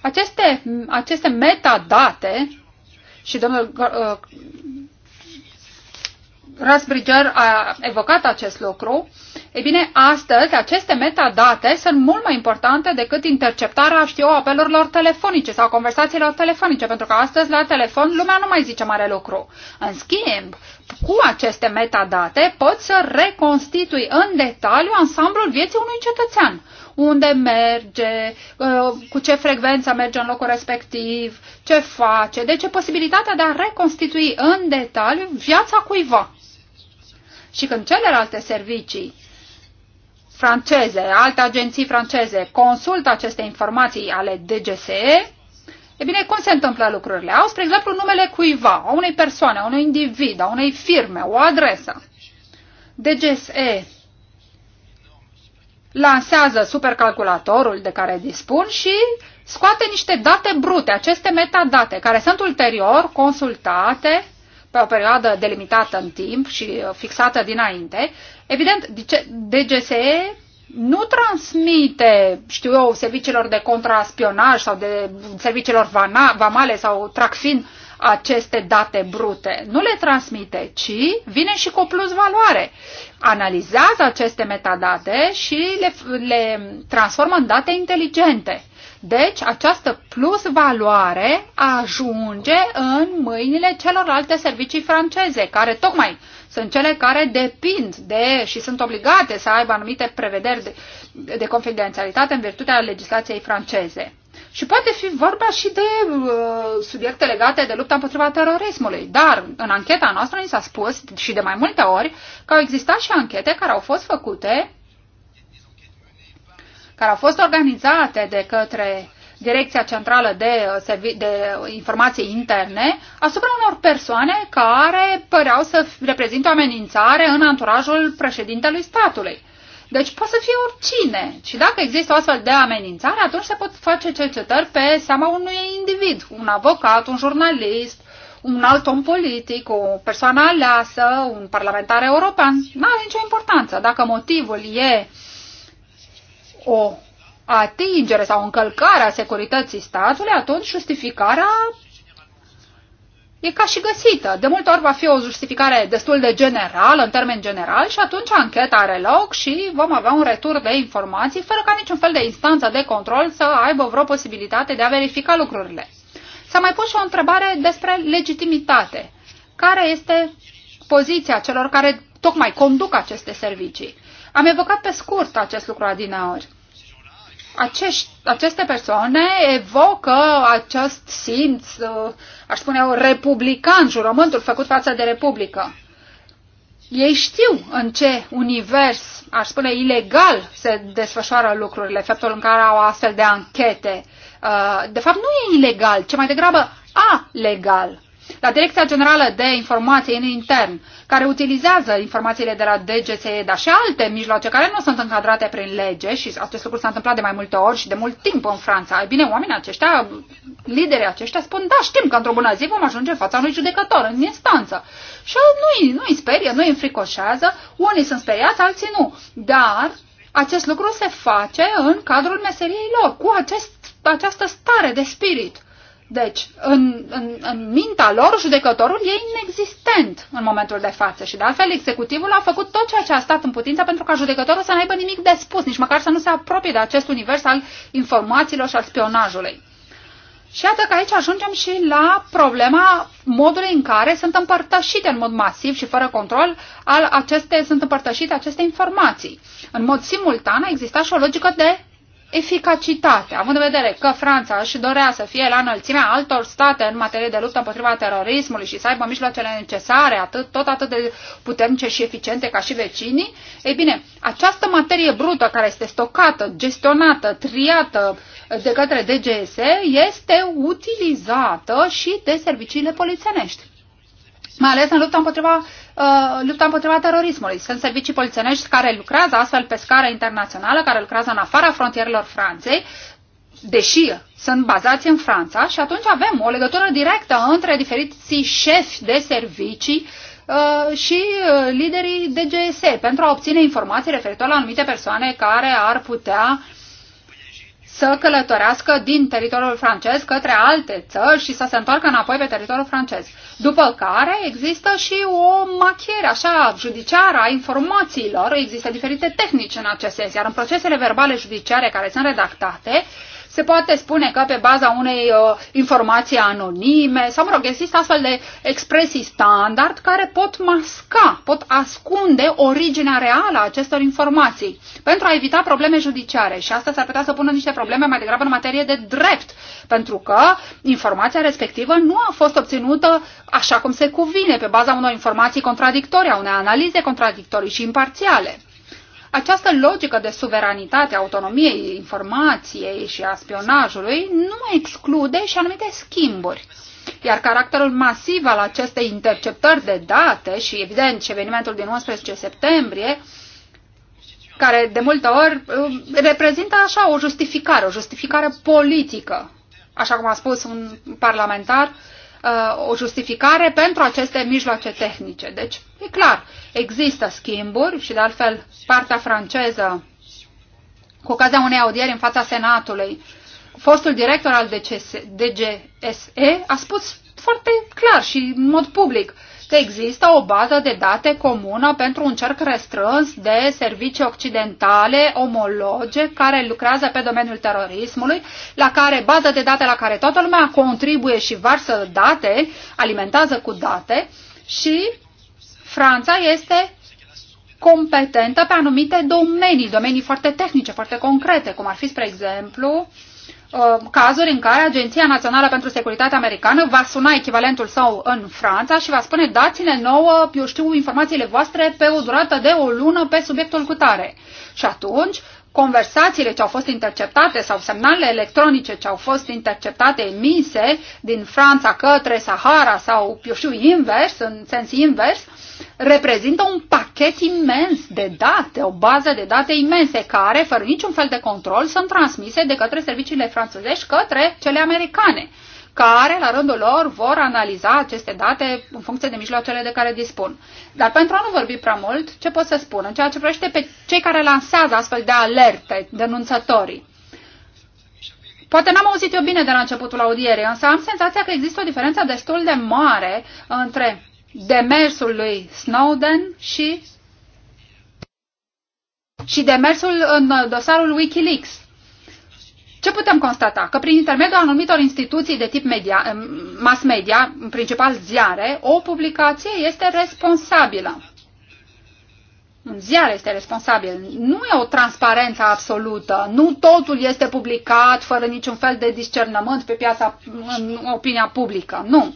Aceste, aceste metadate și domnul uh, Rasbriger a evocat acest lucru, ei bine, astăzi aceste metadate sunt mult mai importante decât interceptarea, știu, apelurilor telefonice sau conversațiilor telefonice, pentru că astăzi la telefon lumea nu mai zice mare lucru. În schimb, cu aceste metadate poți să reconstitui în detaliu ansamblul vieții unui cetățean unde merge, uh, cu ce frecvență merge în locul respectiv, ce face. Deci e posibilitatea de a reconstitui în detaliu viața cuiva. Și când celelalte servicii franceze, alte agenții franceze consultă aceste informații ale DGSE, e bine, cum se întâmplă lucrurile? Au, spre exemplu, numele cuiva, a unei persoane, a unui individ, a unei firme, o adresă. DGSE lansează supercalculatorul de care dispun și scoate niște date brute, aceste metadate, care sunt ulterior consultate pe o perioadă delimitată în timp și uh, fixată dinainte, evident, DGSE nu transmite, știu eu, serviciilor de contraspionaj sau de serviciilor vamale sau tracfin aceste date brute. Nu le transmite, ci vine și cu o plus valoare. Analizează aceste metadate și le, le transformă în date inteligente. Deci, această plus valoare ajunge în mâinile celorlalte servicii franceze, care tocmai sunt cele care depind de și sunt obligate să aibă anumite prevederi de, de confidențialitate în virtutea legislației franceze. Și poate fi vorba și de uh, subiecte legate de lupta împotriva terorismului. Dar în ancheta noastră ni s-a spus și de mai multe ori că au existat și anchete care au fost făcute care au fost organizate de către Direcția Centrală de, uh, de Informații Interne asupra unor persoane care păreau să reprezintă o amenințare în anturajul președintelui statului. Deci poate să fie oricine. Și dacă există o astfel de amenințare, atunci se pot face cercetări pe seama unui individ, un avocat, un jurnalist, un alt om politic, o persoană aleasă, un parlamentar european. Nu are nicio importanță. Dacă motivul e uh, o atingere sau încălcare a securității statului, atunci justificarea e ca și găsită. De multe ori va fi o justificare destul de generală, în termen general, și atunci ancheta are loc și vom avea un retur de informații, fără ca niciun fel de instanță de control să aibă vreo posibilitate de a verifica lucrurile. S-a mai pus și o întrebare despre legitimitate. Care este poziția celor care tocmai conduc aceste servicii? Am evocat pe scurt acest lucru adineori acești, aceste persoane evocă acest simț, uh, aș spune eu, republican, jurământul făcut față de Republică. Ei știu în ce univers, aș spune, ilegal se desfășoară lucrurile, faptul în care au astfel de anchete. Uh, de fapt, nu e ilegal, ci mai degrabă a legal la Direcția Generală de Informație în intern, care utilizează informațiile de la DGSE, dar și alte mijloace care nu sunt încadrate prin lege și acest lucru s-a întâmplat de mai multe ori și de mult timp în Franța. Ai bine, oamenii aceștia, liderii aceștia spun, da, știm că într-o bună zi vom ajunge în fața unui judecător, în instanță. Și nu-i, nu-i sperie, nu-i înfricoșează, unii sunt speriați, alții nu. Dar acest lucru se face în cadrul meseriei lor, cu acest, această stare de spirit. Deci, în, în, în mintea lor, judecătorul e inexistent în momentul de față și, de altfel, executivul a făcut tot ceea ce a stat în putință pentru ca judecătorul să n-aibă nimic de spus, nici măcar să nu se apropie de acest univers al informațiilor și al spionajului. Și iată că aici ajungem și la problema modului în care sunt împărtășite în mod masiv și fără control al aceste, sunt împărtășite aceste informații. În mod simultan a existat și o logică de eficacitate, având în vedere că Franța își dorea să fie la înălțimea altor state în materie de luptă împotriva terorismului și să aibă mijloacele necesare, atât, tot atât de puternice și eficiente ca și vecinii, ei bine, această materie brută care este stocată, gestionată, triată de către DGS este utilizată și de serviciile polițienești mai ales în lupta împotriva Uh, lupta împotriva terorismului. Sunt servicii polițienești care lucrează astfel pe scară internațională, care lucrează în afara frontierelor Franței, deși sunt bazați în Franța și atunci avem o legătură directă între diferiții șefi de servicii uh, și uh, liderii GSE pentru a obține informații referitoare la anumite persoane care ar putea uh, să călătorească din teritoriul francez către alte țări și să se întoarcă înapoi pe teritoriul francez. După care există și o machiere așa judiciară a informațiilor, există diferite tehnici în acest sens, iar în procesele verbale judiciare care sunt redactate, se poate spune că pe baza unei uh, informații anonime, sau mă rog, există astfel de expresii standard care pot masca, pot ascunde originea reală a acestor informații pentru a evita probleme judiciare și asta s-ar putea să pună niște probleme mai degrabă în materie de drept, pentru că informația respectivă nu a fost obținută așa cum se cuvine, pe baza unor informații contradictorii, a unei analize contradictorii și imparțiale. Această logică de suveranitate, autonomiei informației și a spionajului nu exclude și anumite schimburi. Iar caracterul masiv al acestei interceptări de date și, evident, și evenimentul din 11 septembrie, care de multe ori um, reprezintă așa o justificare, o justificare politică, așa cum a spus un parlamentar, uh, o justificare pentru aceste mijloace tehnice. Deci, e clar, Există schimburi și, de altfel, partea franceză, cu ocazia unei audieri în fața Senatului, fostul director al DGSE a spus foarte clar și în mod public că există o bază de date comună pentru un cerc restrâns de servicii occidentale omologe care lucrează pe domeniul terorismului, la care bază de date la care toată lumea contribuie și varsă date, alimentează cu date și Franța este competentă pe anumite domenii, domenii foarte tehnice, foarte concrete, cum ar fi, spre exemplu, uh, cazuri în care Agenția Națională pentru Securitate Americană va suna echivalentul său în Franța și va spune dați-ne nouă, eu știu, informațiile voastre pe o durată de o lună pe subiectul cutare. Și atunci, conversațiile ce au fost interceptate sau semnalele electronice ce au fost interceptate emise din Franța către Sahara sau, eu știu, invers, în sens invers, reprezintă un pachet imens de date, o bază de date imense, care, fără niciun fel de control, sunt transmise de către serviciile franțuzești către cele americane, care, la rândul lor, vor analiza aceste date în funcție de mijloacele de care dispun. Dar pentru a nu vorbi prea mult, ce pot să spun în ceea ce privește pe cei care lansează astfel de alerte, denunțătorii? Poate n-am auzit eu bine de la începutul audierii, însă am senzația că există o diferență destul de mare între demersul lui Snowden și, și demersul în dosarul Wikileaks. Ce putem constata? Că prin intermediul anumitor instituții de tip media, mass media, în principal ziare, o publicație este responsabilă. Un ziar este responsabil. Nu e o transparență absolută. Nu totul este publicat fără niciun fel de discernământ pe piața, în opinia publică. Nu.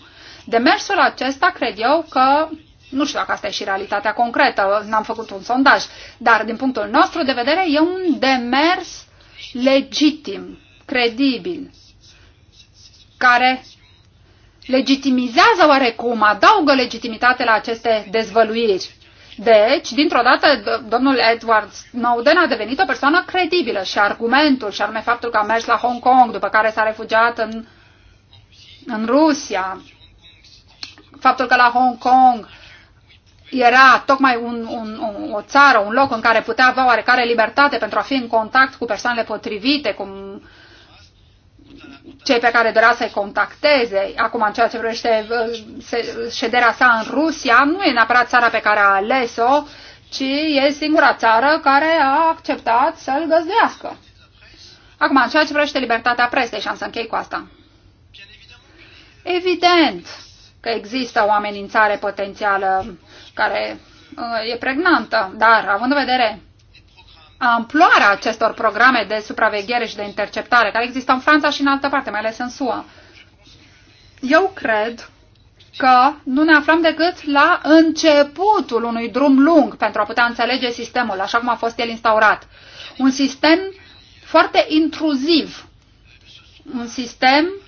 Demersul acesta cred eu că nu știu dacă asta e și realitatea concretă, n-am făcut un sondaj, dar din punctul nostru de vedere e un demers legitim, credibil, care legitimizează oarecum, adaugă legitimitate la aceste dezvăluiri. Deci, dintr-o dată, domnul Edward Snowden a devenit o persoană credibilă și argumentul, și anume faptul că a mers la Hong Kong, după care s-a refugiat în, în Rusia, faptul că la Hong Kong era tocmai un, un, un, o țară, un loc în care putea avea oarecare libertate pentru a fi în contact cu persoanele potrivite, cu cei pe care dorea să-i contacteze. Acum, în ceea ce privește uh, șederea sa în Rusia, nu e neapărat țara pe care a ales-o, ci e singura țară care a acceptat să-l găzduiască. Acum, în ceea ce privește libertatea presei, și am să închei cu asta. Evident, că există o amenințare potențială care uh, e pregnantă, dar având în vedere amploarea acestor programe de supraveghere și de interceptare care există în Franța și în altă parte, mai ales în SUA, eu cred că nu ne aflăm decât la începutul unui drum lung pentru a putea înțelege sistemul așa cum a fost el instaurat. Un sistem foarte intruziv, un sistem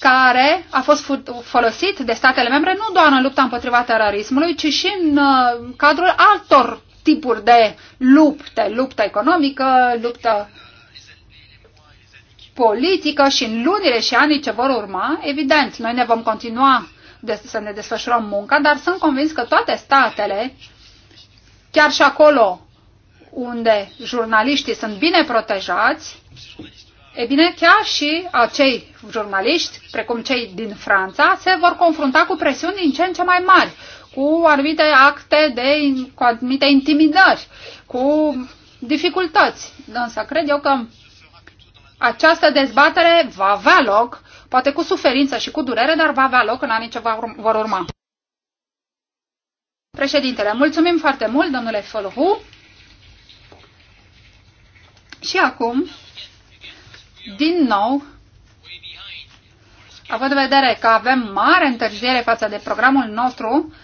care a fost folosit de statele membre nu doar în lupta împotriva terorismului, ci și în uh, cadrul altor tipuri de lupte, luptă economică, luptă politică și în lunile și anii ce vor urma, evident, noi ne vom continua de, să ne desfășurăm munca, dar sunt convins că toate statele, chiar și acolo unde jurnaliștii sunt bine protejați, E bine, chiar și acei jurnaliști, precum cei din Franța, se vor confrunta cu presiuni din ce în ce mai mari, cu anumite acte de cu anumite intimidări, cu dificultăți. Însă cred eu că această dezbatere va avea loc, poate cu suferință și cu durere, dar va avea loc în anii ce vor urma. Președintele, mulțumim foarte mult, domnule Folhu. Și acum din nou, având în vedere că avem mare întârziere față de programul nostru,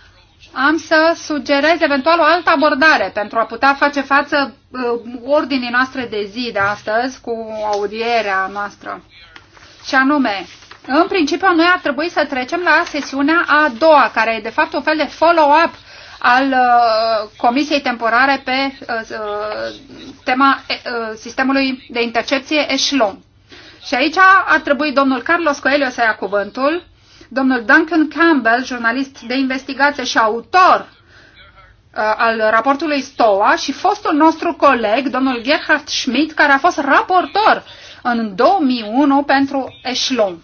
am să sugerez eventual o altă abordare pentru a putea face față uh, ordinii noastre de zi de astăzi cu audierea noastră. Și anume, în principiu noi ar trebui să trecem la sesiunea a doua, care e de fapt un fel de follow-up al uh, Comisiei Temporare pe uh, uh tema uh, sistemului de intercepție Echelon. Și aici ar trebui domnul Carlos Coelho să ia cuvântul, domnul Duncan Campbell, jurnalist de investigație și autor uh, al raportului STOA și fostul nostru coleg, domnul Gerhard Schmidt, care a fost raportor în 2001 pentru Echelon.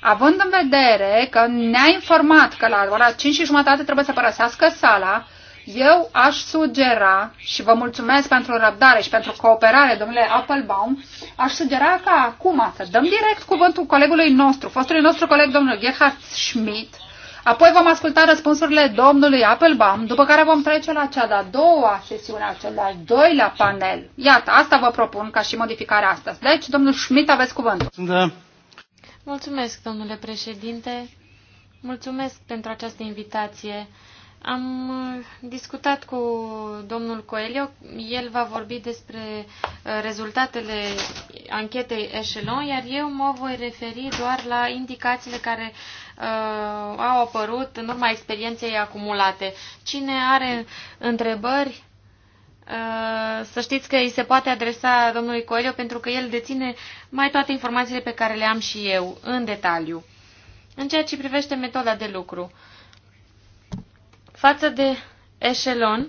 Având în vedere că ne-a informat că la ora 5 și jumătate trebuie să părăsească sala, eu aș sugera, și vă mulțumesc pentru răbdare și pentru cooperare, domnule Applebaum, aș sugera ca acum să dăm direct cuvântul colegului nostru, fostului nostru coleg, domnul Gerhard Schmidt, apoi vom asculta răspunsurile domnului Applebaum, după care vom trece la cea de-a doua sesiune, cel de-al doilea panel. Iată, asta vă propun ca și modificarea astăzi. Deci, domnul Schmidt, aveți cuvântul. Da. Mulțumesc, domnule președinte. Mulțumesc pentru această invitație. Am uh, discutat cu domnul Coelho, el va vorbi despre uh, rezultatele anchetei Echelon, iar eu mă voi referi doar la indicațiile care uh, au apărut în urma experienței acumulate. Cine are întrebări, uh, să știți că îi se poate adresa domnului Coelho pentru că el deține mai toate informațiile pe care le am și eu, în detaliu. În ceea ce privește metoda de lucru, uh, Față de eșelon,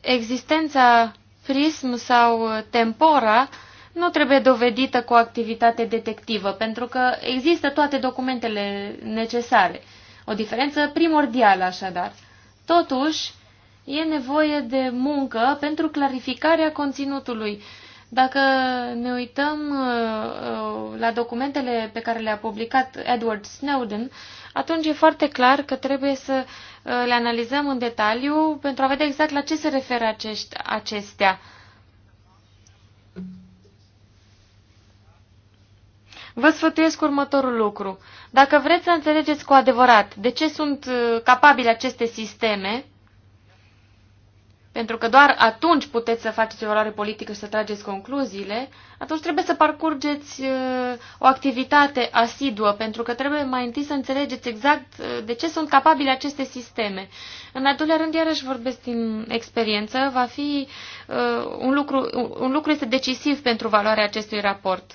existența prism sau uh, tempora nu trebuie dovedită cu o activitate detectivă, pentru că există toate documentele necesare. O diferență primordială, așadar. Totuși, e nevoie de muncă pentru clarificarea conținutului. Dacă ne uităm uh, uh, la documentele pe care le-a publicat Edward Snowden, atunci e foarte clar că trebuie să uh, le analizăm în detaliu pentru a vedea exact la ce se referă acești, acestea. Vă sfătuiesc următorul lucru. Dacă vreți să înțelegeți cu adevărat de ce sunt uh, capabile aceste sisteme, pentru că doar atunci puteți să faceți o evaluare politică și să trageți concluziile, atunci trebuie să parcurgeți uh, o activitate asiduă, pentru că trebuie mai întâi să înțelegeți exact uh, de ce sunt capabile aceste sisteme. În al doilea rând, iarăși vorbesc din experiență, va fi uh, un lucru, un lucru este decisiv pentru valoarea acestui raport.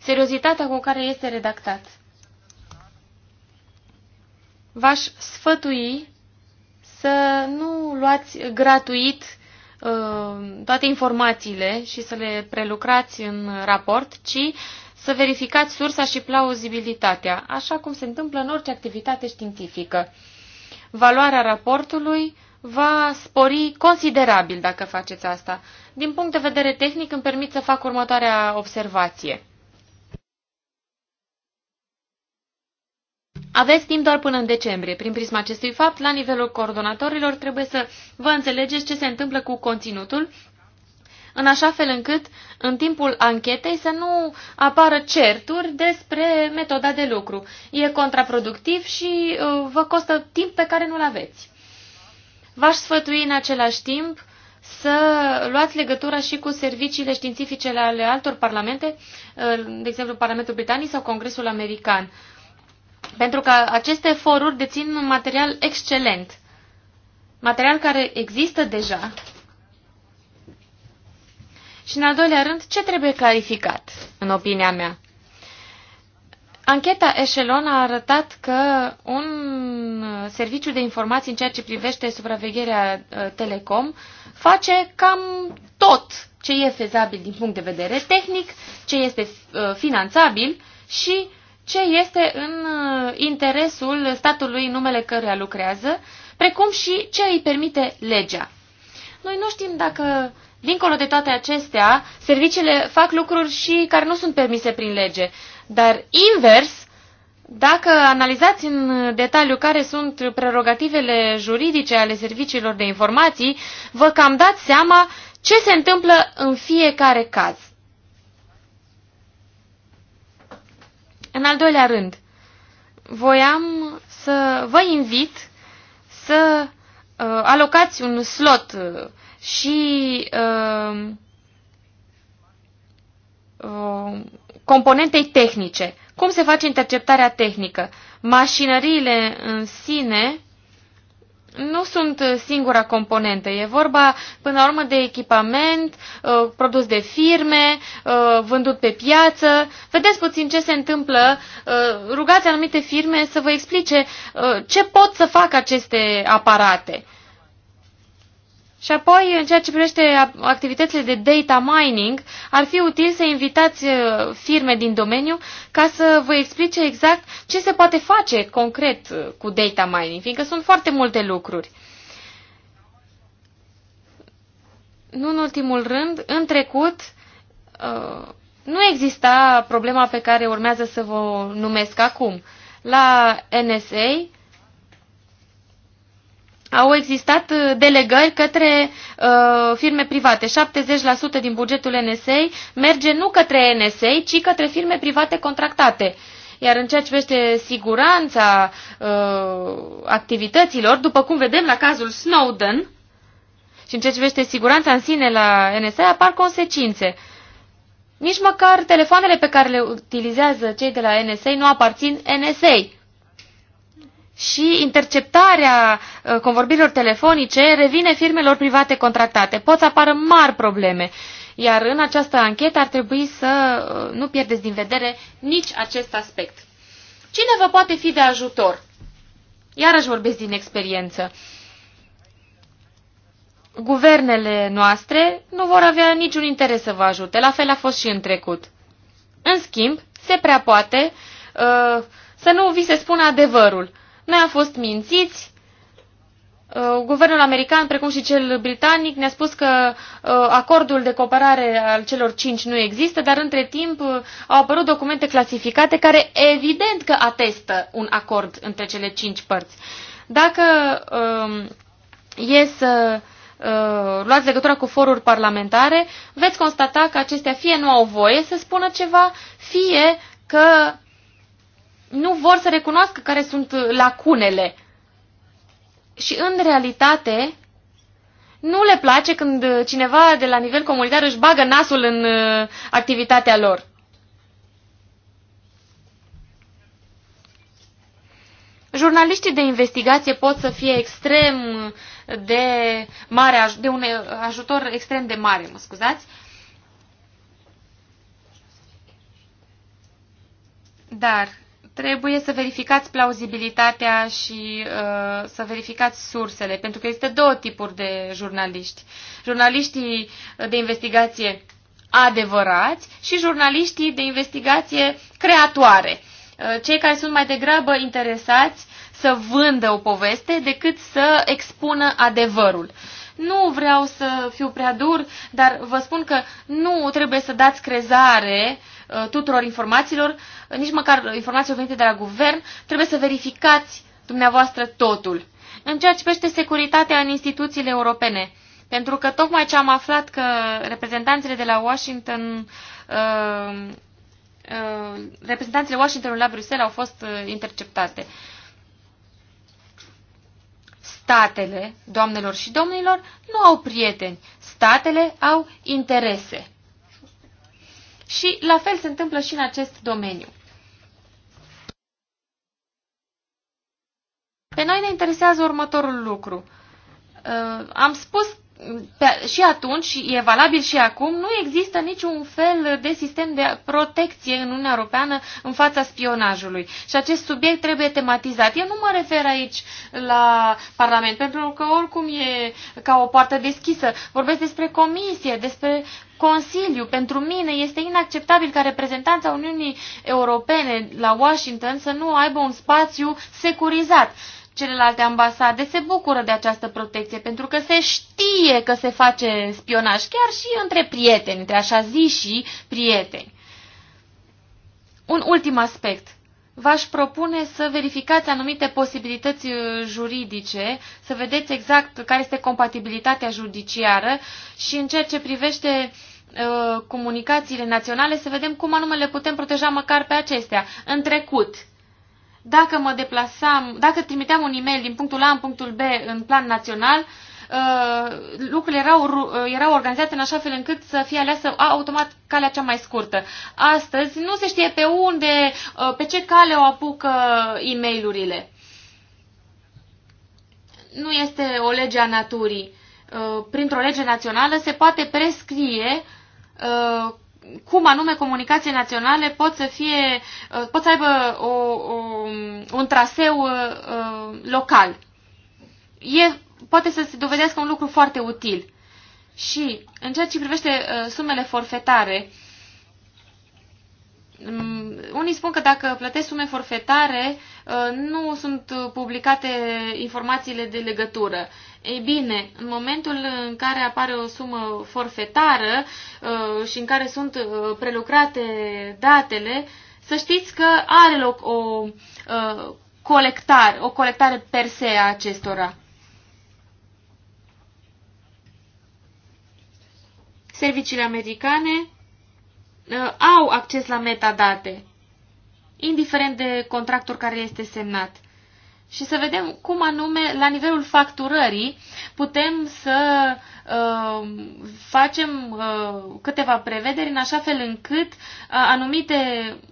Seriozitatea cu care este redactat. V-aș sfătui să nu luați gratuit uh, toate informațiile și să le prelucrați în raport, ci să verificați sursa și plauzibilitatea, așa cum se întâmplă în orice activitate științifică. Valoarea raportului va spori considerabil dacă faceți asta. Din punct de vedere tehnic, îmi permit să fac următoarea observație. Aveți timp doar până în decembrie. Prin prisma acestui fapt, la nivelul coordonatorilor trebuie să vă înțelegeți ce se întâmplă cu conținutul, în așa fel încât, în timpul anchetei, să nu apară certuri despre metoda de lucru. E contraproductiv și uh, vă costă timp pe care nu-l aveți. V-aș sfătui în același timp să luați legătura și cu serviciile științifice ale altor parlamente, uh, de exemplu Parlamentul Britanic sau Congresul American pentru că aceste foruri dețin un material excelent. Material care există deja. Și în al doilea rând, ce trebuie clarificat, în opinia mea? Ancheta Echelon a arătat că un serviciu de informații în ceea ce privește supravegherea ă, telecom face cam tot ce e fezabil din punct de vedere tehnic, ce este ă, finanțabil și ce este în uh, interesul statului în numele căruia lucrează, precum și ce îi permite legea. Noi nu știm dacă, dincolo de toate acestea, serviciile fac lucruri și care nu sunt permise prin lege, dar invers, dacă analizați în detaliu care sunt prerogativele juridice ale serviciilor de informații, vă cam dați seama ce se întâmplă în fiecare caz. În al doilea rând, voiam să vă invit să uh, alocați un slot uh, și uh, uh, componentei tehnice. Cum se face interceptarea tehnică? Mașinăriile în sine nu sunt uh, singura componentă. E vorba, până la urmă, de echipament, uh, produs de firme, uh, vândut pe piață. Vedeți puțin ce se întâmplă. Rugați anumite firme să vă explice ce pot să facă aceste aparate. Și apoi, în ceea ce privește activitățile de data mining, ar fi util să invitați uh, firme din domeniu ca să vă explice exact ce se poate face concret uh, cu data mining, fiindcă sunt foarte multe lucruri. Nu în ultimul rând, în trecut uh, nu exista problema pe care urmează să vă numesc acum. La NSA au existat uh, delegări către uh, firme private. 70% din bugetul NSA merge nu către NSA, ci către firme private contractate. Iar în ceea ce vește siguranța uh, activităților, după cum vedem la cazul Snowden, și în ceea ce vește siguranța în sine la NSA, apar consecințe. Nici măcar telefoanele pe care le utilizează cei de la NSA nu aparțin NSA și interceptarea uh, convorbirilor telefonice revine firmelor private contractate. Pot să apară mari probleme. Iar în această anchetă ar trebui să uh, nu pierdeți din vedere nici acest aspect. Cine vă poate fi de ajutor? Iarăși vorbesc din experiență. Guvernele noastre nu vor avea niciun interes să vă ajute, la fel a fost și în trecut. În schimb, se prea poate uh, să nu vi se spună adevărul. Noi am fost mințiți. Uh, guvernul american, precum și cel britanic, ne-a spus că uh, acordul de cooperare al celor cinci nu există, dar între timp uh, au apărut documente clasificate care evident că atestă un acord între cele cinci părți. Dacă um, e să luați legătura cu foruri parlamentare, veți constata că acestea fie nu au voie să spună ceva, fie că nu vor să recunoască care sunt lacunele. Și în realitate, nu le place când cineva de la nivel comunitar își bagă nasul în uh, activitatea lor. Jurnaliștii de investigație pot să fie extrem de mare, de un ajutor extrem de mare, mă scuzați. Dar trebuie să verificați plauzibilitatea și uh, să verificați sursele, pentru că există două tipuri de jurnaliști. Jurnaliștii de investigație adevărați și jurnaliștii de investigație creatoare. Uh, cei care sunt mai degrabă interesați să vândă o poveste decât să expună adevărul. Nu vreau să fiu prea dur, dar vă spun că nu trebuie să dați crezare uh, Uh, tuturor informațiilor, uh, nici măcar informațiilor venite de la guvern, trebuie să verificați dumneavoastră totul. În ceea ce privește securitatea în instituțiile europene, pentru că tocmai ce am aflat că reprezentanțele de la Washington uh, uh, reprezentanțele Washingtonului la Bruxelles au fost uh, interceptate. Statele, doamnelor și domnilor, nu au prieteni. Statele au interese. Și la fel se întâmplă și în acest domeniu. Pe noi ne interesează următorul lucru. Uh, am spus pe, și atunci, și e valabil și acum, nu există niciun fel de sistem de protecție în Uniunea Europeană în fața spionajului. Și acest subiect trebuie tematizat. Eu nu mă refer aici la Parlament, pentru că oricum e ca o poartă deschisă. Vorbesc despre comisie, despre Consiliu. Pentru mine este inacceptabil ca reprezentanța Uniunii Europene la Washington să nu aibă un spațiu securizat celelalte ambasade se bucură de această protecție pentru că se știe că se face spionaj chiar și între prieteni, între așa zi și prieteni. Un ultim aspect. V-aș propune să verificați anumite posibilități uh, juridice, să vedeți exact care este compatibilitatea judiciară și în ceea ce privește uh, comunicațiile naționale, să vedem cum anume le putem proteja măcar pe acestea. În trecut, dacă mă deplasam, dacă trimiteam un e-mail din punctul A în punctul B în plan național, uh, lucrurile erau, uh, erau organizate în așa fel încât să fie aleasă automat calea cea mai scurtă. Astăzi nu se știe pe unde, uh, pe ce cale o apucă e mail Nu este o lege a naturii. Printr-o lege națională se poate prescrie cum anume comunicații naționale pot să fie, uh, pot să aibă o, o, un traseu uh, uh, local. E, poate să se dovedească un lucru foarte util. Și în ceea ce privește uh, sumele forfetare, um, unii spun că dacă plătești sume forfetare, uh, Uh, nu sunt uh, publicate informațiile de legătură. Ei bine, în momentul în care apare o sumă forfetară uh, și în care sunt prelucrate datele, să știți că are loc o colectare, o colectare per se a acestora. Serviciile americane au acces la metadate indiferent de contractul care este semnat. Și să vedem cum anume, la nivelul facturării, putem să uh, facem uh, câteva prevederi în așa fel încât uh, anumite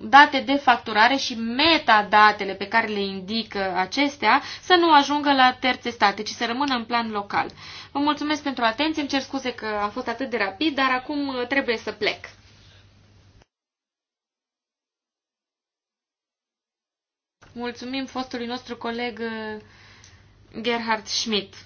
date de facturare și metadatele pe care le indică acestea să nu ajungă la terțe state, ci să rămână în plan local. Vă mulțumesc pentru atenție, îmi cer scuze că am fost atât de rapid, dar acum uh, trebuie să plec. Mulțumim fostului nostru coleg uh, Gerhard Schmidt.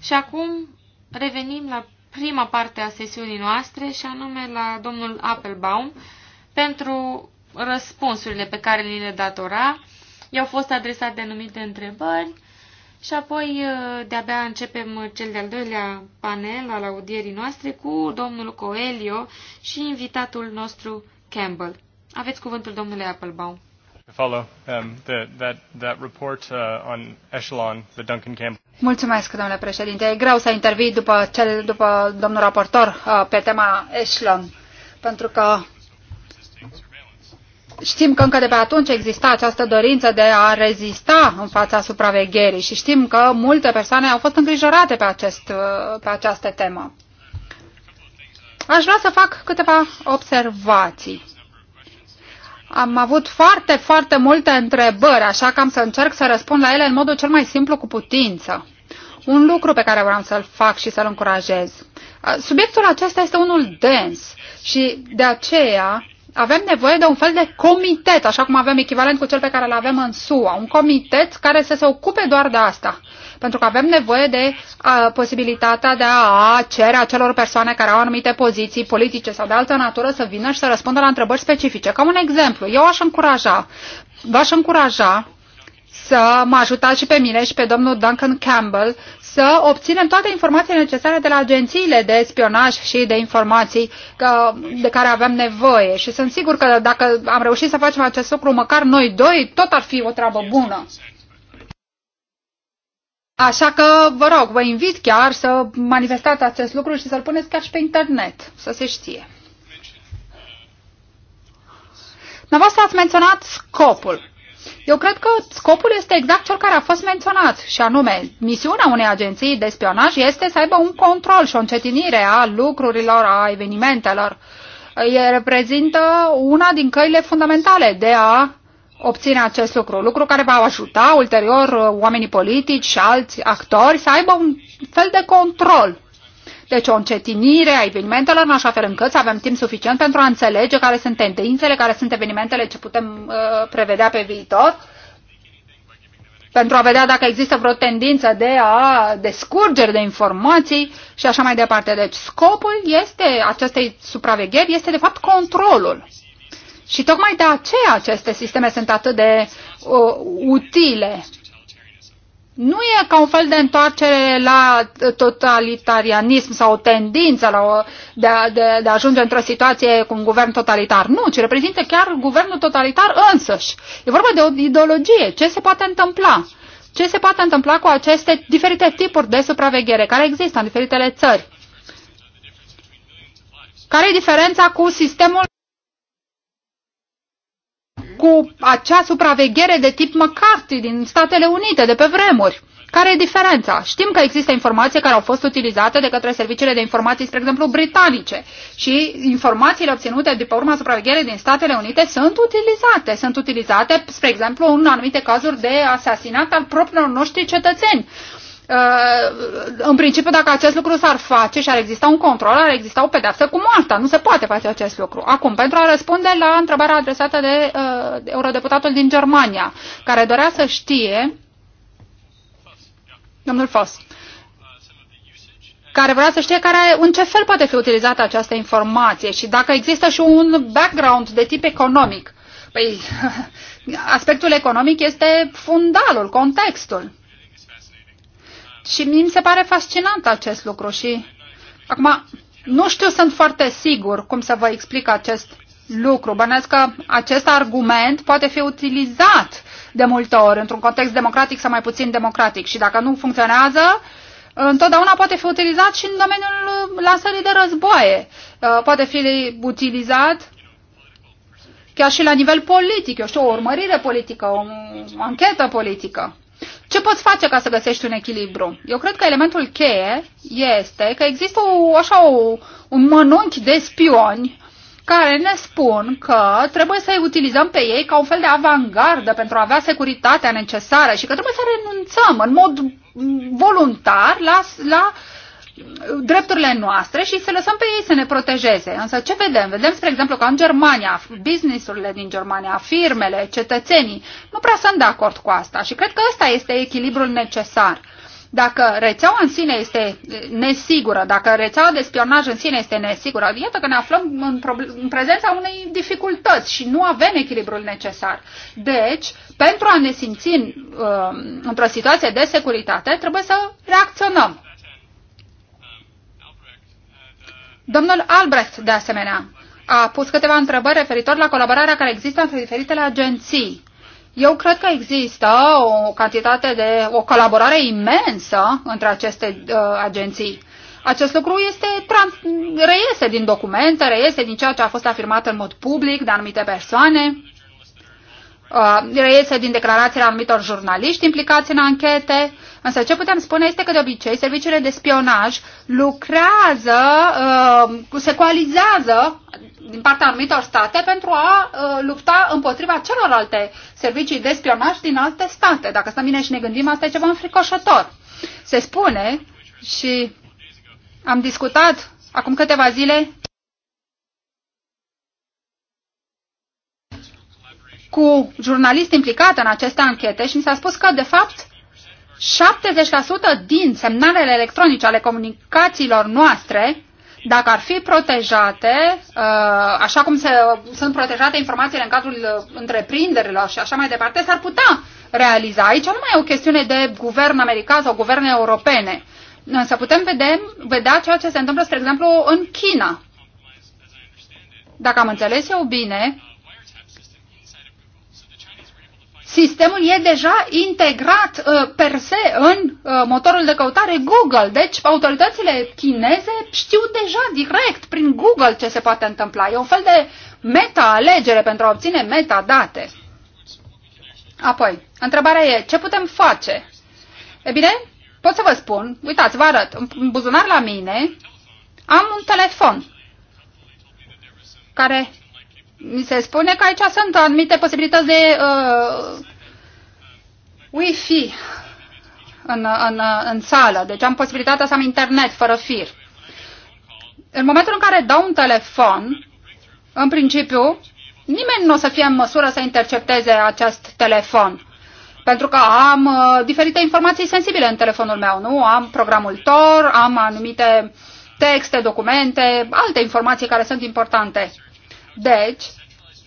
Și acum revenim la prima parte a sesiunii noastre și anume la domnul Appelbaum pentru răspunsurile pe care ni le datora. I-au fost adresate anumite întrebări și apoi uh, de-abia începem cel de-al doilea panel al audierii noastre cu domnul Coelio și invitatul nostru Campbell. Aveți cuvântul domnule Applebaum. Follow, um, the, that, that report, uh, on Echelon, the Duncan Campbell. Mulțumesc, domnule președinte. E greu să intervii după, cel, după domnul raportor uh, pe tema Echelon, pentru că Știm că încă de pe atunci exista această dorință de a rezista în fața supravegherii și știm că multe persoane au fost îngrijorate pe, acest, pe această temă. Aș vrea să fac câteva observații. Am avut foarte, foarte multe întrebări, așa că am să încerc să răspund la ele în modul cel mai simplu cu putință. Un lucru pe care vreau să-l fac și să-l încurajez. Subiectul acesta este unul dens și de aceea avem nevoie de un fel de comitet, așa cum avem echivalent cu cel pe care îl avem în SUA, un comitet care să se ocupe doar de asta. Pentru că avem nevoie de a, posibilitatea de a cere acelor persoane care au anumite poziții politice sau de altă natură să vină și să răspundă la întrebări specifice. Ca un exemplu, eu aș încuraja, v-aș încuraja să mă ajutați și pe mine și pe domnul Duncan Campbell să obținem toate informațiile necesare de la agențiile de spionaj și de informații de care avem nevoie. Și sunt sigur că dacă am reușit să facem acest lucru, măcar noi doi, tot ar fi o treabă bună. Așa că, vă rog, vă invit chiar să manifestați acest lucru și să-l puneți chiar și pe internet, să se știe. Dumneavoastră ați menționat scopul. Eu cred că scopul este exact cel care a fost menționat, și anume, misiunea unei agenții de spionaj este să aibă un control și o încetinire a lucrurilor, a evenimentelor. E reprezintă una din căile fundamentale de a obține acest lucru, lucru care va ajuta ulterior uh, oamenii politici și alți actori să aibă un fel de control deci o încetinire a evenimentelor în așa fel încât să avem timp suficient pentru a înțelege care sunt tendințele, care sunt evenimentele ce putem uh, prevedea pe viitor pentru a vedea dacă există vreo tendință de a de de informații și așa mai departe. Deci scopul este acestei supravegheri este de fapt controlul. Și tocmai de aceea aceste sisteme sunt atât de uh, utile nu e ca un fel de întoarcere la totalitarianism sau o tendință la o, de, a, de, de a ajunge într-o situație cu un guvern totalitar. Nu, ci reprezintă chiar guvernul totalitar însăși. E vorba de o ideologie. Ce se poate întâmpla? Ce se poate întâmpla cu aceste diferite tipuri de supraveghere care există în diferitele țări? Care e diferența cu sistemul cu acea supraveghere de tip McCarthy din Statele Unite de pe vremuri. Care e diferența? Știm că există informații care au fost utilizate de către serviciile de informații, spre exemplu, britanice și informațiile obținute după urma supravegherii din Statele Unite sunt utilizate. Sunt utilizate, spre exemplu, în anumite cazuri de asasinat al propriilor noștri cetățeni. Uh, în principiu, dacă acest lucru s-ar face și ar exista un control, ar exista o pedeapsă cu moartea. Nu se poate face acest lucru. Acum, pentru a răspunde la întrebarea adresată de uh, eurodeputatul din Germania, care dorea să știe, domnul Foss, care vrea să știe care, în ce fel poate fi utilizată această informație și dacă există și un background de tip economic. Păi, aspectul economic este fundalul, contextul. Și mi se pare fascinant acest lucru și acum nu știu, sunt foarte sigur cum să vă explic acest lucru. Bănesc că acest argument poate fi utilizat de multe ori într-un context democratic sau mai puțin democratic și dacă nu funcționează, întotdeauna poate fi utilizat și în domeniul lansării de războaie. Uh, poate fi utilizat chiar și la nivel politic, eu știu, o urmărire politică, o anchetă politică. Ce poți face ca să găsești un echilibru? Eu cred că elementul cheie este că există o, așa o, un mănunchi de spioni care ne spun că trebuie să-i utilizăm pe ei ca un fel de avangardă pentru a avea securitatea necesară și că trebuie să renunțăm în mod voluntar la, la uh, drepturile noastre și să lăsăm pe ei să ne protejeze. Însă ce vedem? Vedem, spre exemplu, că în Germania, businessurile din Germania, firmele, cetățenii, nu prea sunt de acord cu asta și cred că ăsta este echilibrul necesar. Dacă rețeaua în sine este nesigură, dacă rețeaua de spionaj în sine este nesigură, iată că ne aflăm în, în prezența unei dificultăți și nu avem echilibrul necesar. Deci, pentru a ne simți uh, într-o situație de securitate, trebuie să reacționăm. Domnul Albrecht, de asemenea, a pus câteva întrebări referitor la colaborarea care există între diferitele agenții. Eu cred că există o cantitate de o colaborare imensă între aceste uh, agenții. Acest lucru este trans, reiese din documente, reiese din ceea ce a fost afirmat în mod public de anumite persoane, uh, reiese din declarațiile anumitor jurnaliști implicați în anchete, Însă ce putem spune este că de obicei serviciile de spionaj lucrează, uh, se coalizează din partea anumitor state pentru a uh, lupta împotriva celorlalte servicii de spionaj din alte state. Dacă stăm bine și ne gândim, asta e ceva înfricoșător. Se spune și am discutat acum câteva zile cu jurnalist implicat în aceste anchete și mi s-a spus că, de fapt, 70% din semnalele electronice ale comunicațiilor noastre, dacă ar fi protejate, uh, așa cum se, sunt protejate informațiile în cadrul uh, întreprinderilor și așa mai departe, s-ar putea realiza. Aici nu mai e o chestiune de guvern american sau guverne europene. Însă putem vedea, vedea ceea ce se întâmplă, spre exemplu, în China. Dacă am înțeles eu bine, sistemul e deja integrat uh, per se în uh, motorul de căutare Google. Deci autoritățile chineze știu deja direct prin Google ce se poate întâmpla. E un fel de meta-alegere pentru a obține metadate. Apoi, întrebarea e, ce putem face? E bine, pot să vă spun, uitați, vă arăt, în buzunar la mine am un telefon care mi se spune că aici sunt anumite posibilități de uh, Wi-Fi în, în, în sală, deci am posibilitatea să am internet fără fir. În momentul în care dau un telefon, în principiu, nimeni nu o să fie în măsură să intercepteze acest telefon. Pentru că am uh, diferite informații sensibile în telefonul meu, nu? Am programul TOR, am anumite texte, documente, alte informații care sunt importante. Deci,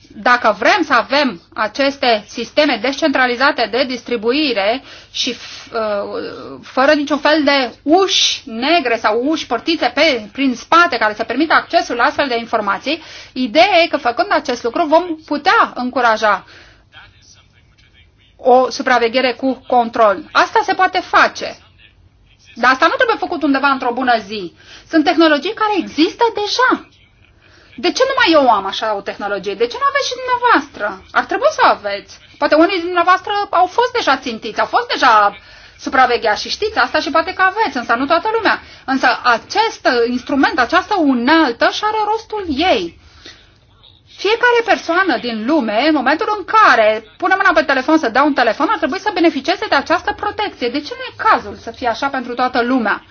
dacă vrem să avem aceste sisteme descentralizate de distribuire și uh, fără niciun fel de uși negre sau uși părtițe pe, prin spate care să permită accesul la astfel de informații, ideea e că făcând acest lucru vom putea încuraja o supraveghere cu control. Asta se poate face. Dar asta nu trebuie făcut undeva într-o bună zi. Sunt tehnologii care există deja de ce numai eu am așa o tehnologie? De ce nu aveți și dumneavoastră? Ar trebui să aveți. Poate unii dumneavoastră au fost deja țintiți, au fost deja supravegheați și știți asta și poate că aveți, însă nu toată lumea. Însă acest instrument, această unealtă și are rostul ei. Fiecare persoană din lume, în momentul în care pune mâna pe telefon să dea un telefon, ar trebui să beneficieze de această protecție. De ce nu e cazul să fie așa pentru toată lumea?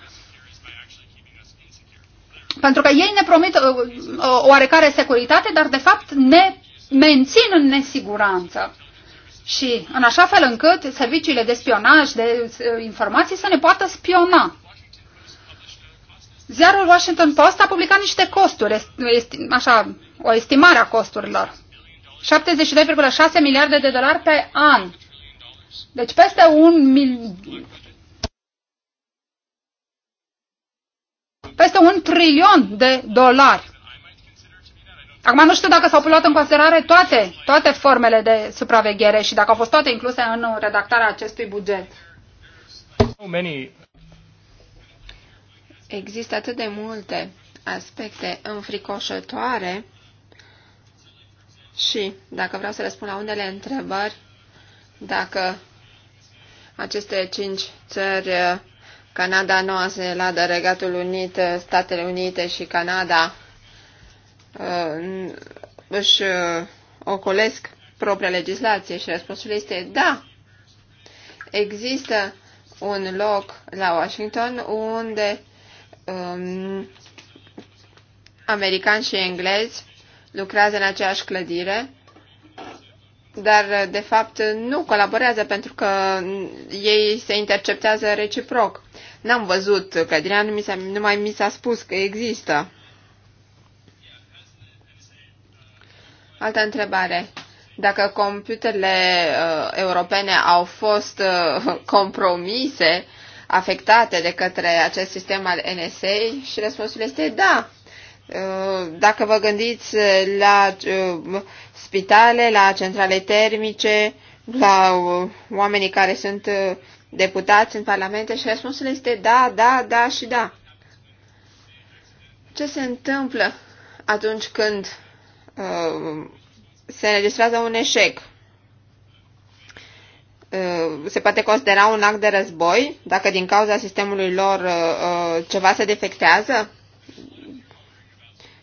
Pentru că ei ne promit o uh, uh, oarecare securitate, dar de fapt ne mențin în nesiguranță. Și în așa fel încât serviciile de spionaj, de uh, informații să ne poată spiona. Ziarul Washington Post a publicat niște costuri, așa, o estimare a costurilor. 72,6 miliarde de dolari pe an. Deci peste un mil, peste un trilion de dolari. Acum nu știu dacă s-au luat în considerare toate, toate formele de supraveghere și dacă au fost toate incluse în redactarea acestui buget. Există atât de multe aspecte înfricoșătoare și, dacă vreau să răspund la unele întrebări, dacă aceste cinci țări Canada, Noua Zeelandă, Regatul Unit, Statele Unite și Canada uh, își uh, ocolesc propria legislație și răspunsul este da. Există un loc la Washington unde um, americani și englezi lucrează în aceeași clădire, dar de fapt nu colaborează pentru că ei se interceptează reciproc. N-am văzut că nu mi s-a, numai mi s-a spus că există. Altă întrebare. Dacă computerele uh, europene au fost uh, compromise, afectate de către acest sistem al NSA? Și răspunsul este da. Uh, dacă vă gândiți la uh, spitale, la centrale termice, la uh, oamenii care sunt deputați în parlamente și răspunsul este da, da, da și da. Ce se întâmplă atunci când uh, se înregistrează un eșec? Uh, se poate considera un act de război dacă din cauza sistemului lor uh, uh, ceva se defectează?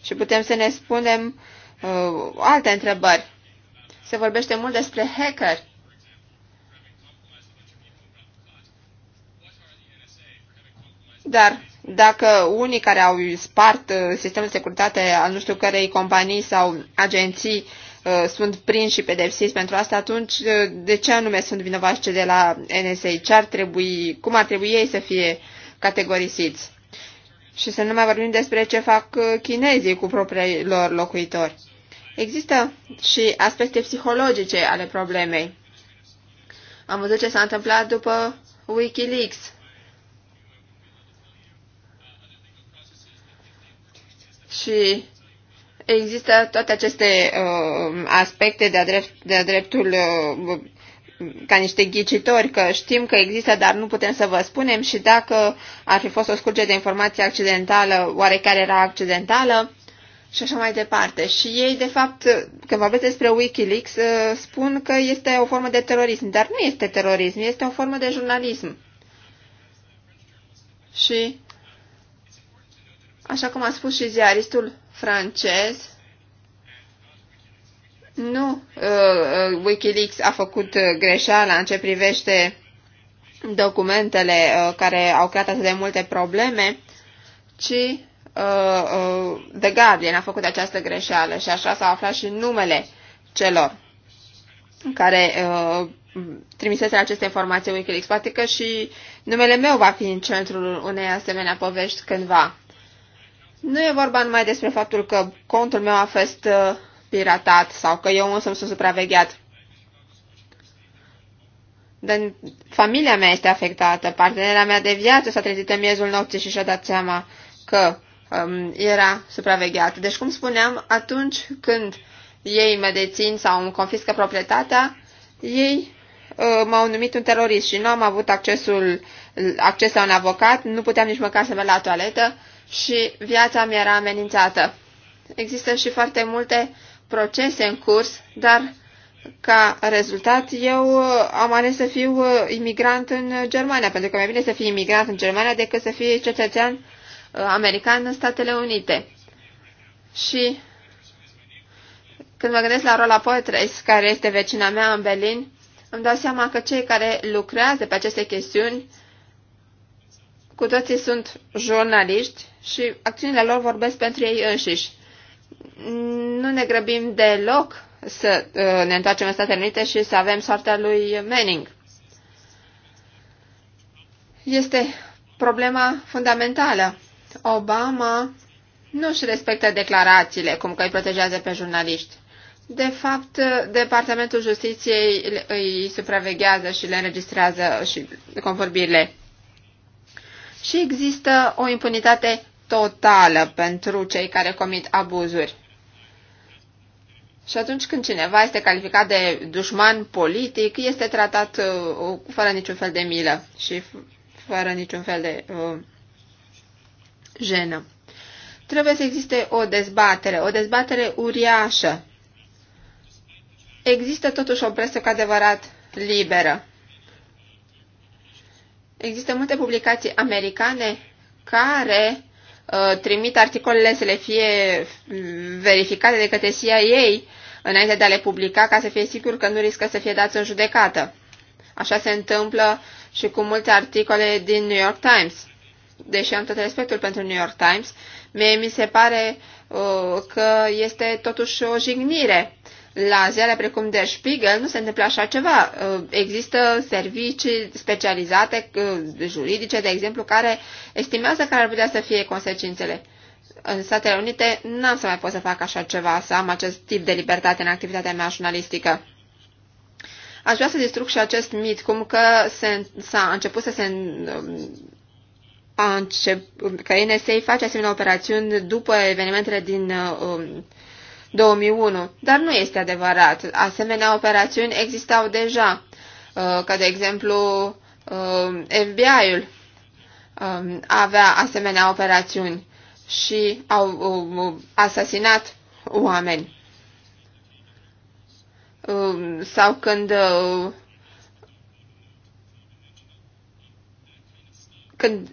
Și putem să ne spunem uh, alte întrebări. Se vorbește mult despre hackeri Dar dacă unii care au spart uh, sistemul de securitate al nu știu cărei companii sau agenții uh, sunt prinși și pedepsiți pentru asta, atunci uh, de ce anume sunt vinovați cei de la NSA? Ce ar trebui, cum ar trebui ei să fie categorisiți? Și să nu mai vorbim despre ce fac chinezii cu proprii lor locuitori. Există și aspecte psihologice ale problemei. Am văzut ce s-a întâmplat după Wikileaks Și există toate aceste uh, aspecte de-a, drept, de dreptul uh, ca niște ghicitori, că știm că există, dar nu putem să vă spunem și dacă ar fi fost o scurgere de informație accidentală, oarecare era accidentală și așa mai departe. Și ei, de fapt, când vorbesc despre Wikileaks, uh, spun că este o formă de terorism, dar nu este terorism, este o formă de jurnalism. Și așa cum a spus și ziaristul francez, nu uh, uh Wikileaks a făcut uh, greșeala în ce privește documentele uh, care au creat atât de multe probleme, ci uh, uh, The Guardian a făcut această greșeală și așa s-a aflat și numele celor care uh, trimisese aceste informații Wikileaks. Poate că și numele meu va fi în centrul unei asemenea povești cândva. Nu e vorba numai despre faptul că contul meu a fost uh, piratat sau că eu însă sunt supravegheat. Dar familia mea este afectată, partenera mea de viață s-a trezit în miezul nopții și și-a dat seama că um, era supravegheat. Deci, cum spuneam, atunci când ei mă dețin sau îmi confiscă proprietatea, ei uh, m-au numit un terorist și nu am avut accesul, acces la un avocat, nu puteam nici măcar să merg la toaletă, și viața mi era amenințată. Există și foarte multe procese în curs, dar ca rezultat eu uh, am ales să fiu uh, imigrant în Germania, pentru că mai bine să fii imigrant în Germania decât să fii cetățean uh, american în Statele Unite. Și când mă gândesc la Rola Poetres, care este vecina mea în Berlin, îmi dau seama că cei care lucrează pe aceste chestiuni cu toții sunt jurnaliști și acțiunile lor vorbesc pentru ei înșiși. Nu ne grăbim deloc să uh, ne întoarcem în Statele Unite și să avem soarta lui Manning. Este problema fundamentală. Obama nu își respectă declarațiile, cum că îi protejează pe jurnaliști. De fapt, Departamentul Justiției îi supraveghează și le înregistrează și convorbirile și există o impunitate totală pentru cei care comit abuzuri. Și atunci când cineva este calificat de dușman politic, este tratat uh, fără niciun fel de milă și fără niciun fel de uh, jenă. Trebuie să existe o dezbatere, o dezbatere uriașă. Există totuși o presă cu adevărat liberă. Există multe publicații americane care uh, trimit articolele să le fie verificate de către CIA înainte de a le publica ca să fie sigur că nu riscă să fie dați în judecată. Așa se întâmplă și cu multe articole din New York Times. Deși am tot respectul pentru New York Times, mie mi se pare uh, că este totuși o jignire la ziare precum Der Spiegel nu se întâmplă așa ceva. Uh, există servicii specializate uh, juridice, de exemplu, care estimează care ar putea să fie consecințele. În Statele Unite n-am să mai pot să fac așa ceva, să am acest tip de libertate în activitatea mea jurnalistică. Aș vrea să distrug și acest mit, cum că s-a început să se um, a încep, că NSA face asemenea operațiuni după evenimentele din uh, um, 2001, dar nu este adevărat. Asemenea operațiuni existau deja, uh, ca de exemplu uh, FBI-ul um, avea asemenea operațiuni și au asasinat oameni. Um, sau când uh, când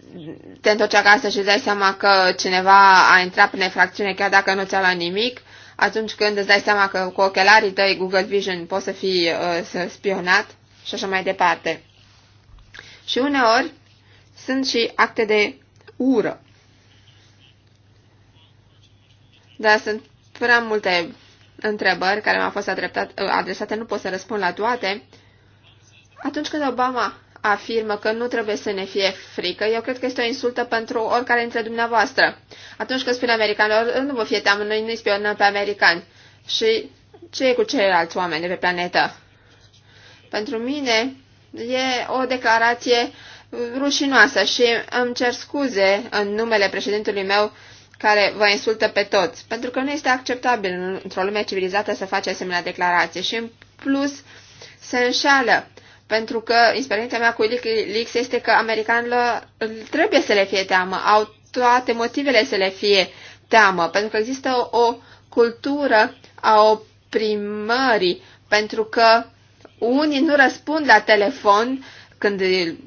te întorci acasă și îți dai seama că cineva a intrat prin infracțiune chiar dacă nu ți-a luat nimic, atunci când îți dai seama că cu ochelarii tăi Google Vision poți să fii uh, să spionat și așa mai departe. Și uneori sunt și acte de ură. Dar sunt prea multe întrebări care mi-au fost uh, adresate, nu pot să răspund la toate. Atunci când Obama afirmă că nu trebuie să ne fie frică, eu cred că este o insultă pentru oricare dintre dumneavoastră. Atunci când spun americanilor, ă, nu vă fie teamă, noi nu spionăm pe americani. Și ce e cu ceilalți oameni de pe planetă? Pentru mine e o declarație rușinoasă și îmi cer scuze în numele președintelui meu care vă insultă pe toți, pentru că nu este acceptabil într-o lume civilizată să faci asemenea declarație și în plus se înșală pentru că experiența mea cu Wikileaks este că americanilor trebuie să le fie teamă, au toate motivele să le fie teamă, pentru că există o cultură a oprimării, pentru că unii nu răspund la telefon când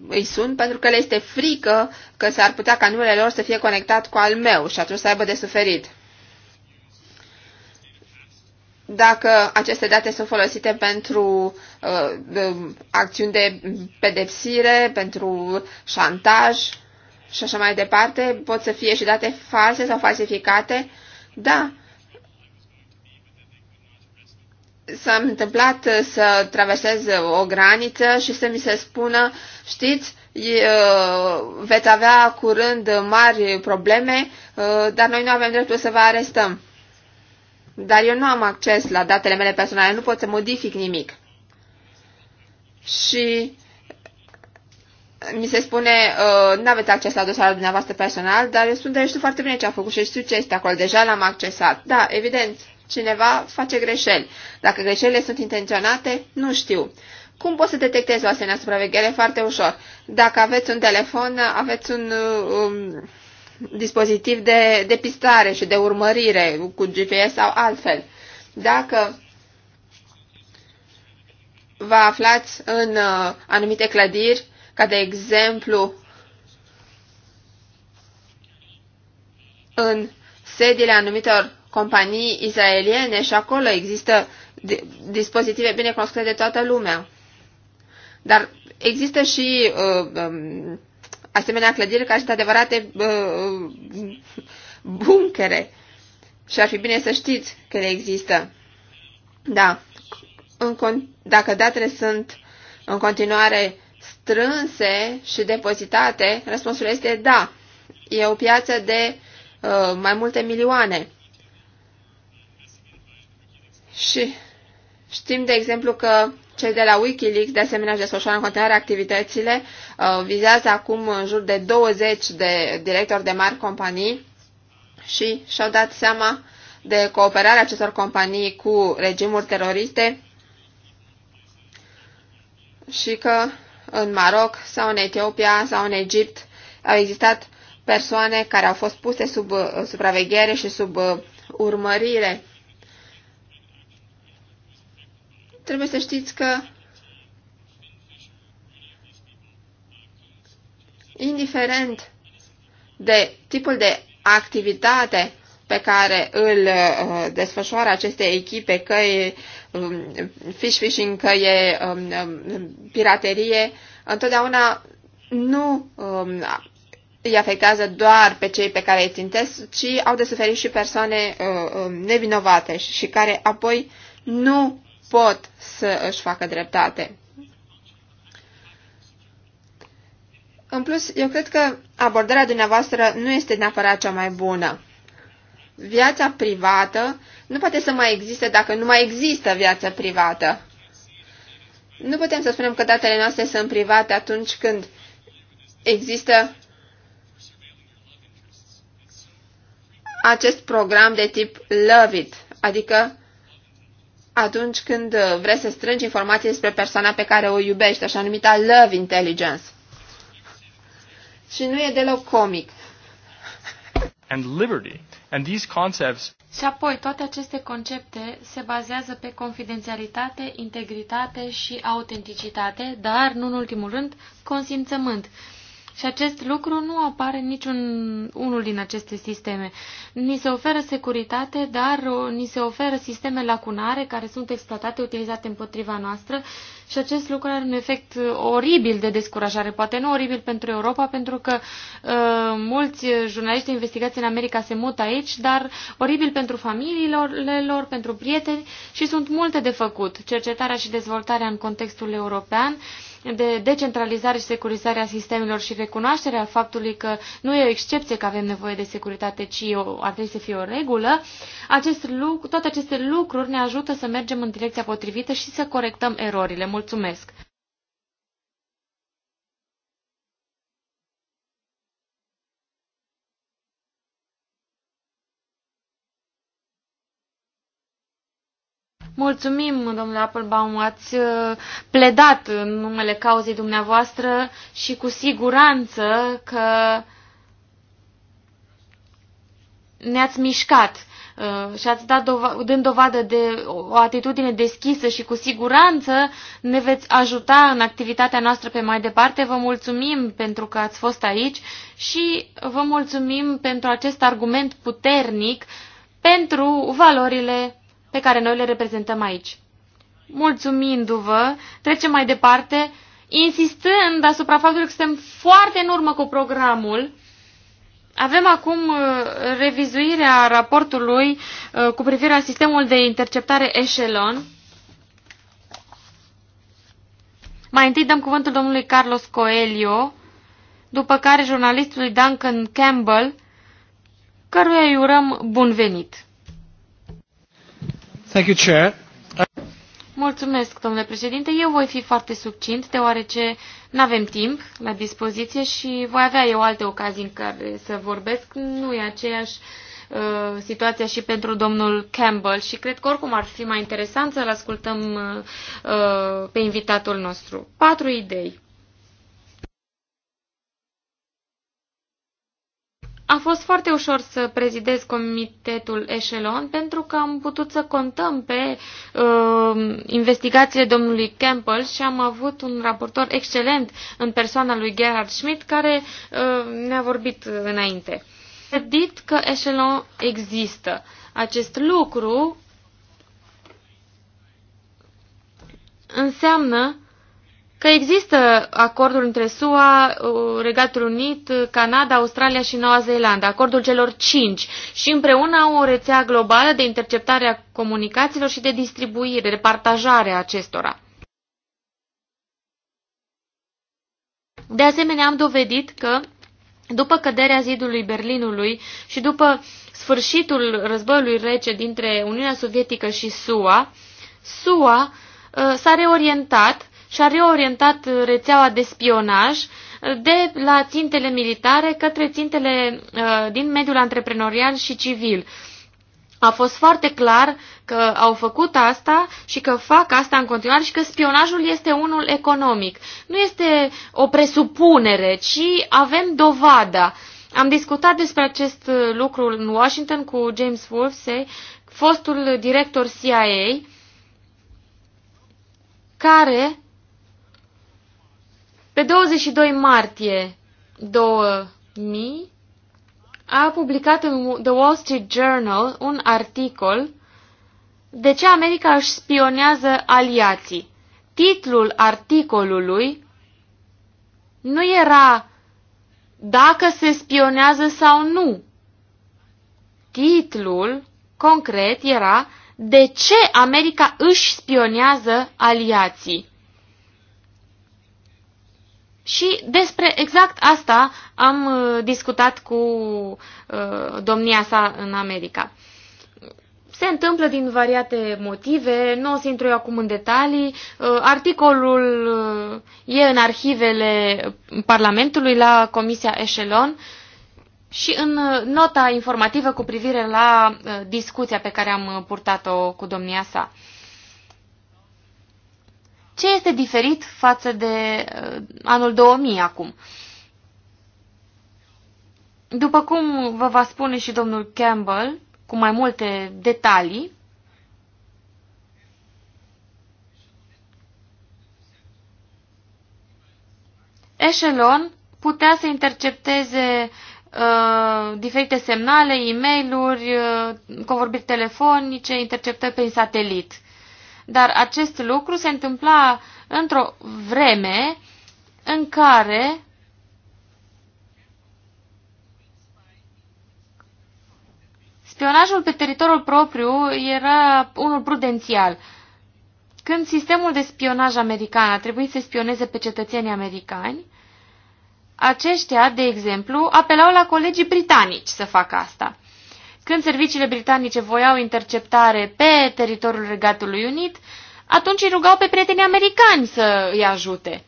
îi sun, pentru că le este frică că s-ar putea ca numele lor să fie conectat cu al meu și atunci să aibă de suferit dacă aceste date sunt folosite pentru uh, um, acțiuni de pedepsire, pentru șantaj și așa mai departe, pot să fie și date false sau falsificate. Da, s-a întâmplat să traversez o graniță și să mi se spună, știți, uh, veți avea curând mari probleme, uh, dar noi nu avem dreptul să vă arestăm dar eu nu am acces la datele mele personale, nu pot să modific nimic. Și mi se spune, uh, nu aveți acces la dosarul dumneavoastră personal, dar eu spun, dar știu foarte bine ce a făcut și știu ce este acolo, deja l-am accesat. Da, evident, cineva face greșeli. Dacă greșelile sunt intenționate, nu știu. Cum poți să detectezi o asemenea supraveghere? Foarte ușor. Dacă aveți un telefon, aveți un... Uh, um, dispozitiv de depistare și de urmărire cu GPS sau altfel. Dacă vă aflați în uh, anumite clădiri, ca de exemplu în sediile anumitor companii israeliene și acolo există dispozitive bine cunoscute de toată lumea. Dar există și uh, um, asemenea clădiri ca și adevărate uh, buncere. Și ar fi bine să știți că le există. Da, în dacă datele sunt în continuare strânse și depozitate, răspunsul este da. E o piață de uh, mai multe milioane. Și Știm, de exemplu, că cei de la Wikileaks, de asemenea, își desfășoară în continuare activitățile, uh, vizează acum în jur de 20 de directori de mari companii și și-au dat seama de cooperarea acestor companii cu regimuri teroriste și că în Maroc sau în Etiopia sau în Egipt au existat persoane care au fost puse sub uh, supraveghere și sub uh, urmărire Trebuie să știți că indiferent de tipul de activitate pe care îl uh, desfășoară aceste echipe, că e um, fish fishing, că e um, um, piraterie, întotdeauna nu îi afectează doar pe cei pe care îi țintesc, ci au de suferit și persoane uh, nevinovate și care apoi nu pot să își facă dreptate. În plus, eu cred că abordarea dumneavoastră nu este neapărat cea mai bună. Viața privată nu poate să mai existe dacă nu mai există viață privată. Nu putem să spunem că datele noastre sunt private atunci când există acest program de tip Love It, adică atunci când uh, vrei să strângi informații despre persoana pe care o iubești, așa numita love intelligence. Și nu e deloc comic. And liberty. And these concepts... Și apoi, toate aceste concepte se bazează pe confidențialitate, integritate și autenticitate, dar, nu în ultimul rând, consimțământ. Și acest lucru nu apare în niciun unul din aceste sisteme. Ni se oferă securitate, dar uh, ni se oferă sisteme lacunare care sunt exploatate, utilizate împotriva noastră și acest lucru are un efect uh, oribil de descurajare, poate nu oribil pentru Europa, pentru că uh, mulți jurnaliști de investigație în America se mută aici, dar oribil pentru familiile lor, pentru prieteni și sunt multe de făcut. Cercetarea și dezvoltarea în contextul european uh, de decentralizare și securizare a sistemelor și recunoașterea faptului că nu e o excepție că avem nevoie de securitate, ci o, ar trebui să fie o regulă, acest lucru, toate aceste lucruri ne ajută să mergem în direcția potrivită și să corectăm erorile. Mulțumesc! Mulțumim, domnule Applebaum, ați uh, pledat în numele cauzei dumneavoastră și cu siguranță că ne-ați mișcat uh, și ați dat dova- dând dovadă de o atitudine deschisă și cu siguranță ne veți ajuta în activitatea noastră pe mai departe. Vă mulțumim pentru că ați fost aici și vă mulțumim pentru acest argument puternic pentru valorile pe care noi le reprezentăm aici. Mulțumindu-vă, trecem mai departe, insistând asupra faptului că suntem foarte în urmă cu programul. Avem acum uh, revizuirea raportului uh, cu privire la sistemul de interceptare Echelon. Mai întâi dăm cuvântul domnului Carlos Coelho, după care jurnalistului Duncan Campbell, căruia îi urăm bun venit. Mulțumesc, domnule președinte. Eu voi fi foarte succint, deoarece nu avem timp la dispoziție și voi avea eu alte ocazii în care să vorbesc. Nu e aceeași uh, situația și pentru domnul Campbell și cred că oricum ar fi mai interesant să-l ascultăm uh, pe invitatul nostru. Patru idei. A fost foarte ușor să prezidez comitetul Echelon pentru că am putut să contăm pe uh, investigațiile domnului Campbell și am avut un raportor excelent în persoana lui Gerhard Schmidt care uh, ne-a vorbit înainte. Credit că Echelon există. Acest lucru înseamnă că există acordul între SUA, uh, Regatul Unit, Canada, Australia și Noua Zeelandă, acordul celor cinci, și împreună au o rețea globală de interceptare a comunicațiilor și de distribuire, de partajare a acestora. De asemenea, am dovedit că după căderea zidului Berlinului și după sfârșitul războiului rece dintre Uniunea Sovietică și SUA, SUA uh, s-a reorientat și a reorientat rețeaua de spionaj de la țintele militare către țintele uh, din mediul antreprenorial și civil. A fost foarte clar că au făcut asta și că fac asta în continuare și că spionajul este unul economic. Nu este o presupunere, ci avem dovada. Am discutat despre acest lucru în Washington cu James Wolfsey, fostul director CIA, care pe 22 martie 2000 a publicat în The Wall Street Journal un articol De ce America își spionează aliații? Titlul articolului nu era dacă se spionează sau nu. Titlul concret era De ce America își spionează aliații? Și despre exact asta am uh, discutat cu uh, domnia sa în America. Se întâmplă din variate motive, nu o să intru eu acum în detalii. Uh, articolul e în arhivele Parlamentului la Comisia Echelon și în nota informativă cu privire la discuția pe care am purtat-o cu domnia sa. Ce este diferit față de uh, anul 2000 acum? După cum vă va spune și domnul Campbell, cu mai multe detalii, Echelon putea să intercepteze uh, diferite semnale, e-mail-uri, uh, convorbiri telefonice, interceptări prin satelit. Dar acest lucru se întâmpla într-o vreme în care spionajul pe teritoriul propriu era unul prudențial. Când sistemul de spionaj american a trebuit să spioneze pe cetățenii americani, aceștia, de exemplu, apelau la colegii britanici să facă asta. Când serviciile britanice voiau interceptare pe teritoriul Regatului Unit, atunci îi rugau pe prietenii americani să îi ajute.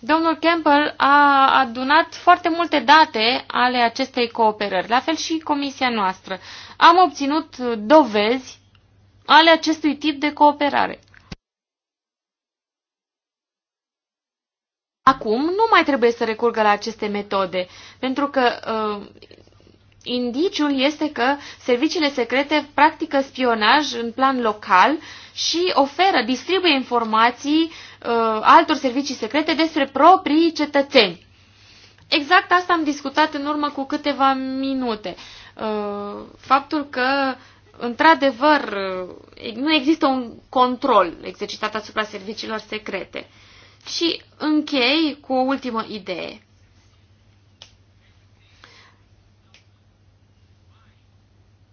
Domnul Campbell a adunat foarte multe date ale acestei cooperări, la fel și comisia noastră. Am obținut dovezi ale acestui tip de cooperare. Acum nu mai trebuie să recurgă la aceste metode, pentru că uh, Indiciul este că serviciile secrete practică spionaj în plan local și oferă, distribuie informații uh, altor servicii secrete despre proprii cetățeni. Exact asta am discutat în urmă cu câteva minute. Uh, faptul că, într-adevăr, uh, nu există un control exercitat asupra serviciilor secrete. Și închei cu o ultimă idee.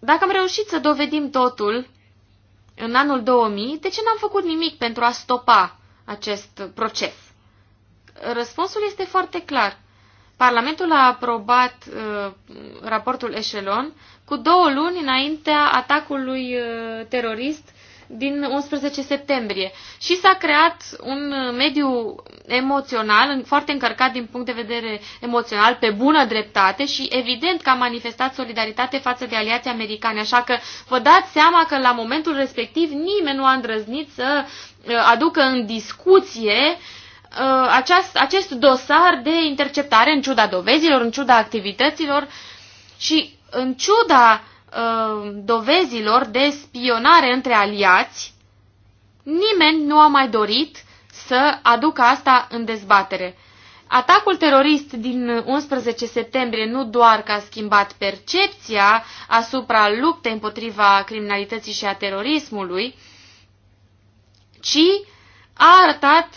Dacă am reușit să dovedim totul în anul 2000, de ce n-am făcut nimic pentru a stopa acest proces? Răspunsul este foarte clar. Parlamentul a aprobat uh, raportul Echelon cu două luni înaintea atacului uh, terorist din 11 septembrie. Și s-a creat un mediu emoțional, foarte încărcat din punct de vedere emoțional, pe bună dreptate și evident că a manifestat solidaritate față de aliații americani. Așa că vă dați seama că la momentul respectiv nimeni nu a îndrăznit să uh, aducă în discuție uh, acest acest dosar de interceptare în ciuda dovezilor, în ciuda activităților și în ciuda Uh, dovezilor de spionare între aliați, nimeni nu a mai dorit să aducă asta în dezbatere. Atacul terorist din 11 septembrie nu doar că a schimbat percepția asupra luptei împotriva criminalității și a terorismului, ci a arătat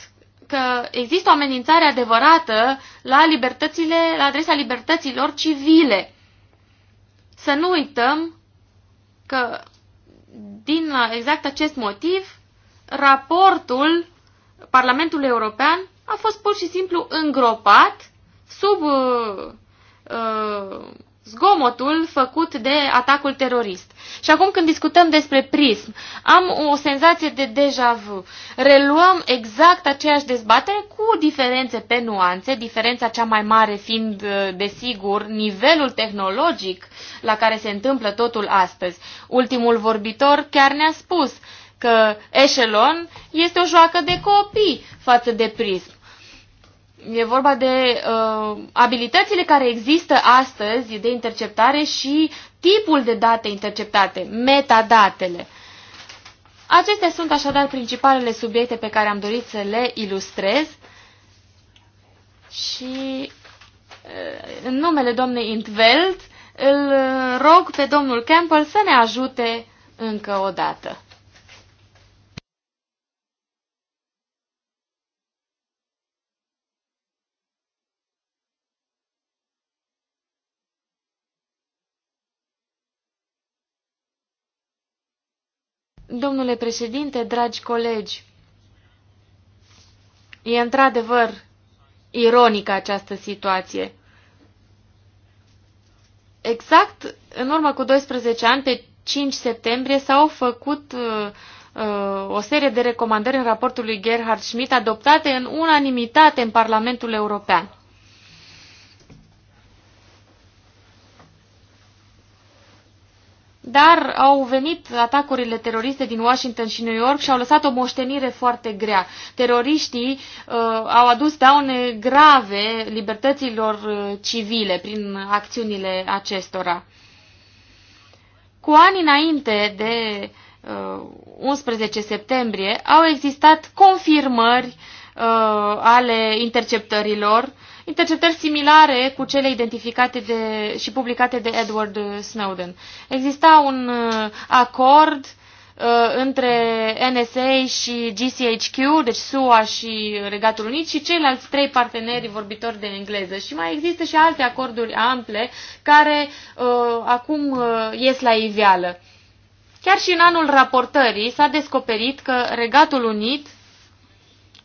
că există o amenințare adevărată la, libertățile, la adresa libertăților civile. Să nu uităm că din exact acest motiv, raportul Parlamentului European a fost pur și simplu îngropat sub uh, uh, zgomotul făcut de atacul terorist. Și acum când discutăm despre prism, am o senzație de deja vu. Reluăm exact aceeași dezbatere cu diferențe pe nuanțe, diferența cea mai mare fiind, uh, desigur, nivelul tehnologic la care se întâmplă totul astăzi. Ultimul vorbitor chiar ne-a spus că Echelon este o joacă de copii față de prism. E vorba de uh, abilitățile care există astăzi de interceptare și tipul de date interceptate, metadatele. Acestea sunt așadar principalele subiecte pe care am dorit să le ilustrez și uh, în numele domnului Intveld îl uh, rog pe domnul Campbell să ne ajute încă o dată. Domnule președinte, dragi colegi, e într-adevăr ironică această situație. Exact în urmă cu 12 ani, pe 5 septembrie, s-au făcut uh, uh, o serie de recomandări în raportul lui Gerhard Schmidt, adoptate în unanimitate în Parlamentul European. dar au venit atacurile teroriste din Washington și New York și au lăsat o moștenire foarte grea. Teroriștii uh, au adus daune grave libertăților uh, civile prin acțiunile acestora. Cu ani înainte de uh, 11 septembrie au existat confirmări uh, ale interceptărilor uh, interceptări similare cu cele identificate de, și publicate de Edward Snowden. Exista un uh, acord uh, între NSA și GCHQ, deci SUA și Regatul Unit și ceilalți trei parteneri vorbitori de engleză. Și mai există și alte acorduri ample care uh, acum uh, ies la iveală. Chiar și în anul raportării s-a descoperit că Regatul Unit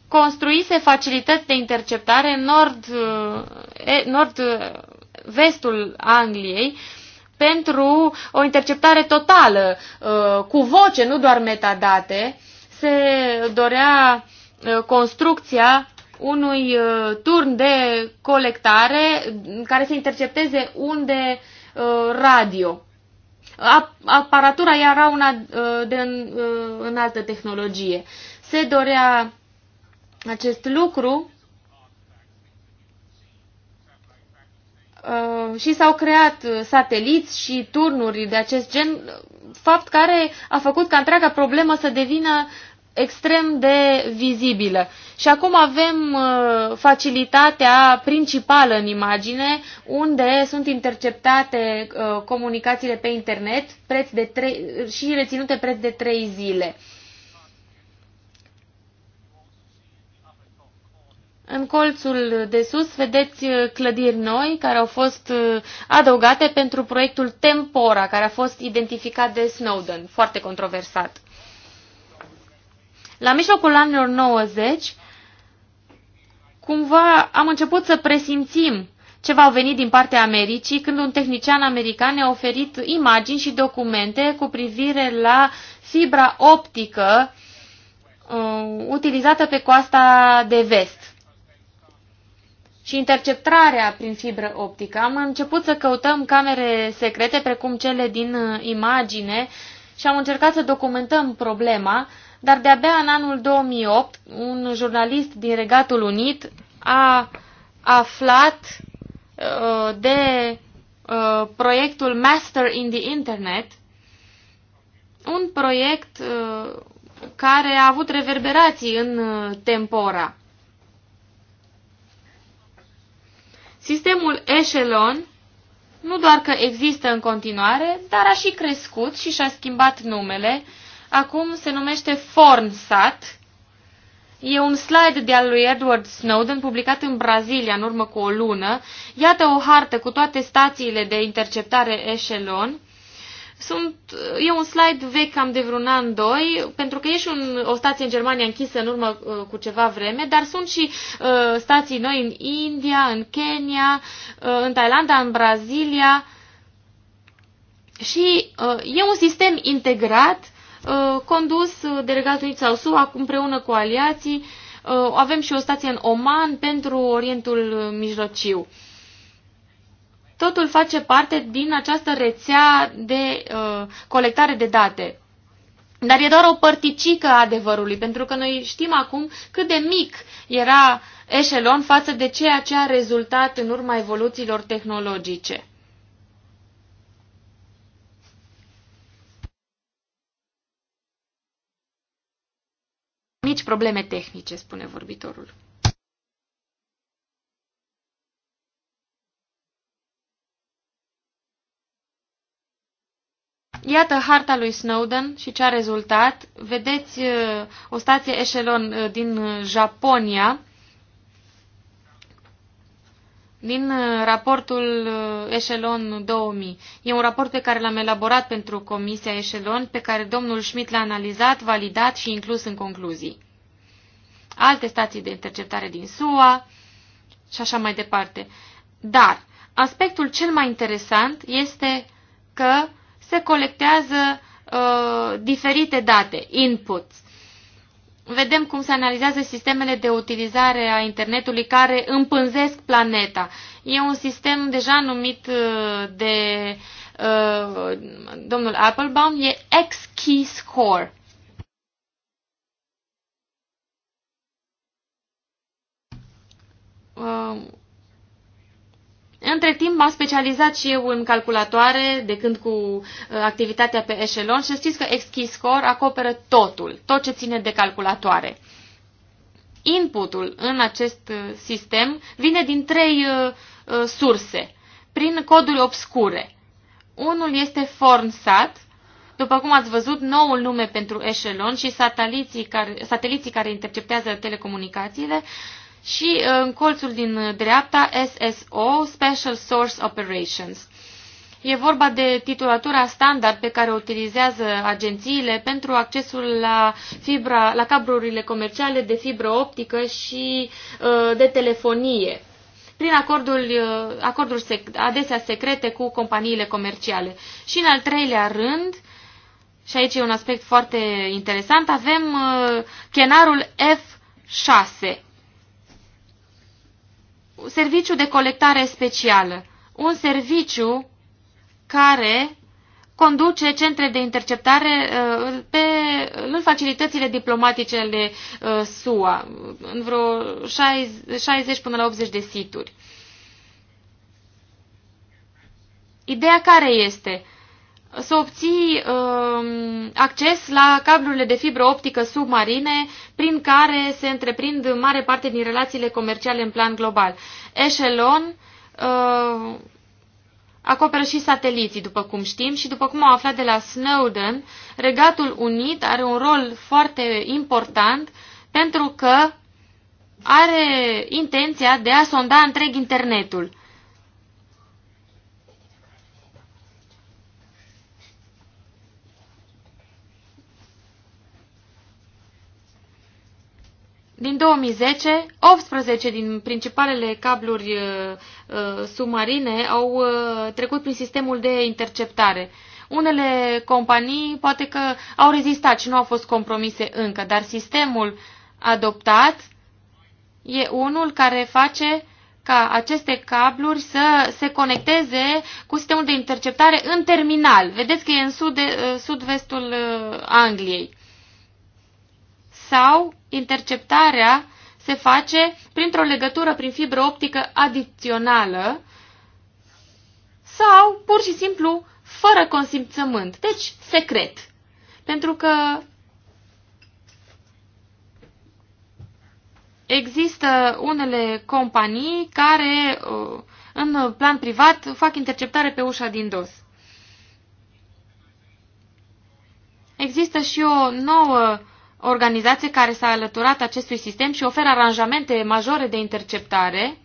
construise facilități de interceptare în nord, eh, nord eh, vestul Angliei pentru o interceptare totală, eh, cu voce, nu doar metadate. Se dorea construcția unui turn de colectare care să intercepteze unde radio. Aparatura era una de înaltă tehnologie. Se dorea acest lucru uh, și s-au creat sateliți și turnuri de acest gen, fapt care a făcut ca întreaga problemă să devină extrem de vizibilă. Și acum avem uh, facilitatea principală în imagine, unde sunt interceptate uh, comunicațiile pe internet preț de 3, și reținute preț de 3 zile. În colțul de sus vedeți uh, clădiri noi care au fost uh, adăugate pentru proiectul Tempora, care a fost identificat de Snowden, foarte controversat. La mijlocul anilor 90, cumva am început să presimțim ce va veni din partea Americii când un tehnician american ne-a oferit imagini și documente cu privire la fibra optică uh, utilizată pe coasta de vest și interceptarea prin fibră optică. Am început să căutăm camere secrete, precum cele din uh, imagine, și am încercat să documentăm problema, dar de-abia în anul 2008, un jurnalist din Regatul Unit a aflat uh, de uh, proiectul Master in the Internet, un proiect uh, care a avut reverberații în uh, tempora. Sistemul Echelon nu doar că există în continuare, dar a și crescut și și-a schimbat numele. Acum se numește Fornsat. E un slide de-al lui Edward Snowden publicat în Brazilia în urmă cu o lună. Iată o hartă cu toate stațiile de interceptare Echelon. Sunt, e un slide vechi cam de vreun an, doi, pentru că e și un, o stație în Germania închisă în urmă uh, cu ceva vreme, dar sunt și uh, stații noi în India, în Kenya, uh, în Thailanda, în Brazilia. Și uh, e un sistem integrat, uh, condus uh, de Regatul Unit sau SUA împreună cu aliații. Uh, avem și o stație în Oman pentru Orientul Mijlociu. Uh, totul face parte din această rețea de uh, colectare de date. Dar e doar o părticică a adevărului, pentru că noi știm acum cât de mic era eșelon față de ceea ce a rezultat în urma evoluțiilor tehnologice. Mici probleme tehnice, spune vorbitorul. Iată harta lui Snowden și ce a rezultat. Vedeți uh, o stație Echelon uh, din uh, Japonia, din raportul Echelon 2000. E un raport pe care l-am elaborat pentru Comisia Echelon, pe care domnul Schmidt l-a analizat, validat și inclus în concluzii. Alte stații de interceptare din SUA și așa mai departe. Dar aspectul cel mai interesant este că se colectează uh, diferite date, inputs. Vedem cum se analizează sistemele de utilizare a internetului care împânzesc planeta. E un sistem deja numit uh, de uh, domnul Applebaum, e X-Key Score. Uh, între timp m-am specializat și eu în calculatoare, de când cu uh, activitatea pe eșelon și știți că Xkeyscore acoperă totul, tot ce ține de calculatoare. Inputul în acest uh, sistem vine din trei uh, uh, surse, prin coduri obscure. Unul este FormSat, după cum ați văzut, noul nume pentru eșelon și sateliții care, sateliții care interceptează telecomunicațiile uh, și uh, în colțul din dreapta SSO, Special Source Operations. E vorba de titulatura standard pe care o utilizează agențiile pentru accesul la, fibra, la cablurile comerciale de fibră optică și uh, de telefonie prin acordul, uh, acorduri sec, adesea secrete cu companiile comerciale. Și în al treilea rând, și aici e un aspect foarte interesant, avem chenarul F6, serviciu de colectare specială, un serviciu care conduce centre de interceptare uh, pe, în facilitățile diplomatice ale uh, SUA, în vreo 60 până la 80 de situri. Ideea care este? să obții um, acces la cablurile de fibră optică submarine prin care se întreprind mare parte din relațiile comerciale în plan global. Echelon uh, acoperă și sateliții, după cum știm, și după cum au aflat de la Snowden, Regatul Unit are un rol foarte important pentru că are intenția de a sonda întreg internetul. Din 2010, 18 din principalele cabluri uh, uh, submarine au uh, trecut prin sistemul de interceptare. Unele companii poate că au rezistat și nu au fost compromise încă, dar sistemul adoptat e unul care face ca aceste cabluri să se conecteze cu sistemul de interceptare în terminal. Vedeți că e în uh, sud-vestul sud uh, Angliei. Sau interceptarea se face printr-o legătură prin fibră optică adițională sau pur și simplu fără consimțământ, deci secret. Pentru că există unele companii care uh, în plan privat fac interceptare pe ușa din dos. Există și o nouă organizație care s-a alăturat acestui sistem și oferă aranjamente majore de interceptare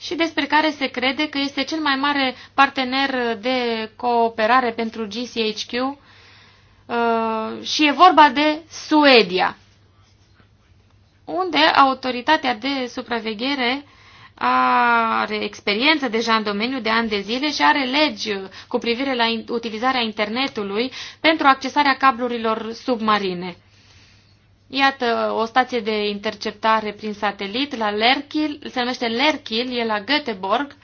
și despre care se crede că este cel mai mare partener de cooperare pentru GCHQ uh, și e vorba de Suedia, unde autoritatea de supraveghere are experiență deja în domeniu de ani de zile și are legi cu privire la utilizarea internetului pentru accesarea cablurilor submarine. Iată o stație de interceptare prin satelit la Lerkil, se numește Lerkil, e la Göteborg.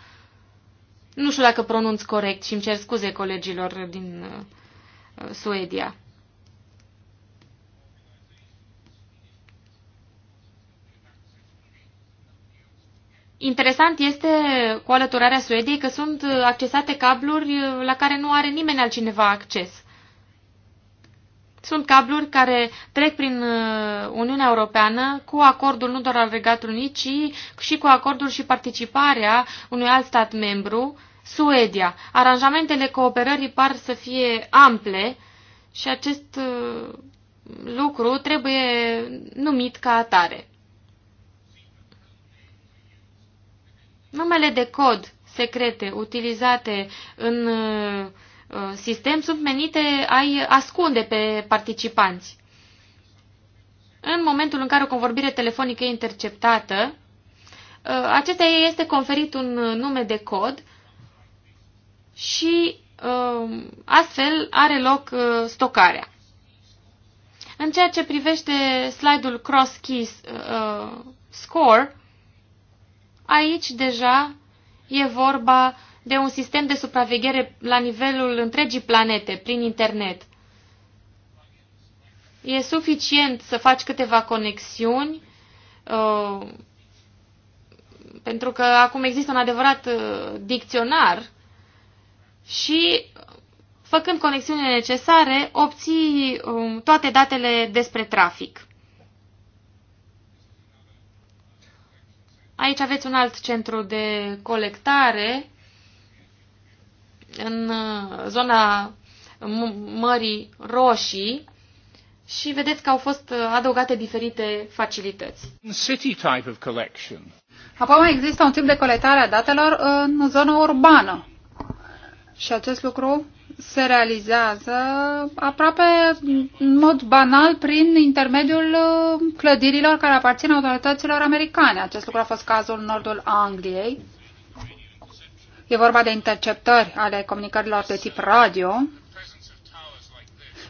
Nu știu dacă pronunț corect și îmi cer scuze colegilor din uh, Suedia. Interesant este cu alăturarea Suediei că sunt uh, accesate cabluri uh, la care nu are nimeni altcineva acces. Sunt cabluri care trec prin uh, Uniunea Europeană cu acordul nu doar al Regatului Unit, ci și cu acordul și participarea unui alt stat membru, Suedia. Aranjamentele cooperării par să fie ample și acest uh, lucru trebuie numit ca atare. Numele de cod secrete utilizate în uh, Uh, sistem sunt menite a-i ascunde pe participanți. În momentul în care o convorbire telefonică e interceptată, uh, acesta este conferit un nume de cod și uh, astfel are loc stocarea. În ceea ce privește slide-ul cross keys uh, score, aici deja e vorba de un sistem de supraveghere la nivelul întregii planete, prin internet. E suficient să faci câteva conexiuni, uh, pentru că acum există un adevărat uh, dicționar și făcând conexiunile necesare, obții um, toate datele despre trafic. Aici aveți un alt centru de colectare în uh, zona Mării Roșii și vedeți că au fost uh, adăugate diferite facilități. City type of collection. Apoi mai există un tip de colectare a datelor uh, în zona urbană. Și acest lucru se realizează aproape în mod banal prin intermediul clădirilor care aparțin autorităților americane. Acest lucru a fost cazul în nordul Angliei E vorba de interceptări ale comunicărilor de tip radio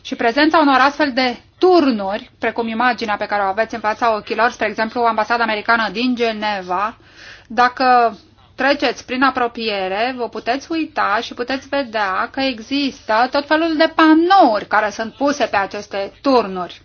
și prezența unor astfel de turnuri, precum imaginea pe care o aveți în fața ochilor, spre exemplu, ambasada americană din Geneva, dacă treceți prin apropiere, vă puteți uita și puteți vedea că există tot felul de panouri care sunt puse pe aceste turnuri.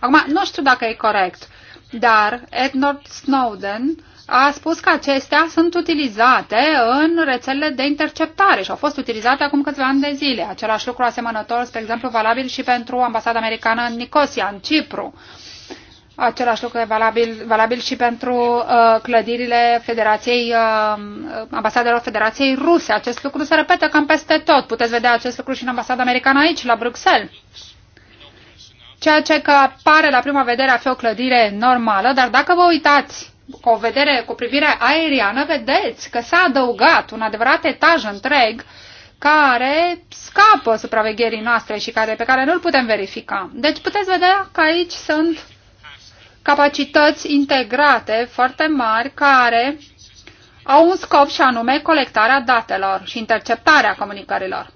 Acum, nu știu dacă e corect, dar Edward Snowden a spus că acestea sunt utilizate în rețelele de interceptare și au fost utilizate acum câțiva ani de zile. Același lucru asemănător, spre exemplu, valabil și pentru ambasada americană în Nicosia, în Cipru. Același lucru e valabil, valabil și pentru uh, clădirile Federației, uh, ambasadelor Federației Ruse. Acest lucru se repetă cam peste tot. Puteți vedea acest lucru și în ambasada americană aici, la Bruxelles ceea ce că pare la prima vedere a fi o clădire normală, dar dacă vă uitați cu o vedere, cu privire aeriană, vedeți că s-a adăugat un adevărat etaj întreg care scapă supravegherii noastre și care, pe care nu-l putem verifica. Deci puteți vedea că aici sunt capacități integrate foarte mari care au un scop și anume colectarea datelor și interceptarea comunicărilor.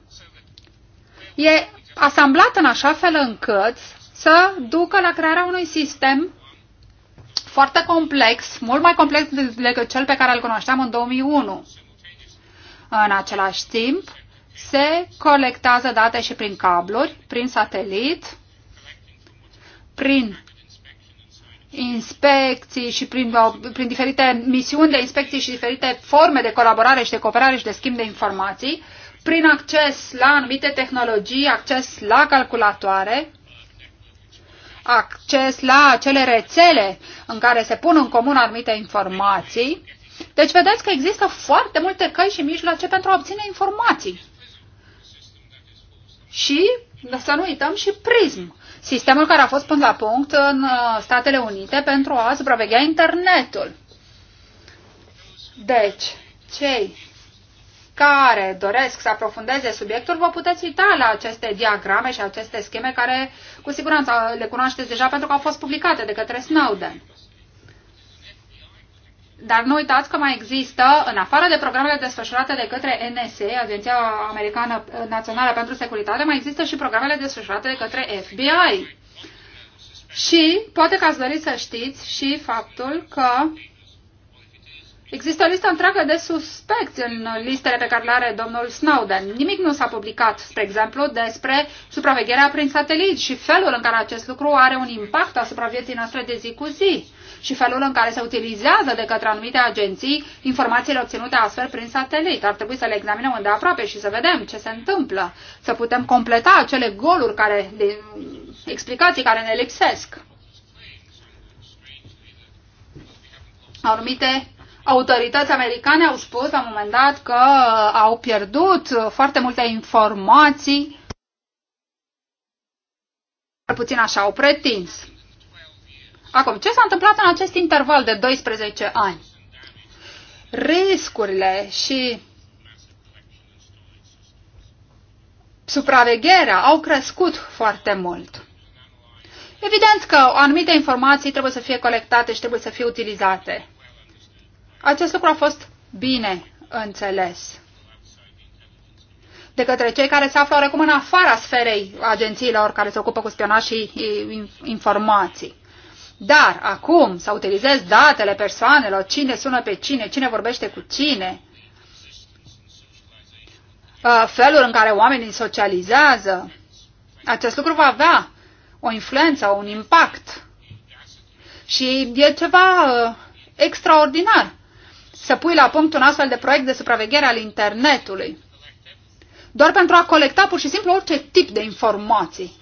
E asamblat în așa fel încât să ducă la crearea unui sistem foarte complex, mult mai complex decât cel pe care îl cunoșteam în 2001. În același timp, se colectează date și prin cabluri, prin satelit, prin inspecții și prin, uh, prin diferite misiuni de inspecții și diferite forme de colaborare și de cooperare și de schimb de informații, prin acces la anumite tehnologii, acces la calculatoare, acces la acele rețele în care se pun în comun anumite informații. Deci vedeți că există foarte multe căi și mijloace pentru a obține informații. Și să nu uităm și PRISM, sistemul care a fost până la punct în uh, Statele Unite pentru a supraveghea internetul. Deci, cei care doresc să aprofundeze subiectul, vă puteți uita la aceste diagrame și aceste scheme care cu siguranță le cunoașteți deja pentru că au fost publicate de către Snowden. Dar nu uitați că mai există, în afară de programele desfășurate de către NSA, Agenția Americană Națională pentru Securitate, mai există și programele desfășurate de către FBI. Și poate că ați dori să știți și faptul că Există o listă întreagă de suspecți în listele pe care le are domnul Snowden. Nimic nu s-a publicat, spre exemplu, despre supravegherea prin satelit și felul în care acest lucru are un impact asupra vieții noastre de zi cu zi și felul în care se utilizează de către anumite agenții informațiile obținute astfel prin satelit. Ar trebui să le examinăm îndeaproape și să vedem ce se întâmplă, să putem completa acele goluri care, de, explicații care ne lipsesc. Anumite Autorități americane au spus la un moment dat că uh, au pierdut uh, foarte multe informații. Puțin așa au pretins. Acum, ce s-a întâmplat în acest interval de 12 ani? Riscurile și supravegherea au crescut foarte mult. Evident că anumite informații trebuie să fie colectate și trebuie să fie utilizate. Acest lucru a fost bine înțeles de către cei care se află oarecum în afara sferei agențiilor care se ocupă cu spionaj și informații. Dar acum să utilizezi datele persoanelor, cine sună pe cine, cine vorbește cu cine, ă, felul în care oamenii socializează, acest lucru va avea o influență, un impact. Și e ceva ă, extraordinar să pui la punct un astfel de proiect de supraveghere al internetului. Doar pentru a colecta pur și simplu orice tip de informații.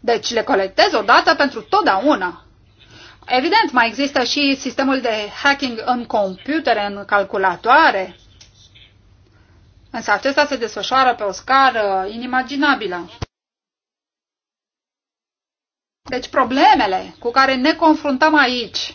Deci le colectezi odată pentru totdeauna. Evident, mai există și sistemul de hacking în computere, în calculatoare. Însă acesta se desfășoară pe o scară inimaginabilă. Deci problemele cu care ne confruntăm aici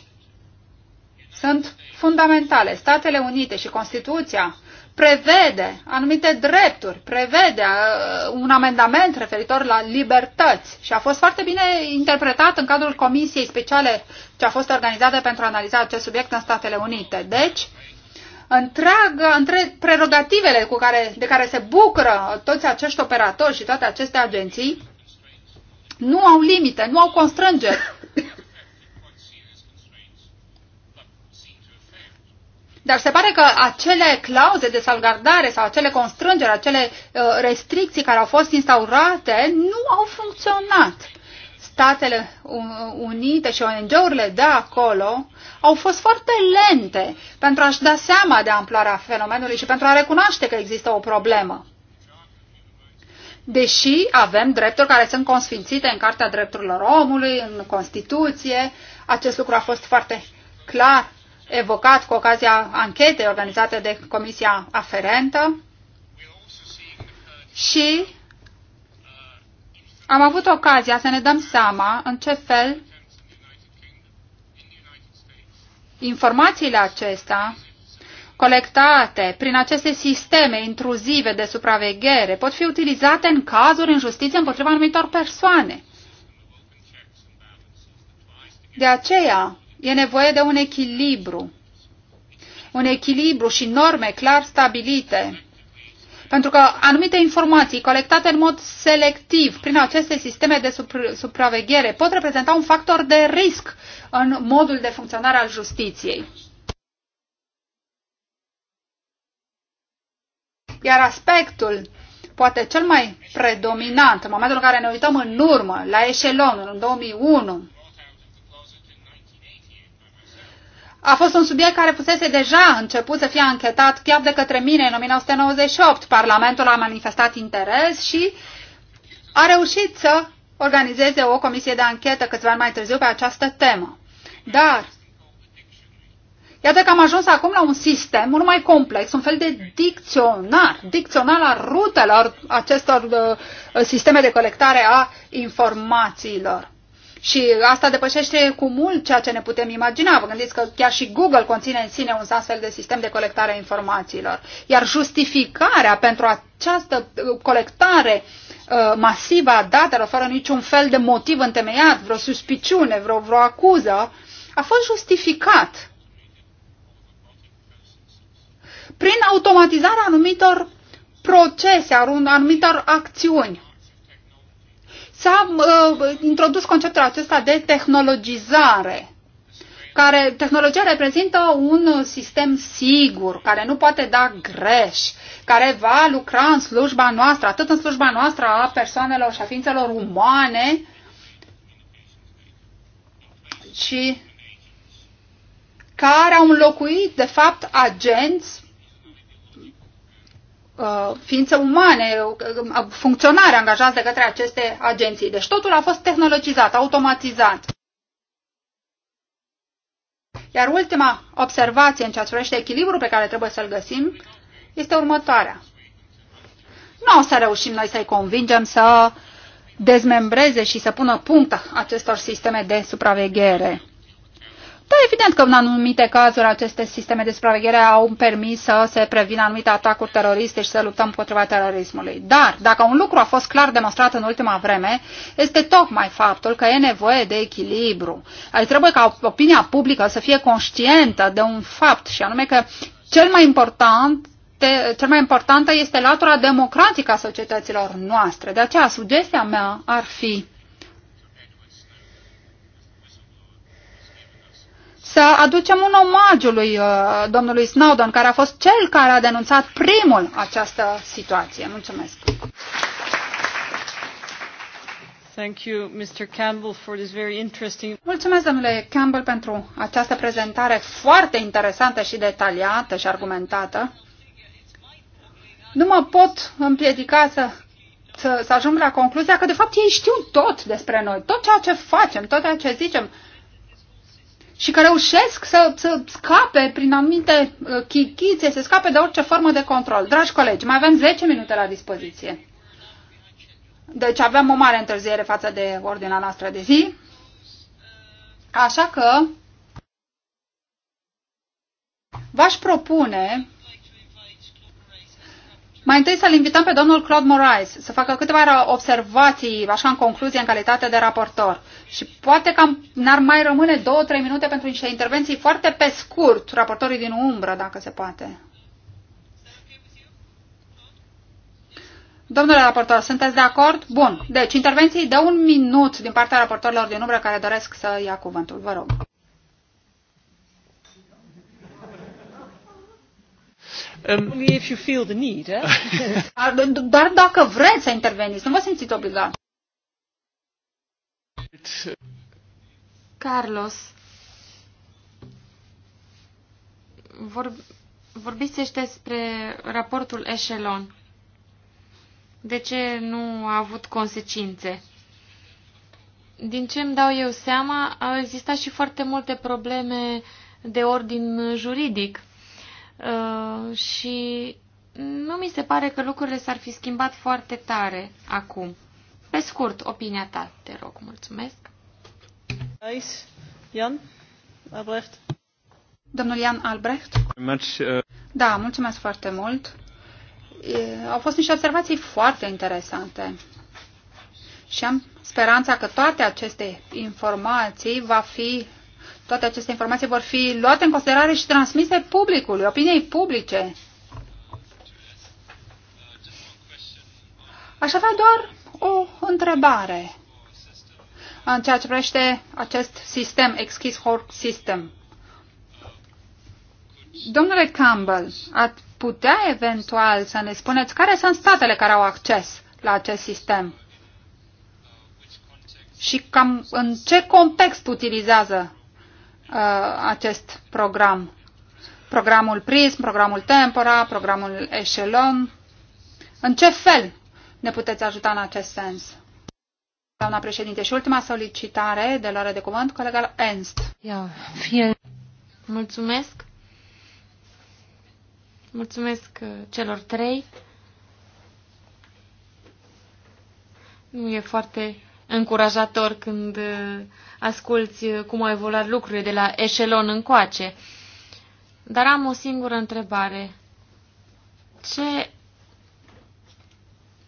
sunt fundamentale. Statele Unite și Constituția prevede anumite drepturi, prevede uh, un amendament referitor la libertăți și a fost foarte bine interpretat în cadrul Comisiei Speciale ce a fost organizată pentru a analiza acest subiect în Statele Unite. Deci, întreagă, între prerogativele cu care, de care se bucură toți acești operatori și toate aceste agenții, nu au limite, nu au constrângeri Dar se pare că acele clauze de salvgardare sau acele constrângeri, acele uh, restricții care au fost instaurate nu au funcționat. Statele uh, Unite și ONG-urile de acolo au fost foarte lente pentru a-și da seama de amploarea fenomenului și pentru a recunoaște că există o problemă. Deși avem drepturi care sunt consfințite în Cartea Drepturilor Omului, în Constituție, acest lucru a fost foarte clar evocat cu ocazia anchetei organizate de Comisia Aferentă și am avut ocazia să ne dăm seama în ce fel informațiile acestea colectate prin aceste sisteme intruzive de supraveghere pot fi utilizate în cazuri în justiție împotriva anumitor persoane. De aceea, E nevoie de un echilibru. Un echilibru și norme clar stabilite. Pentru că anumite informații colectate în mod selectiv prin aceste sisteme de supraveghere pot reprezenta un factor de risc în modul de funcționare al justiției. Iar aspectul poate cel mai predominant în momentul în care ne uităm în urmă la eșelonul în 2001 a fost un subiect care fusese deja început să fie anchetat chiar de către mine în 1998. Parlamentul a manifestat interes și a reușit să organizeze o comisie de anchetă câțiva ani mai târziu pe această temă. Dar, iată că am ajuns acum la un sistem mult mai complex, un fel de dicționar, dicționar al rutelor acestor uh, uh sisteme de colectare a informațiilor. Și asta depășește cu mult ceea ce ne putem imagina. Vă gândiți că chiar și Google conține în sine un astfel de sistem de colectare a informațiilor. Iar justificarea pentru această uh, colectare uh, masivă a datelor, fără niciun fel de motiv întemeiat, vreo suspiciune, vreo, vreo acuză, a fost justificat prin automatizarea anumitor procese, anumitor acțiuni s-a uh, introdus conceptul acesta de tehnologizare, care tehnologia reprezintă un sistem sigur, care nu poate da greș, care va lucra în slujba noastră, atât în slujba noastră a persoanelor și a ființelor umane, și care au înlocuit, de fapt, agenți Uh, ființe umane, uh, uh, funcționare angajați de către aceste agenții. Deci totul a fost tehnologizat, automatizat. Iar ultima observație în ceea ce privește echilibrul pe care trebuie să-l găsim este următoarea. Nu o să reușim noi să-i convingem să dezmembreze și să pună punct acestor sisteme de supraveghere. Da, evident că în anumite cazuri aceste sisteme de supraveghere au permis să se prevină anumite atacuri teroriste și să luptăm împotriva terorismului. Dar, dacă un lucru a fost clar demonstrat în ultima vreme, este tocmai faptul că e nevoie de echilibru. Adică trebuie ca opinia publică să fie conștientă de un fapt și anume că cel mai important te, cel mai importantă este latura democratică a societăților noastre. De aceea, sugestia mea ar fi să aducem un omagiu lui uh, domnului Snowden, care a fost cel care a denunțat primul această situație. Mulțumesc! Thank you, Mr. Campbell, for this very interesting... Mulțumesc, domnule Campbell, pentru această prezentare foarte interesantă și detaliată și argumentată. Nu mă pot împiedica să, să, să ajung la concluzia că, de fapt, ei știu tot despre noi, tot ceea ce facem, tot ceea ce zicem și că reușesc să, să scape prin anumite uh, chichițe, să scape de orice formă de control. Dragi colegi, mai avem 10 minute la dispoziție. Deci avem o mare întârziere față de ordinea noastră de zi. Așa că v-aș propune mai întâi să-l invităm pe domnul Claude Moraes să facă câteva observații, așa în concluzie, în calitate de raportor. Și poate că n-ar mai rămâne două, trei minute pentru niște intervenții foarte pe scurt, raportorii din umbră, dacă se poate. Domnule raportor, sunteți de acord? Bun. Deci, intervenții de un minut din partea raportorilor din umbră care doresc să ia cuvântul. Vă rog. Ehm, Only if you feel the need, eh? Doar dacă vreți să interveniți, nu vă simțiți obligat. Uh, Carlos, vor, vorbiți despre raportul Echelon. De ce nu a avut consecințe? Din ce îmi dau eu seama, au existat și foarte multe probleme de ordin juridic. Uh, și nu mi se pare că lucrurile s-ar fi schimbat foarte tare acum. Pe scurt, opinia ta, te rog, mulțumesc. Jan Albrecht. Domnul Jan Albrecht. Uh, da, mulțumesc foarte mult. Au fost niște observații foarte interesante și am speranța că toate aceste informații va fi toate aceste informații vor fi luate în considerare și transmise publicului, opiniei publice. Aș avea doar o întrebare în ceea ce privește acest sistem, exchis Hork System. Domnule Campbell, ați putea eventual să ne spuneți care sunt statele care au acces la acest sistem? Și cam în ce context utilizează Uh, acest program. Programul PRISM, programul TEMPORA, programul ECHELON. În ce fel ne puteți ajuta în acest sens? Doamna președinte, și ultima solicitare de luare de cuvânt, colega Ernst. Ia, fie. Mulțumesc. Mulțumesc uh, celor trei. Nu e foarte încurajator când uh, asculți uh, cum au evoluat lucrurile de la eșelon încoace. Dar am o singură întrebare. Ce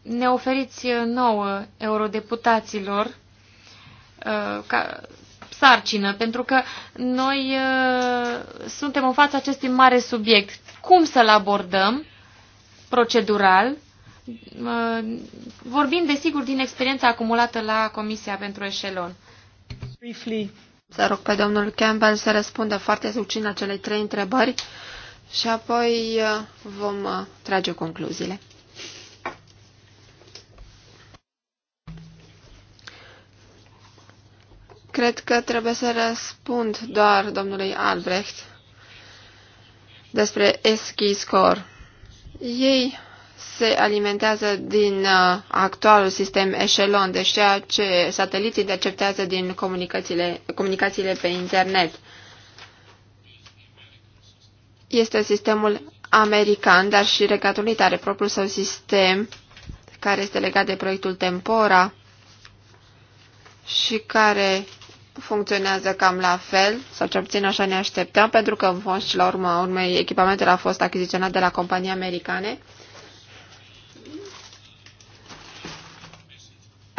ne oferiți uh, nouă eurodeputaților ca sarcină, pentru că noi suntem în fața acestui mare subiect. Cum să-l abordăm procedural Uh, vorbim desigur din experiența acumulată la Comisia pentru Eșelon. Briefly. Să rog pe domnul Campbell să răspundă foarte succint la cele trei întrebări și apoi uh, vom uh, trage concluziile. Cred că trebuie să răspund doar domnului Albrecht despre Eschi Score. Ei se alimentează din uh, actualul sistem Echelon, deci ceea ce sateliții interceptează din comunicațiile, comunicațiile pe internet. Este sistemul american, dar și Regatul Unit are propriul său sistem care este legat de proiectul Tempora și care funcționează cam la fel, sau ce puțin așa ne așteptăm, pentru că în fond și la urmă, urmei echipamentul a fost achiziționat de la companii americane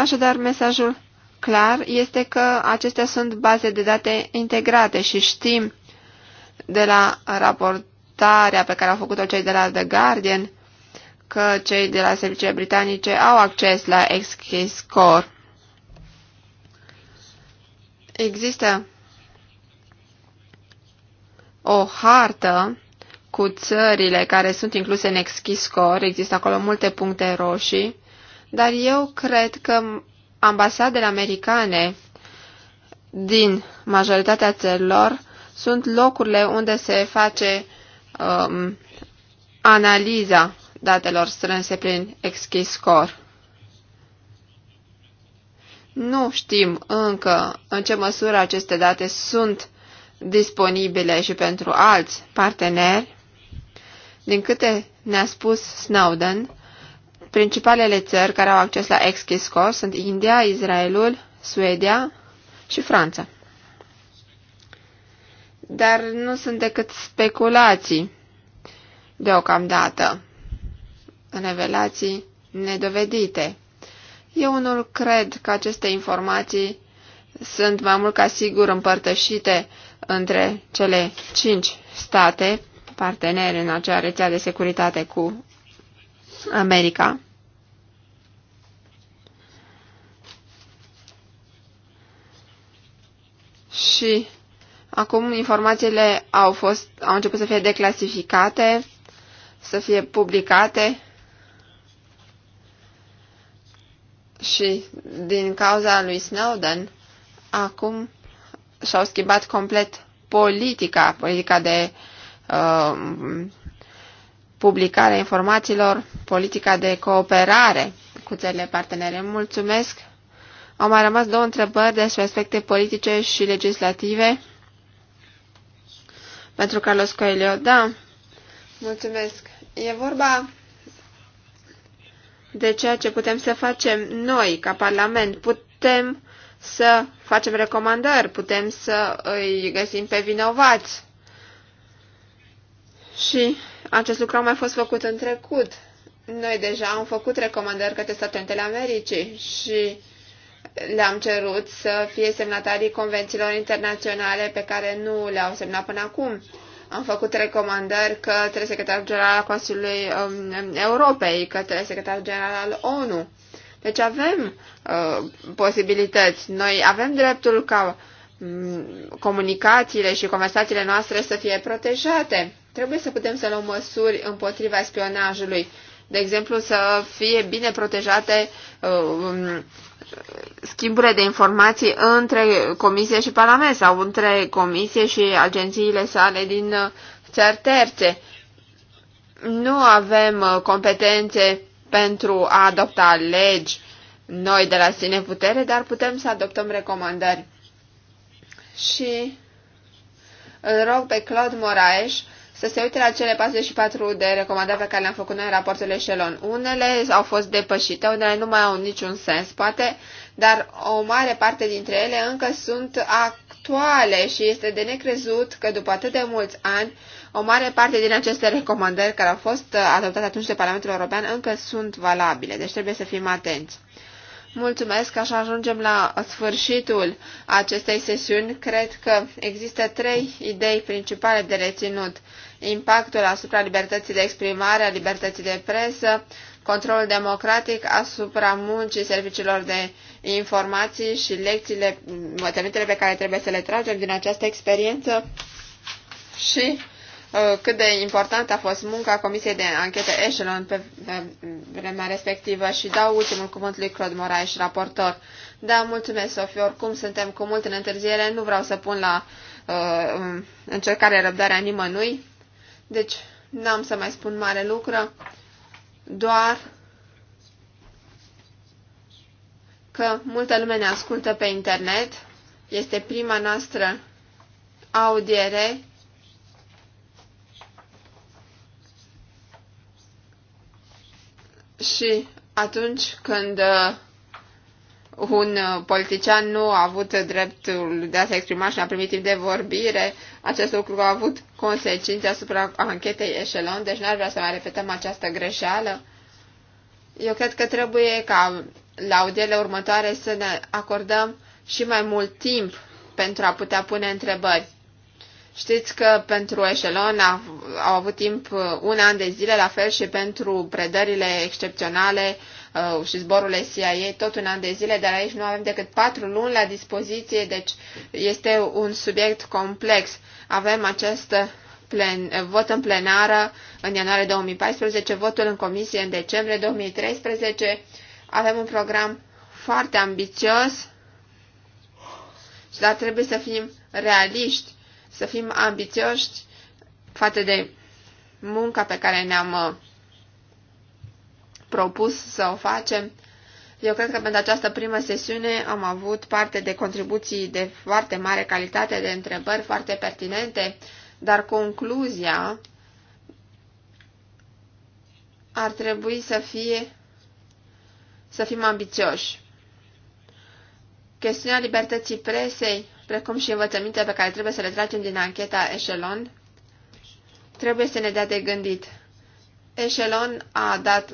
Așadar, mesajul clar este că acestea sunt baze de date integrate și știm de la raportarea pe care au făcut-o cei de la The Guardian că cei de la serviciile britanice au acces la x Score. Există o hartă cu țările care sunt incluse în XK Score, există acolo multe puncte roșii dar eu cred că ambasadele americane din majoritatea țărilor sunt locurile unde se face um, analiza datelor strânse prin exchis score. Nu știm încă în ce măsură aceste date sunt disponibile și pentru alți parteneri. Din câte ne-a spus Snowden, Principalele țări care au acces la Exchiscor sunt India, Israelul, Suedia și Franța. Dar nu sunt decât speculații deocamdată, revelații nedovedite. Eu unul cred că aceste informații sunt mai mult ca sigur împărtășite între cele cinci state parteneri în acea rețea de securitate cu America. Și acum informațiile au, fost, au început să fie declasificate, să fie publicate și din cauza lui Snowden acum și-au schimbat complet politica, politica de uh, publicarea informațiilor, politica de cooperare cu țările partenere. Mulțumesc! Au mai rămas două întrebări despre aspecte politice și legislative pentru Carlos Coelho. Da, mulțumesc. E vorba de ceea ce putem să facem noi ca Parlament. Putem să facem recomandări, putem să îi găsim pe vinovați. Și acest lucru a mai fost făcut în trecut. Noi deja am făcut recomandări către Statele Americii și le-am cerut să fie semnatarii convențiilor internaționale pe care nu le-au semnat până acum. Am făcut recomandări către secretarul general al Consiliului um, Europei, către secretarul general al ONU. Deci avem uh, posibilități. Noi avem dreptul ca um, comunicațiile și conversațiile noastre să fie protejate Trebuie să putem să luăm măsuri împotriva spionajului. De exemplu, să fie bine protejate um, schimburile de informații între Comisie și Parlament sau între Comisie și agențiile sale din uh, țări terțe. Nu avem uh, competențe pentru a adopta legi noi de la sine putere, dar putem să adoptăm recomandări. Și îl rog pe Claude Moraes să se uite la cele 44 de recomandări pe care le-am făcut noi în raportul Echelon. Unele au fost depășite, unele nu mai au niciun sens, poate, dar o mare parte dintre ele încă sunt actuale și este de necrezut că după atât de mulți ani, o mare parte din aceste recomandări care au fost adoptate atunci de Parlamentul European încă sunt valabile, deci trebuie să fim atenți. Mulțumesc, așa ajungem la sfârșitul acestei sesiuni. Cred că există trei idei principale de reținut impactul asupra libertății de exprimare, a libertății de presă, controlul democratic asupra muncii serviciilor de informații și lecțiile, mătămitele pe care trebuie să le tragem din această experiență și uh, cât de important a fost munca Comisiei de Anchetă Echelon pe vremea respectivă și dau ultimul cuvânt lui Claude Moraes, raportor. Da, mulțumesc, Sofie, oricum suntem cu mult în întârziere, nu vreau să pun la uh, încercare răbdarea nimănui. Deci, n-am să mai spun mare lucru, doar că multă lume ne ascultă pe internet. Este prima noastră audiere și atunci când uh, un uh, politician nu a avut dreptul de a se exprima și a primit timp de vorbire, acest lucru a avut consecințe asupra anchetei Echelon, deci n-ar vrea să mai repetăm această greșeală. Eu cred că trebuie ca la audierile următoare să ne acordăm și mai mult timp pentru a putea pune întrebări. Știți că pentru Echelon au avut timp uh, un an de zile, la fel și pentru predările excepționale uh, și zborul CIA tot un an de zile, dar aici nu avem decât patru luni la dispoziție, deci este un subiect complex. Avem acest plen, vot în plenară în ianuarie 2014, votul în comisie în decembrie 2013. Avem un program foarte ambițios, dar trebuie să fim realiști, să fim ambițioși față de munca pe care ne-am uh, propus să o facem. Eu cred că pentru această primă sesiune am avut parte de contribuții de foarte mare calitate, de întrebări foarte pertinente, dar concluzia ar trebui să fie să fim ambițioși. Chestiunea libertății presei, precum și învățămintele pe care trebuie să le tragem din ancheta Echelon, trebuie să ne dea de gândit. Echelon a dat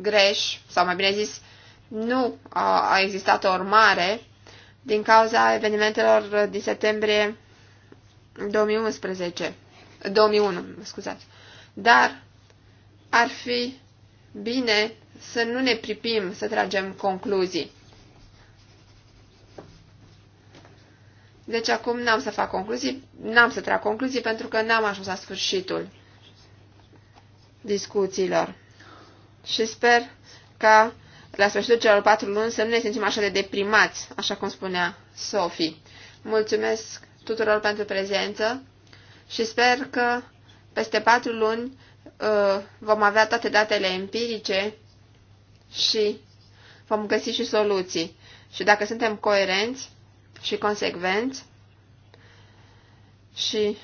greș, sau mai bine zis, nu a, a existat o urmare din cauza evenimentelor din septembrie 2011, 2001, scuzați. Dar ar fi bine să nu ne pripim să tragem concluzii. Deci acum n-am să fac concluzii, n-am să trag concluzii pentru că n-am ajuns la sfârșitul discuțiilor și sper ca la sfârșitul celor patru luni să nu ne simțim așa de deprimați, așa cum spunea Sophie. Mulțumesc tuturor pentru prezență și sper că peste patru luni uh, vom avea toate datele empirice și vom găsi și soluții. Și dacă suntem coerenți și consecvenți și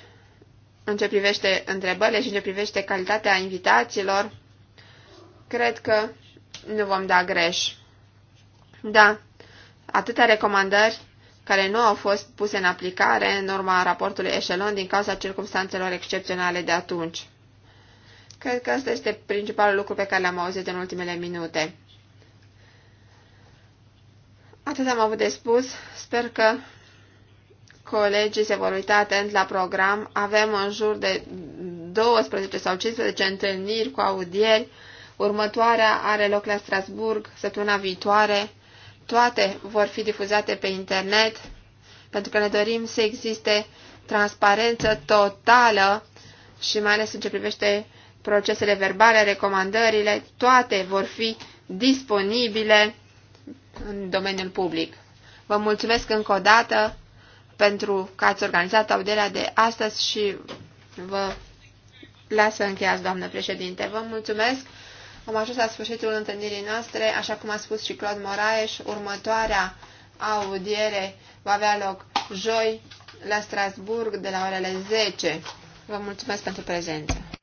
în ce privește întrebările și în ce privește calitatea invitațiilor, Cred că nu vom da greș. Da, atâtea recomandări care nu au fost puse în aplicare în urma raportului Echelon din cauza circumstanțelor excepționale de atunci. Cred că asta este principalul lucru pe care l-am auzit în ultimele minute. Atât am avut de spus. Sper că colegii se vor uita atent la program. Avem în jur de 12 sau 15 întâlniri cu audieri Următoarea are loc la Strasburg săptămâna viitoare. Toate vor fi difuzate pe internet pentru că ne dorim să existe transparență totală și mai ales în ce privește procesele verbale, recomandările, toate vor fi disponibile în domeniul public. Vă mulțumesc încă o dată pentru că ați organizat audierea de astăzi și vă las să încheiați, doamnă președinte. Vă mulțumesc! Am ajuns la sfârșitul întâlnirii noastre, așa cum a spus și Claude Moraes, următoarea audiere va avea loc joi la Strasburg de la orele 10. Vă mulțumesc pentru prezență.